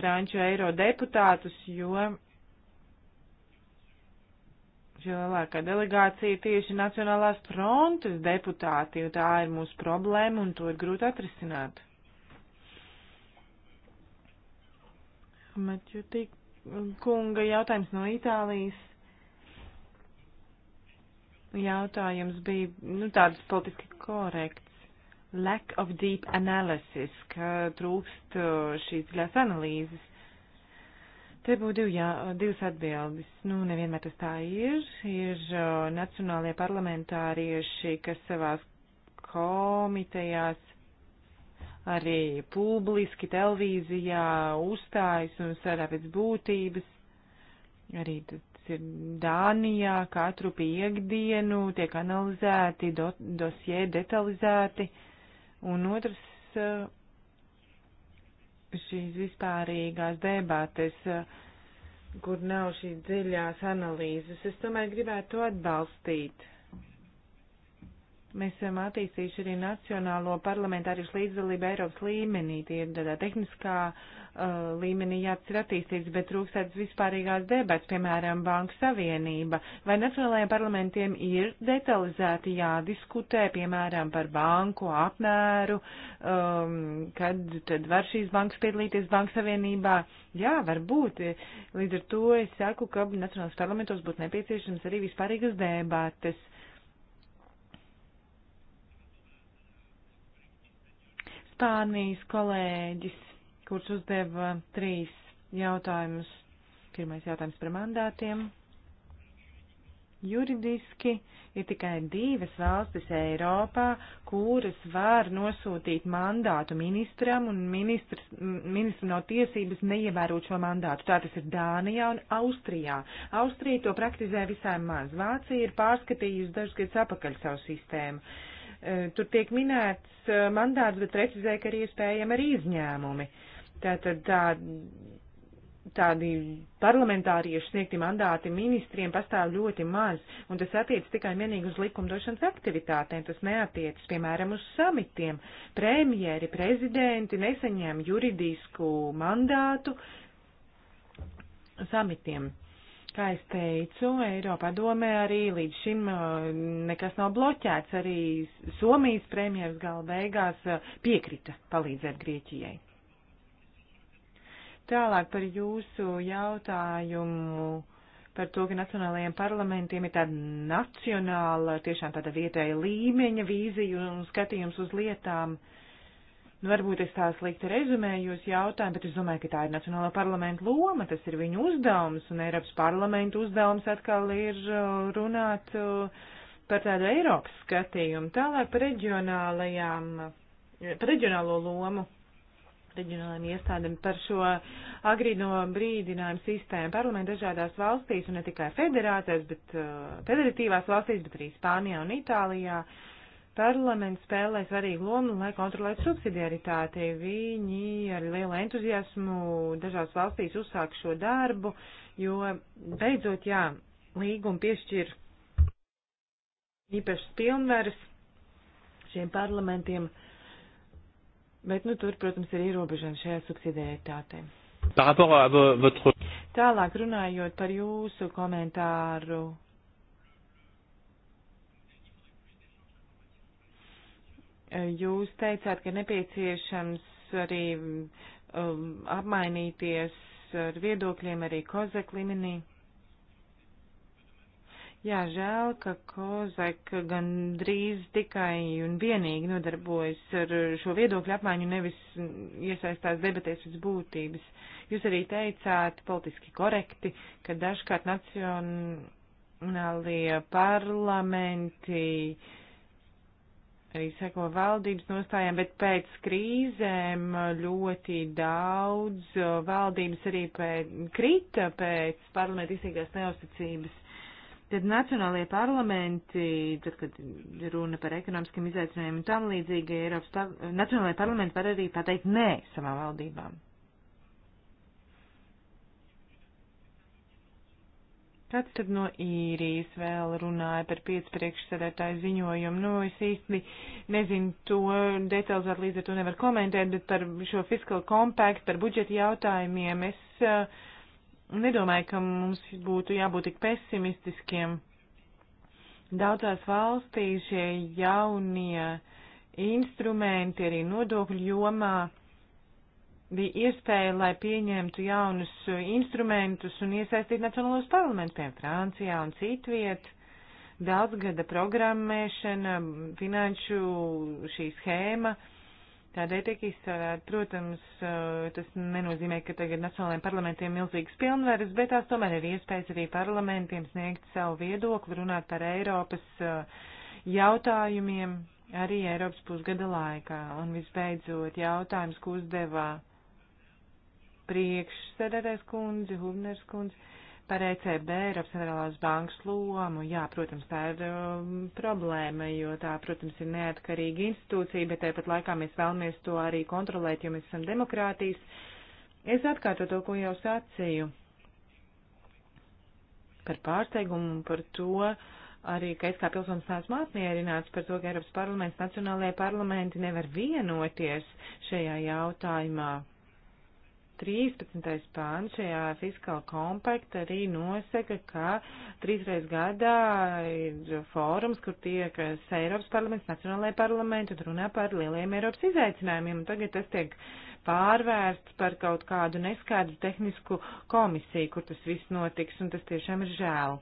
franču eiro deputātus, jo lielākā delegācija tieši Nacionālās frontes deputāti, jo tā ir mūsu problēma un to ir grūti atrisināt. Matjutik kunga jautājums no Itālijas jautājums bija nu, tāds politiski korekts. Lack of deep analysis, ka trūkst uh, šīs dziļās analīzes. Te būtu div, jā, divas atbildes. Nu, nevienmēr tas tā ir. Ir uh, nacionālie parlamentārieši, kas savās komitejās arī publiski televīzijā uzstājas un sarā pēc būtības. Arī tad kas ir Dānijā, katru piekdienu tiek analizēti do, dosie detalizēti, un otrs eh, šīs vispārīgās debates, eh, kur nav šīs dziļās analīzes. Es tomēr gribētu to atbalstīt. Mēs esam attīstījuši arī nacionālo parlamentāriešu līdzdalību Eiropas līmenī. Tie ir tādā tehniskā uh, līmenī jāatcer attīstīts, bet trūks tāds vispārīgās debats, piemēram, Banku Savienība. Vai nacionālajiem parlamentiem ir detalizēti jādiskutē, piemēram, par banku apmēru, um, kad tad var šīs bankas piedalīties Banku Savienībā? Jā, varbūt. Līdz ar to es saku, ka nacionālajos parlamentos būtu nepieciešams arī vispārīgas debates. Uh, Spānijas kolēģis, kurš uzdeva trīs jautājumus. Pirmais jautājums par mandātiem. Juridiski ir tikai divas valstis Eiropā, kuras var nosūtīt mandātu ministram, un ministrs, ministram nav tiesības neievērot šo mandātu. Tā tas ir Dānijā un Austrijā. Austrija to praktizē visai maz. Vācija ir pārskatījusi dažus gadus apakaļ savu sistēmu. Uh, E, tur tiek minēts e, mandāts, bet precizē, ka ir iespējami arī izņēmumi. Tātad tā, tādi parlamentārieši sniegti mandāti ministriem pastāv ļoti maz, un tas attiec tikai vienīgi uz likumdošanas aktivitātēm, tas neatiec, piemēram, uz samitiem. Premjeri, prezidenti nesaņem juridisku mandātu samitiem. Kā es teicu, Eiropā domē arī līdz šim uh, nekas nav bloķēts, arī Somijas premjeras gala beigās uh, piekrita palīdzēt Grieķijai. Tālāk par jūsu jautājumu par to, ka nacionālajiem parlamentiem ir tāda nacionāla, tiešām tāda vietēja līmeņa vīzija un skatījums uz lietām. Uh, Nu, varbūt es tās slikti rezumēju jūs jautājumu, bet es domāju, ka tā ir Nacionālā parlamenta loma, tas ir viņu uzdevums, un Eiropas parlamenta uzdevums atkal ir uh, runāt uh, par tādu Eiropas skatījumu, tālāk par reģionālajām, uh, par reģionālo lomu reģionālajiem iestādēm par šo agrīno brīdinājumu sistēmu parlamentu dažādās valstīs, un ne tikai federātēs, bet uh, federatīvās valstīs, bet arī Spānijā un Itālijā. Uh, parlaments spēlē svarīgu lomu, lai kontrolētu subsidiaritāti. Viņi ar lielu entuziasmu dažās valstīs uzsāk šo darbu, jo beidzot, jā, līguma piešķir īpašas pilnveras šiem parlamentiem, bet, nu, tur, protams, ir ierobežojumi šajā subsidiaritātē. Tālāk runājot par jūsu komentāru Jūs teicāt, ka nepieciešams arī um, apmainīties ar viedokļiem arī Kozek līmenī. Jā, žēl, ka Kozek gan drīz tikai un vienīgi nodarbojas ar šo viedokļu apmaiņu, nevis iesaistās debatēs uz būtības. Jūs arī teicāt politiski korekti, ka dažkārt nacionālie parlamenti uh, arī seko valdības nostājām, bet pēc krīzēm ļoti daudz valdības arī pēc, krita pēc parlamentu izsīkās neusticības. Tad nacionālajie parlamenti, tad, kad runa par ekonomiskiem izaicinājumiem un tam līdzīgi, Eiropas par... nacionālajie parlamenti var arī pateikt nē savām valdībām. Kāds tad no īrijas vēl runāja par piecpriekšsēdētāju ziņojumu? Nu, es īsti nezinu to detalizēt, līdz ar to nevar komentēt, bet par šo fiskal kompaktu, par budžeta jautājumiem es uh, nedomāju, ka mums būtu jābūt tik pesimistiskiem. Daudzās valstīs šie jaunie instrumenti arī nodokļu jomā bija iespēja, lai pieņemtu jaunus instrumentus un iesaistītu nacionālos parlamentus, piemēram, Francijā un citviet. Daudzgada programmēšana, finanšu šī schēma. Tādēļ tiek izsvērēta, protams, eh, tas nenozīmē, ka tagad nacionālajiem parlamentiem milzīgas pilnvaras, bet tās tomēr ir iespējas arī parlamentiem sniegt savu viedokli, runāt par Eiropas eh, jautājumiem, arī Eiropas pusgada laikā. Un visbeidzot, jautājums, ko uzdevā priekšsēdētājs kundzi, Hubners kundzi, par ECB, Eiropas Centrālās bankas lomu. Jā, protams, tā ir um, problēma, jo tā, protams, ir neatkarīga institūcija, bet tāpat laikā mēs vēlamies to arī kontrolēt, jo mēs esam demokrātijas. Es atkārto to, ko jau sacīju par pārsteigumu par to, arī, ka es kā pilsonis neesmu apmierināts par to, ka Eiropas parlaments, nacionālajie parlamenti nevar vienoties šajā jautājumā. 13. pāns šajā fiskāla kompakta arī nosaka, ka trīsreiz gadā ir fórums, kur tiekas Eiropas parlaments, Nacionālajā parlamenta un runā par lieliem Eiropas izaicinājumiem. Tagad tas tiek pārvērsts par kaut kādu neskaidru tehnisku komisiju, kur tas viss notiks, un tas tiešām ir žēl.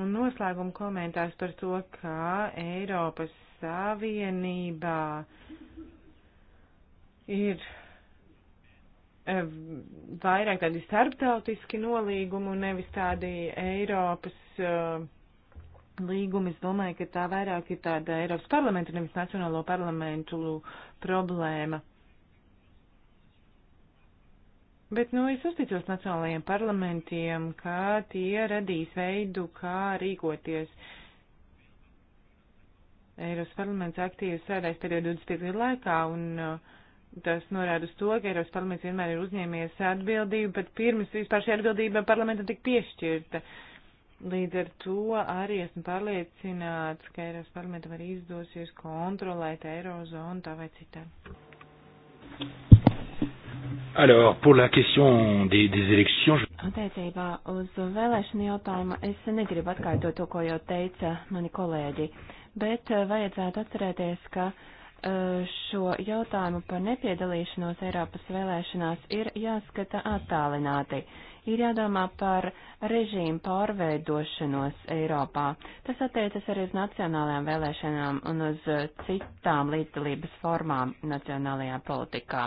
Un noslēguma komentārs par to, kā Eiropas Savienībā ir Eh, vairāk tādi starptautiski nolīgumi un nevis tādi Eiropas uh, līgumi. Es domāju, ka tā vairāk ir tāda Eiropas parlamentu, nevis Nacionālo parlamentu problēma. Bet, nu, es uzticos nacionālajiem parlamentiem, kā tie radīs veidu, kā rīkoties. Eiropas parlaments aktīvi strādājas pēdējo 25 gadu laikā un uh, Tas norāda uz to, ka Eiropas parlaments vienmēr ir uzņēmies atbildību, bet pirms vispār šī atbildība parlamentam tik piešķirta. Līdz ar to arī esmu pārliecināts, ka Eiropas parlamentam arī izdosies kontrolēt eirozonu tā vai citā. Alors, pour la question des, des élections, je... Attiecībā uz vēlēšanu jautājumu es negribu atkārtot to, ko jau teica mani kolēģi, bet eh, vajadzētu atcerēties, ka uh, šo jautājumu par nepiedalīšanos Eiropas vēlēšanās ir jāskata attālināti. Ir jādomā par režīmu pārveidošanos Eiropā. Tas attiecas arī uz nacionālajām vēlēšanām un uz citām līdzdalības formām nacionālajā politikā.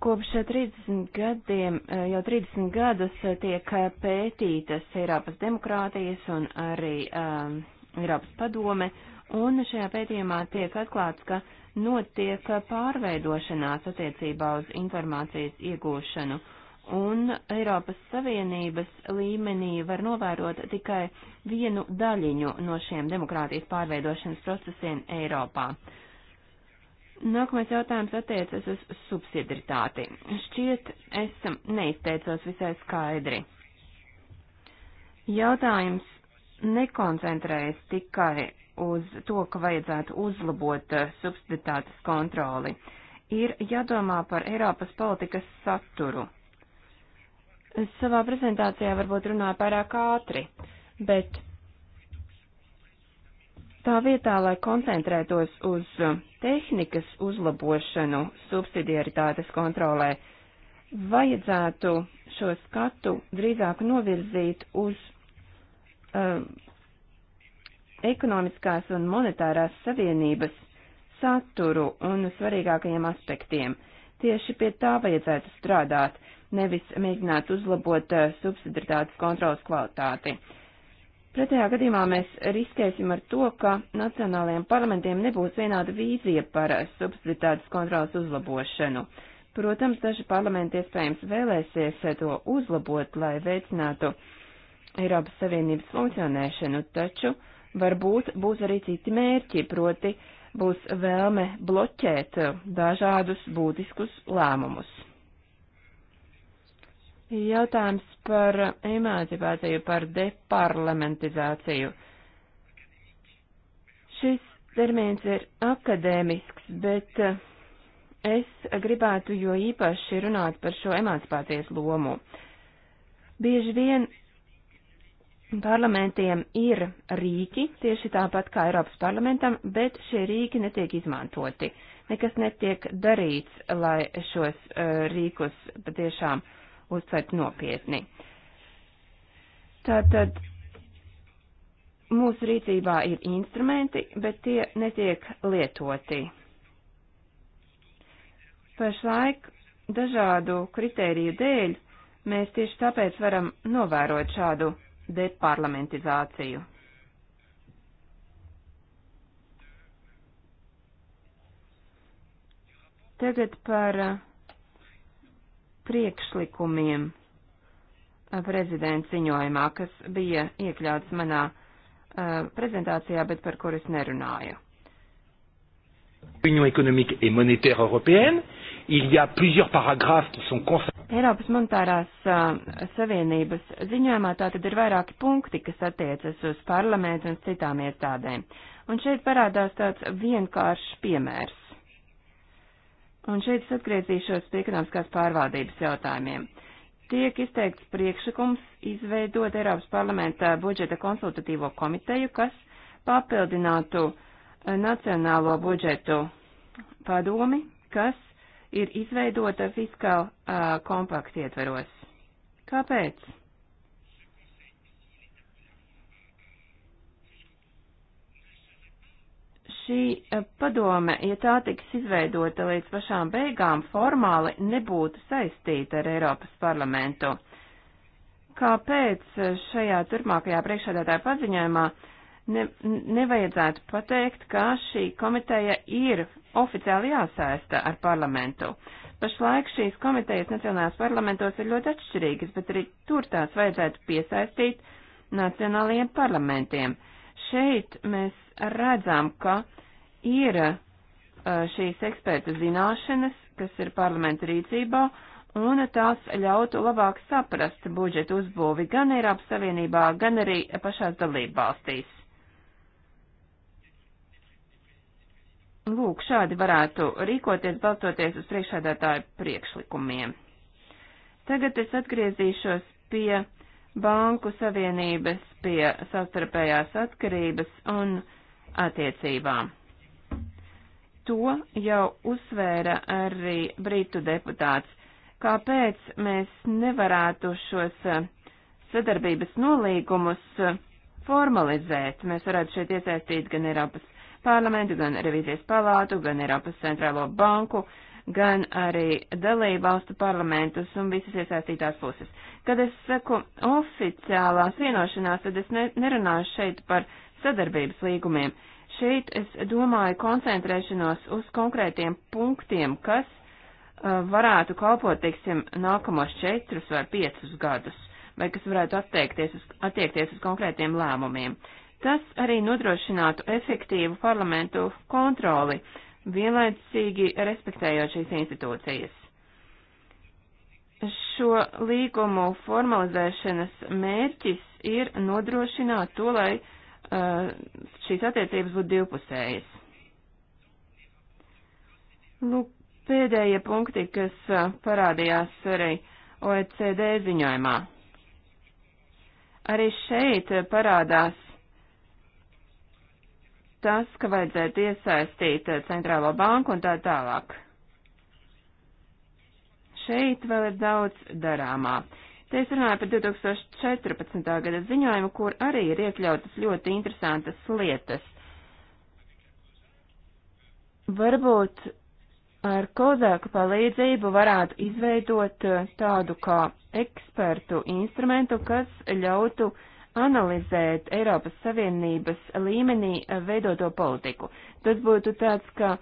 Kopš 30 gadiem, jau 30 gadus tiek pētītas Eiropas demokrātijas un arī um, Eiropas padome uh, Un šajā pētījumā tiek atklāts, ka notiek pārveidošanās attiecībā uz informācijas iegūšanu, un Eiropas Savienības līmenī var novērot tikai vienu daļiņu no šiem demokrātijas pārveidošanas procesiem Eiropā. Nākamais jautājums attiecas uz subsidiritāti. Šķiet, es neizteicos visai skaidri. Jautājums nekoncentrējas tikai uz to, ka vajadzētu uzlabot eh, subsiditātes kontroli, ir jādomā par Eiropas politikas saturu. Es savā prezentācijā varbūt runāju pārāk ātri, bet tā vietā, lai koncentrētos uz tehnikas uzlabošanu subsidiaritātes kontrolē, vajadzētu šo skatu drīzāk novirzīt uz eh, ekonomiskās un monetārās savienības saturu un svarīgākajiem aspektiem. Tieši pie tā vajadzētu strādāt, nevis mēģināt uzlabot eh, subsidiritātes kontrolas kvalitāti. Pretējā gadījumā mēs riskēsim ar to, ka nacionālajiem parlamentiem nebūs vienāda vīzija par eh, subsidiritātes kontrolas uzlabošanu. Protams, daži parlamenti iespējams vēlēsies eh, to uzlabot, lai veicinātu Eiropas Savienības funkcionēšanu, taču uh, Varbūt būs arī citi mērķi, proti būs vēlme bloķēt dažādus būtiskus lēmumus. Jautājums par emancipāciju, par deparlamentizāciju. Šis termins ir akadēmisks, bet es gribētu jo īpaši runāt par šo emancipācijas lomu. Bieži vien Parlamentiem ir rīki, tieši tāpat kā Eiropas parlamentam, bet šie rīki netiek izmantoti. Nekas netiek darīts, lai šos uh, rīkus patiešām uztvert nopietni. Tātad mūsu rīcībā ir instrumenti, bet tie netiek lietoti. Pašlaik dažādu kritēriju dēļ mēs tieši tāpēc varam novērot šādu deparlamentizāciju. Tagad par uh, priekšlikumiem uh, prezidents ziņojumā, kas bija iekļauts manā uh, prezentācijā, bet par kur es nerunāju. Union économique et monétaire européenne, il y a plusieurs paragraphes qui sont consacrés. Eiropas monetārās uh, savienības ziņojumā tātad ir vairāki punkti, kas attiecas uz parlamentu un citām iestādēm. Un šeit parādās tāds vienkāršs piemērs. Un šeit es atgriezīšos pie ekonomiskās pārvaldības jautājumiem. Tiek izteikts priekšlikums izveidot Eiropas parlamenta budžeta konsultatīvo komiteju, kas papildinātu nacionālo budžetu padomi, kas ir izveidota fiskāla uh, kompakta ietveros. Kāpēc? Šī uh, padome, ja tā tiks izveidota līdz pašām beigām, formāli nebūtu saistīta ar Eiropas parlamentu. Kāpēc šajā turpmākajā priekšādātāja paziņojumā ne, nevajadzētu pateikt, ka šī komiteja ir oficiāli jāsaista ar parlamentu. Pašlaik šīs komitejas nacionālās parlamentos ir ļoti atšķirīgas, bet arī tur tās vajadzētu piesaistīt nacionālajiem parlamentiem. Šeit mēs redzam, ka ir šīs eksperta zināšanas, kas ir parlamenta rīcībā, un tās ļautu labāk saprast budžetu uzbūvi gan Eiropas Savienībā, gan arī pašās dalībvalstīs. Lūk, šādi varētu rīkoties, balstoties uz priekšādātāju priekšlikumiem. Tagad es atgriezīšos pie Banku Savienības, pie savstarpējās atkarības un attiecībām. To jau uzsvēra arī Britu deputāts. Kāpēc mēs nevarētu šos eh, sadarbības nolīgumus eh, formalizēt? Mēs varētu šeit iesaistīt gan Eiropas parlamentu, gan revīzijas palātu, gan Eiropas centrālo banku, gan arī dalību valstu parlamentus un visas iesaistītās puses. Kad es saku oficiālās vienošanās, tad es ne, nerunāšu šeit par sadarbības līgumiem. Šeit es domāju koncentrēšanos uz konkrētiem punktiem, kas uh, varētu kalpot, teiksim, nākamos četrus vai piecus gadus, vai kas varētu attiekties uz, attiekties uz konkrētiem lēmumiem. Uh, Tas arī nodrošinātu efektīvu parlamentu kontroli, vienlaicīgi respektējot šīs institūcijas. Šo līgumu formalizēšanas mērķis ir nodrošināt to, lai uh, šīs attiecības būtu divpusējas. Lūk, pēdējie punkti, kas uh, parādījās arī OECD ziņojumā. Arī šeit parādās tas, ka vajadzētu iesaistīt eh, centrālo banku un tā tālāk. Šeit vēl ir daudz darāmā. Te es runāju par 2014. gada ziņojumu, kur arī ir iekļautas ļoti interesantas lietas. Varbūt ar Kozāka palīdzību varētu izveidot eh, tādu kā ekspertu instrumentu, kas ļautu uh, analizēt Eiropas Savienības līmenī eh, veidoto politiku. Tas būtu tāds, ka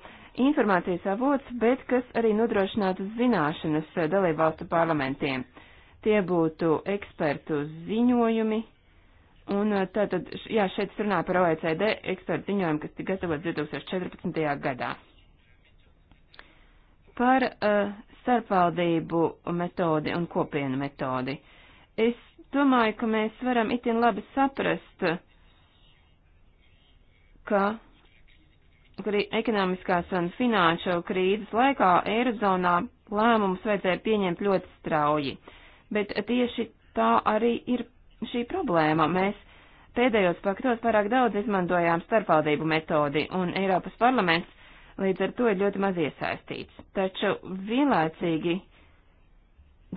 informācijas avots, bet kas arī nodrošinātu zināšanas eh, dalībvalstu parlamentiem. Tie būtu ekspertu ziņojumi, un eh, tātad, jā, šeit runā par OECD ekspertu ziņojumu, kas tika gatavots 2014. gadā. Par uh, starpvaldību metodi un kopienu metodi. Es Domāju, ka mēs varam itin labi saprast, ka ekonomiskās un finanšu krīzes laikā Eirozonā lēmumus vajadzēja pieņemt ļoti strauji. Bet tieši tā arī ir šī problēma. Mēs pēdējos paktos pārāk daudz izmantojām starpvaldību metodi, un Eiropas parlaments līdz ar to ir ļoti maz iesaistīts. Taču vienlaicīgi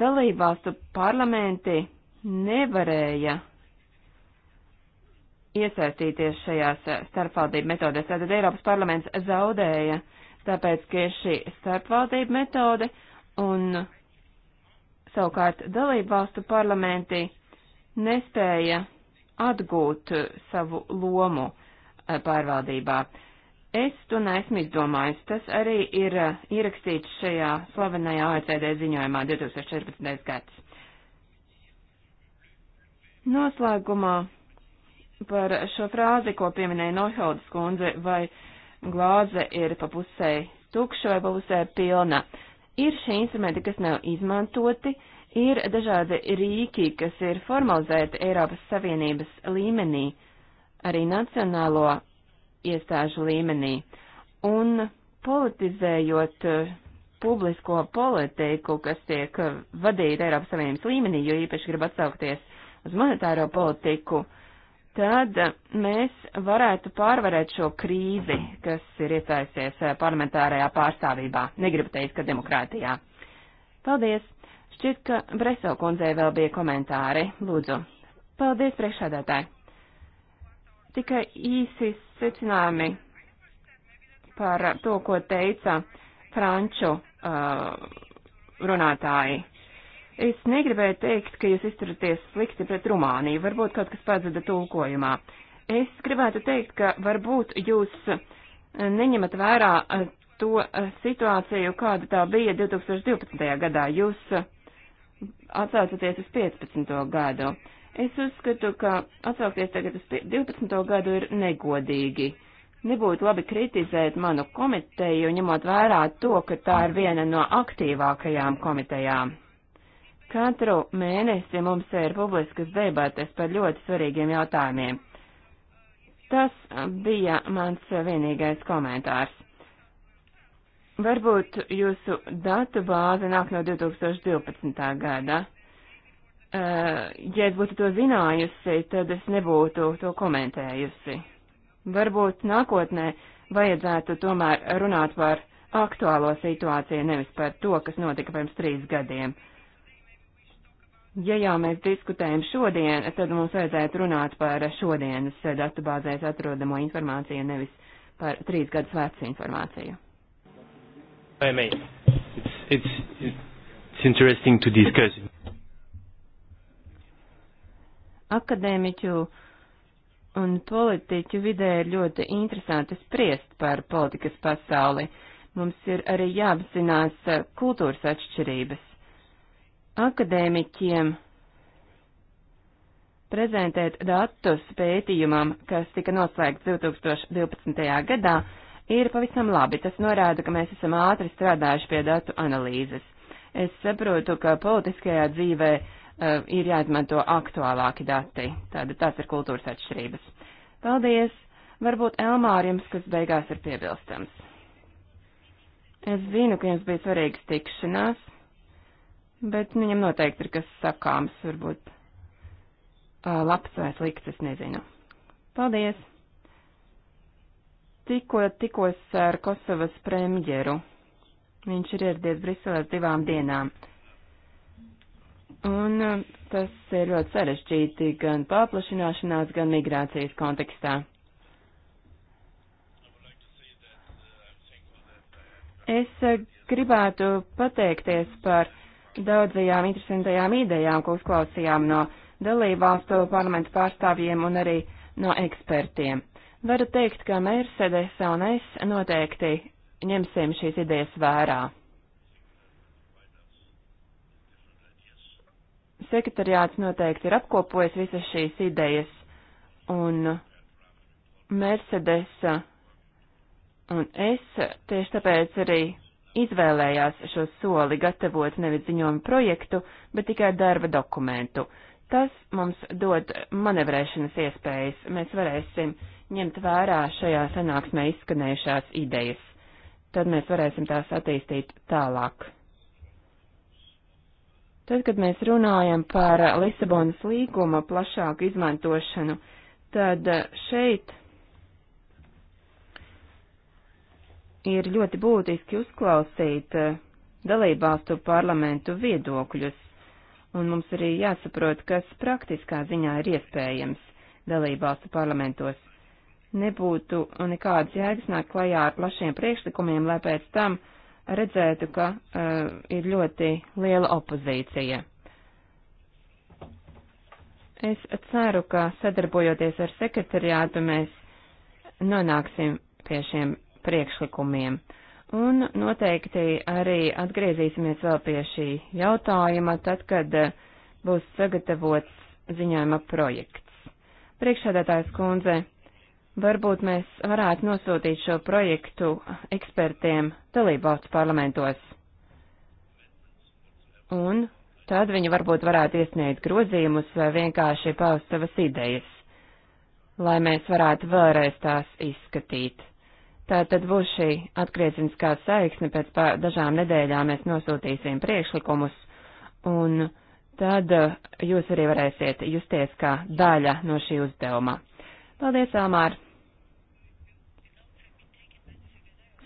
dalībvalstu parlamenti nevarēja iesaistīties šajās starpvaldību metodēs. Tātad Eiropas parlaments zaudēja, tāpēc, ka ir šī starpvaldību metode un savukārt dalību valstu parlamenti nespēja atgūt savu lomu eh, pārvaldībā. Es to neesmu izdomājis. Tas arī ir eh, ierakstīts šajā slavenajā OECD ziņojumā 2014. gads. Noslēgumā par šo frāzi, ko pieminēja Nohaudas kundze, vai glāze ir pa pusē tukša vai pa pusē pilna. Ir šie instrumenti, kas nav izmantoti, ir dažādi rīki, kas ir formalizēti Eiropas Savienības līmenī, arī nacionālo iestāžu līmenī. Un politizējot eh, publisko politiku, kas tiek eh, vadīta Eiropas Savienības līmenī, jo īpaši grib atsaukties uz monetāro politiku, tad mēs varētu pārvarēt šo krīzi, kas ir iestājusies eh, parlamentārajā pārstāvībā. Negribu teikt, ka demokrātijā. Paldies! Šķiet, ka Breso kundzei vēl bija komentāri. Lūdzu. Paldies, priekšādātāji. Tikai īsi secinājumi par to, ko teica franču uh, runātāji. Es negribēju teikt, ka jūs izturaties slikti pret Rumāniju, varbūt kaut kas pazada tulkojumā. Es gribētu teikt, ka varbūt jūs eh, neņemat vērā eh, to eh, situāciju, kāda tā bija 2012. gadā. Jūs atsaucaties uz 15. gadu. Es uzskatu, ka atsaukties tagad uz 12. gadu ir negodīgi. Nebūtu labi kritizēt manu komiteju, ņemot vērā to, ka tā ir viena no aktīvākajām komitejām. Katru mēnesi mums ir publiskas debates par ļoti svarīgiem jautājumiem. Tas bija mans vienīgais komentārs. Varbūt jūsu datu bāze nāk no 2012. gada. Eh, ja es būtu to zinājusi, tad es nebūtu to komentējusi. Varbūt nākotnē vajadzētu tomēr runāt par aktuālo situāciju, nevis par to, kas notika pirms trīs gadiem. Ja jau mēs diskutējam šodien, tad mums vajadzētu runāt par šodienas datubāzēs atrodamo informāciju, nevis par trīs gadus vecu informāciju. It's, it's, it's interesting to discuss. Akadēmiķu un politiķu vidē ir ļoti interesanti spriest par politikas pasauli. Mums ir arī jāapzinās kultūras atšķirības akadēmiķiem prezentēt datus pētījumam, kas tika noslēgts 2012. gadā, ir pavisam labi. Tas norāda, ka mēs esam ātri strādājuši pie datu analīzes. Es saprotu, ka politiskajā dzīvē uh, ir jāizmanto aktuālāki dati. Tāda tās ir kultūras atšķirības. Paldies! Varbūt Elmār jums, kas beigās ir piebilstams. Es zinu, ka jums bija svarīgas tikšanās bet viņam noteikti ir kas sakāms, varbūt labs vai slikts, es nezinu. Paldies! Tikko tikos ar Kosovas premjeru. Viņš ir ieradies Briselē divām dienām. Un tas ir ļoti sarežģīti gan paplašināšanās, gan migrācijas kontekstā. Es gribētu pateikties par daudzajām interesantajām idejām, ko uzklausījām no dalībvalstu parlamentu pārstāvjiem un arī no ekspertiem. Varu teikt, ka Mercedes un es noteikti ņemsim šīs idejas vērā. Sekretariāts noteikti ir apkopojis visas šīs idejas, un Mercedes un es tieši tāpēc arī izvēlējās šo soli gatavot nevis ziņojumu projektu, bet tikai darba dokumentu. Tas mums dod manevrēšanas iespējas. Mēs varēsim ņemt vērā šajā sanāksmē izskanējušās idejas. Tad mēs varēsim tās attīstīt tālāk. Tad, kad mēs runājam par Lisabonas līguma plašāku izmantošanu, tad šeit ir ļoti būtiski uzklausīt eh, dalībvalstu parlamentu viedokļus, un mums arī jāsaprot, kas praktiskā ziņā ir iespējams dalībvalstu parlamentos. Nebūtu nekādas jēgas nākt klajā ar plašiem priekšlikumiem, lai pēc tam redzētu, ka uh, ir ļoti liela opozīcija. Es ceru, ka sadarbojoties ar sekretariātu mēs nonāksim pie šiem priekšlikumiem. Un noteikti arī atgriezīsimies vēl pie šī jautājuma, tad, kad eh, būs sagatavots ziņojuma projekts. Priekšsēdētājs kundze, varbūt mēs varētu nosūtīt šo projektu ekspertiem dalībvalstu parlamentos. Un tad viņi varbūt varētu iesniegt grozījumus vai vienkārši paust savas idejas, lai mēs varētu vēlreiz tās izskatīt. Tā tad būs šī atgriezeniskā saiksne, pēc dažām nedēļām mēs nosūtīsim priekšlikumus, un tad eh, jūs arī varēsiet justies kā daļa no šī uzdevuma. Paldies, Almār!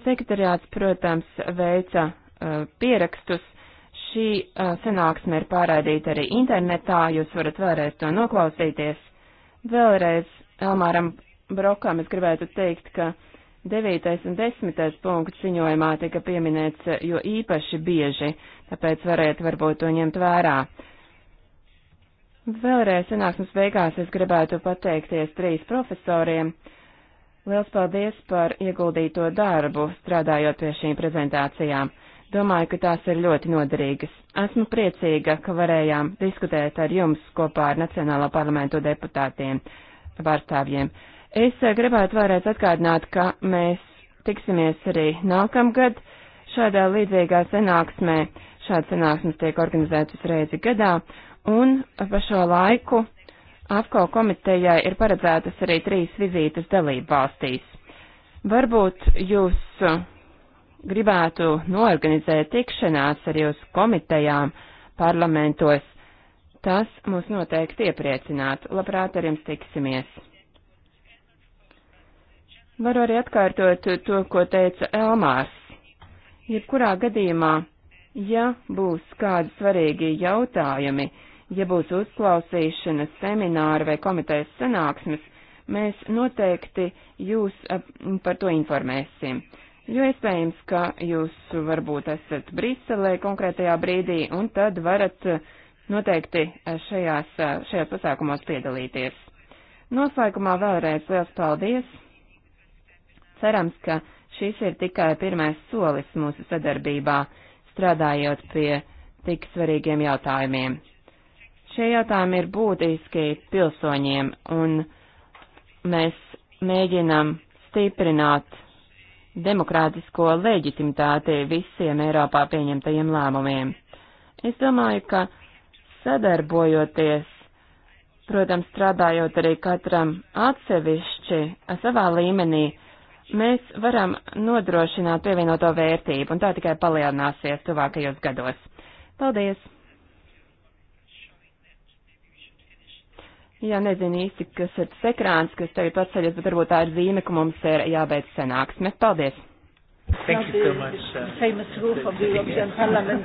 Sekretariāts, protams, veica uh, pierakstus. Šī uh, sanāksme ir pārādīta arī internetā, jūs varat vēlreiz to noklausīties. Vēlreiz Elmāram Brokam es gribētu teikt, ka uh, 9. un 10. punkts ziņojumā tika pieminēts jo īpaši bieži, tāpēc varētu varbūt to ņemt vērā. Vēlreiz sanāksmes beigās es gribētu pateikties trīs profesoriem. Liels paldies par ieguldīto darbu, strādājot pie šīm prezentācijām. Domāju, ka tās ir ļoti noderīgas. Esmu priecīga, ka varējām diskutēt ar jums kopā ar Nacionālo parlamentu deputātiem, pārstāvjiem. Es eh, gribētu vēlreiz atkārdināt, ka mēs tiksimies arī nākamgad šādā līdzīgā sanāksmē. Šāda sanāksmes tiek organizētas reizi gadā, un pa šo laiku AFKO komitejai ir paredzētas arī trīs vizītes dalību valstīs. Varbūt jūs eh, gribētu norganizēt tikšanās ar jūsu komitejām parlamentos. Tas mūs noteikti iepriecinātu. Labprāt ar jums tiksimies! Varu arī atkārtot to, ko teica Elmārs. Jebkurā gadījumā, ja būs kādi svarīgi jautājumi, ja būs uzklausīšanas, semināri vai komitejas sanāksmes, mēs noteikti jūs eh, par to informēsim. Jo iespējams, ka jūs varbūt esat Briselē konkrētajā brīdī un tad varat eh, noteikti eh, šajās, šajās pasākumos piedalīties. Noslēgumā vēlreiz liels paldies cerams, ka šis ir tikai pirmais solis mūsu sadarbībā, strādājot pie tik svarīgiem jautājumiem. Šie jautājumi ir būtiski pilsoņiem, un mēs mēģinam stiprināt demokrātisko leģitimitāti visiem Eiropā pieņemtajiem lēmumiem. Es domāju, ka sadarbojoties, protams, strādājot arī katram atsevišķi savā līmenī, mēs varam nodrošināt pievienoto vērtību, un tā tikai palielināsies tuvākajos gados. Paldies! Jā, nezinu īsti, kas ir tas ekrāns, kas tagad atceļas, bet varbūt tā ir zīme, ka mums ir jābeidz sanāksme. Paldies! Thank you so much. Uh, famous roof of the European Parliament.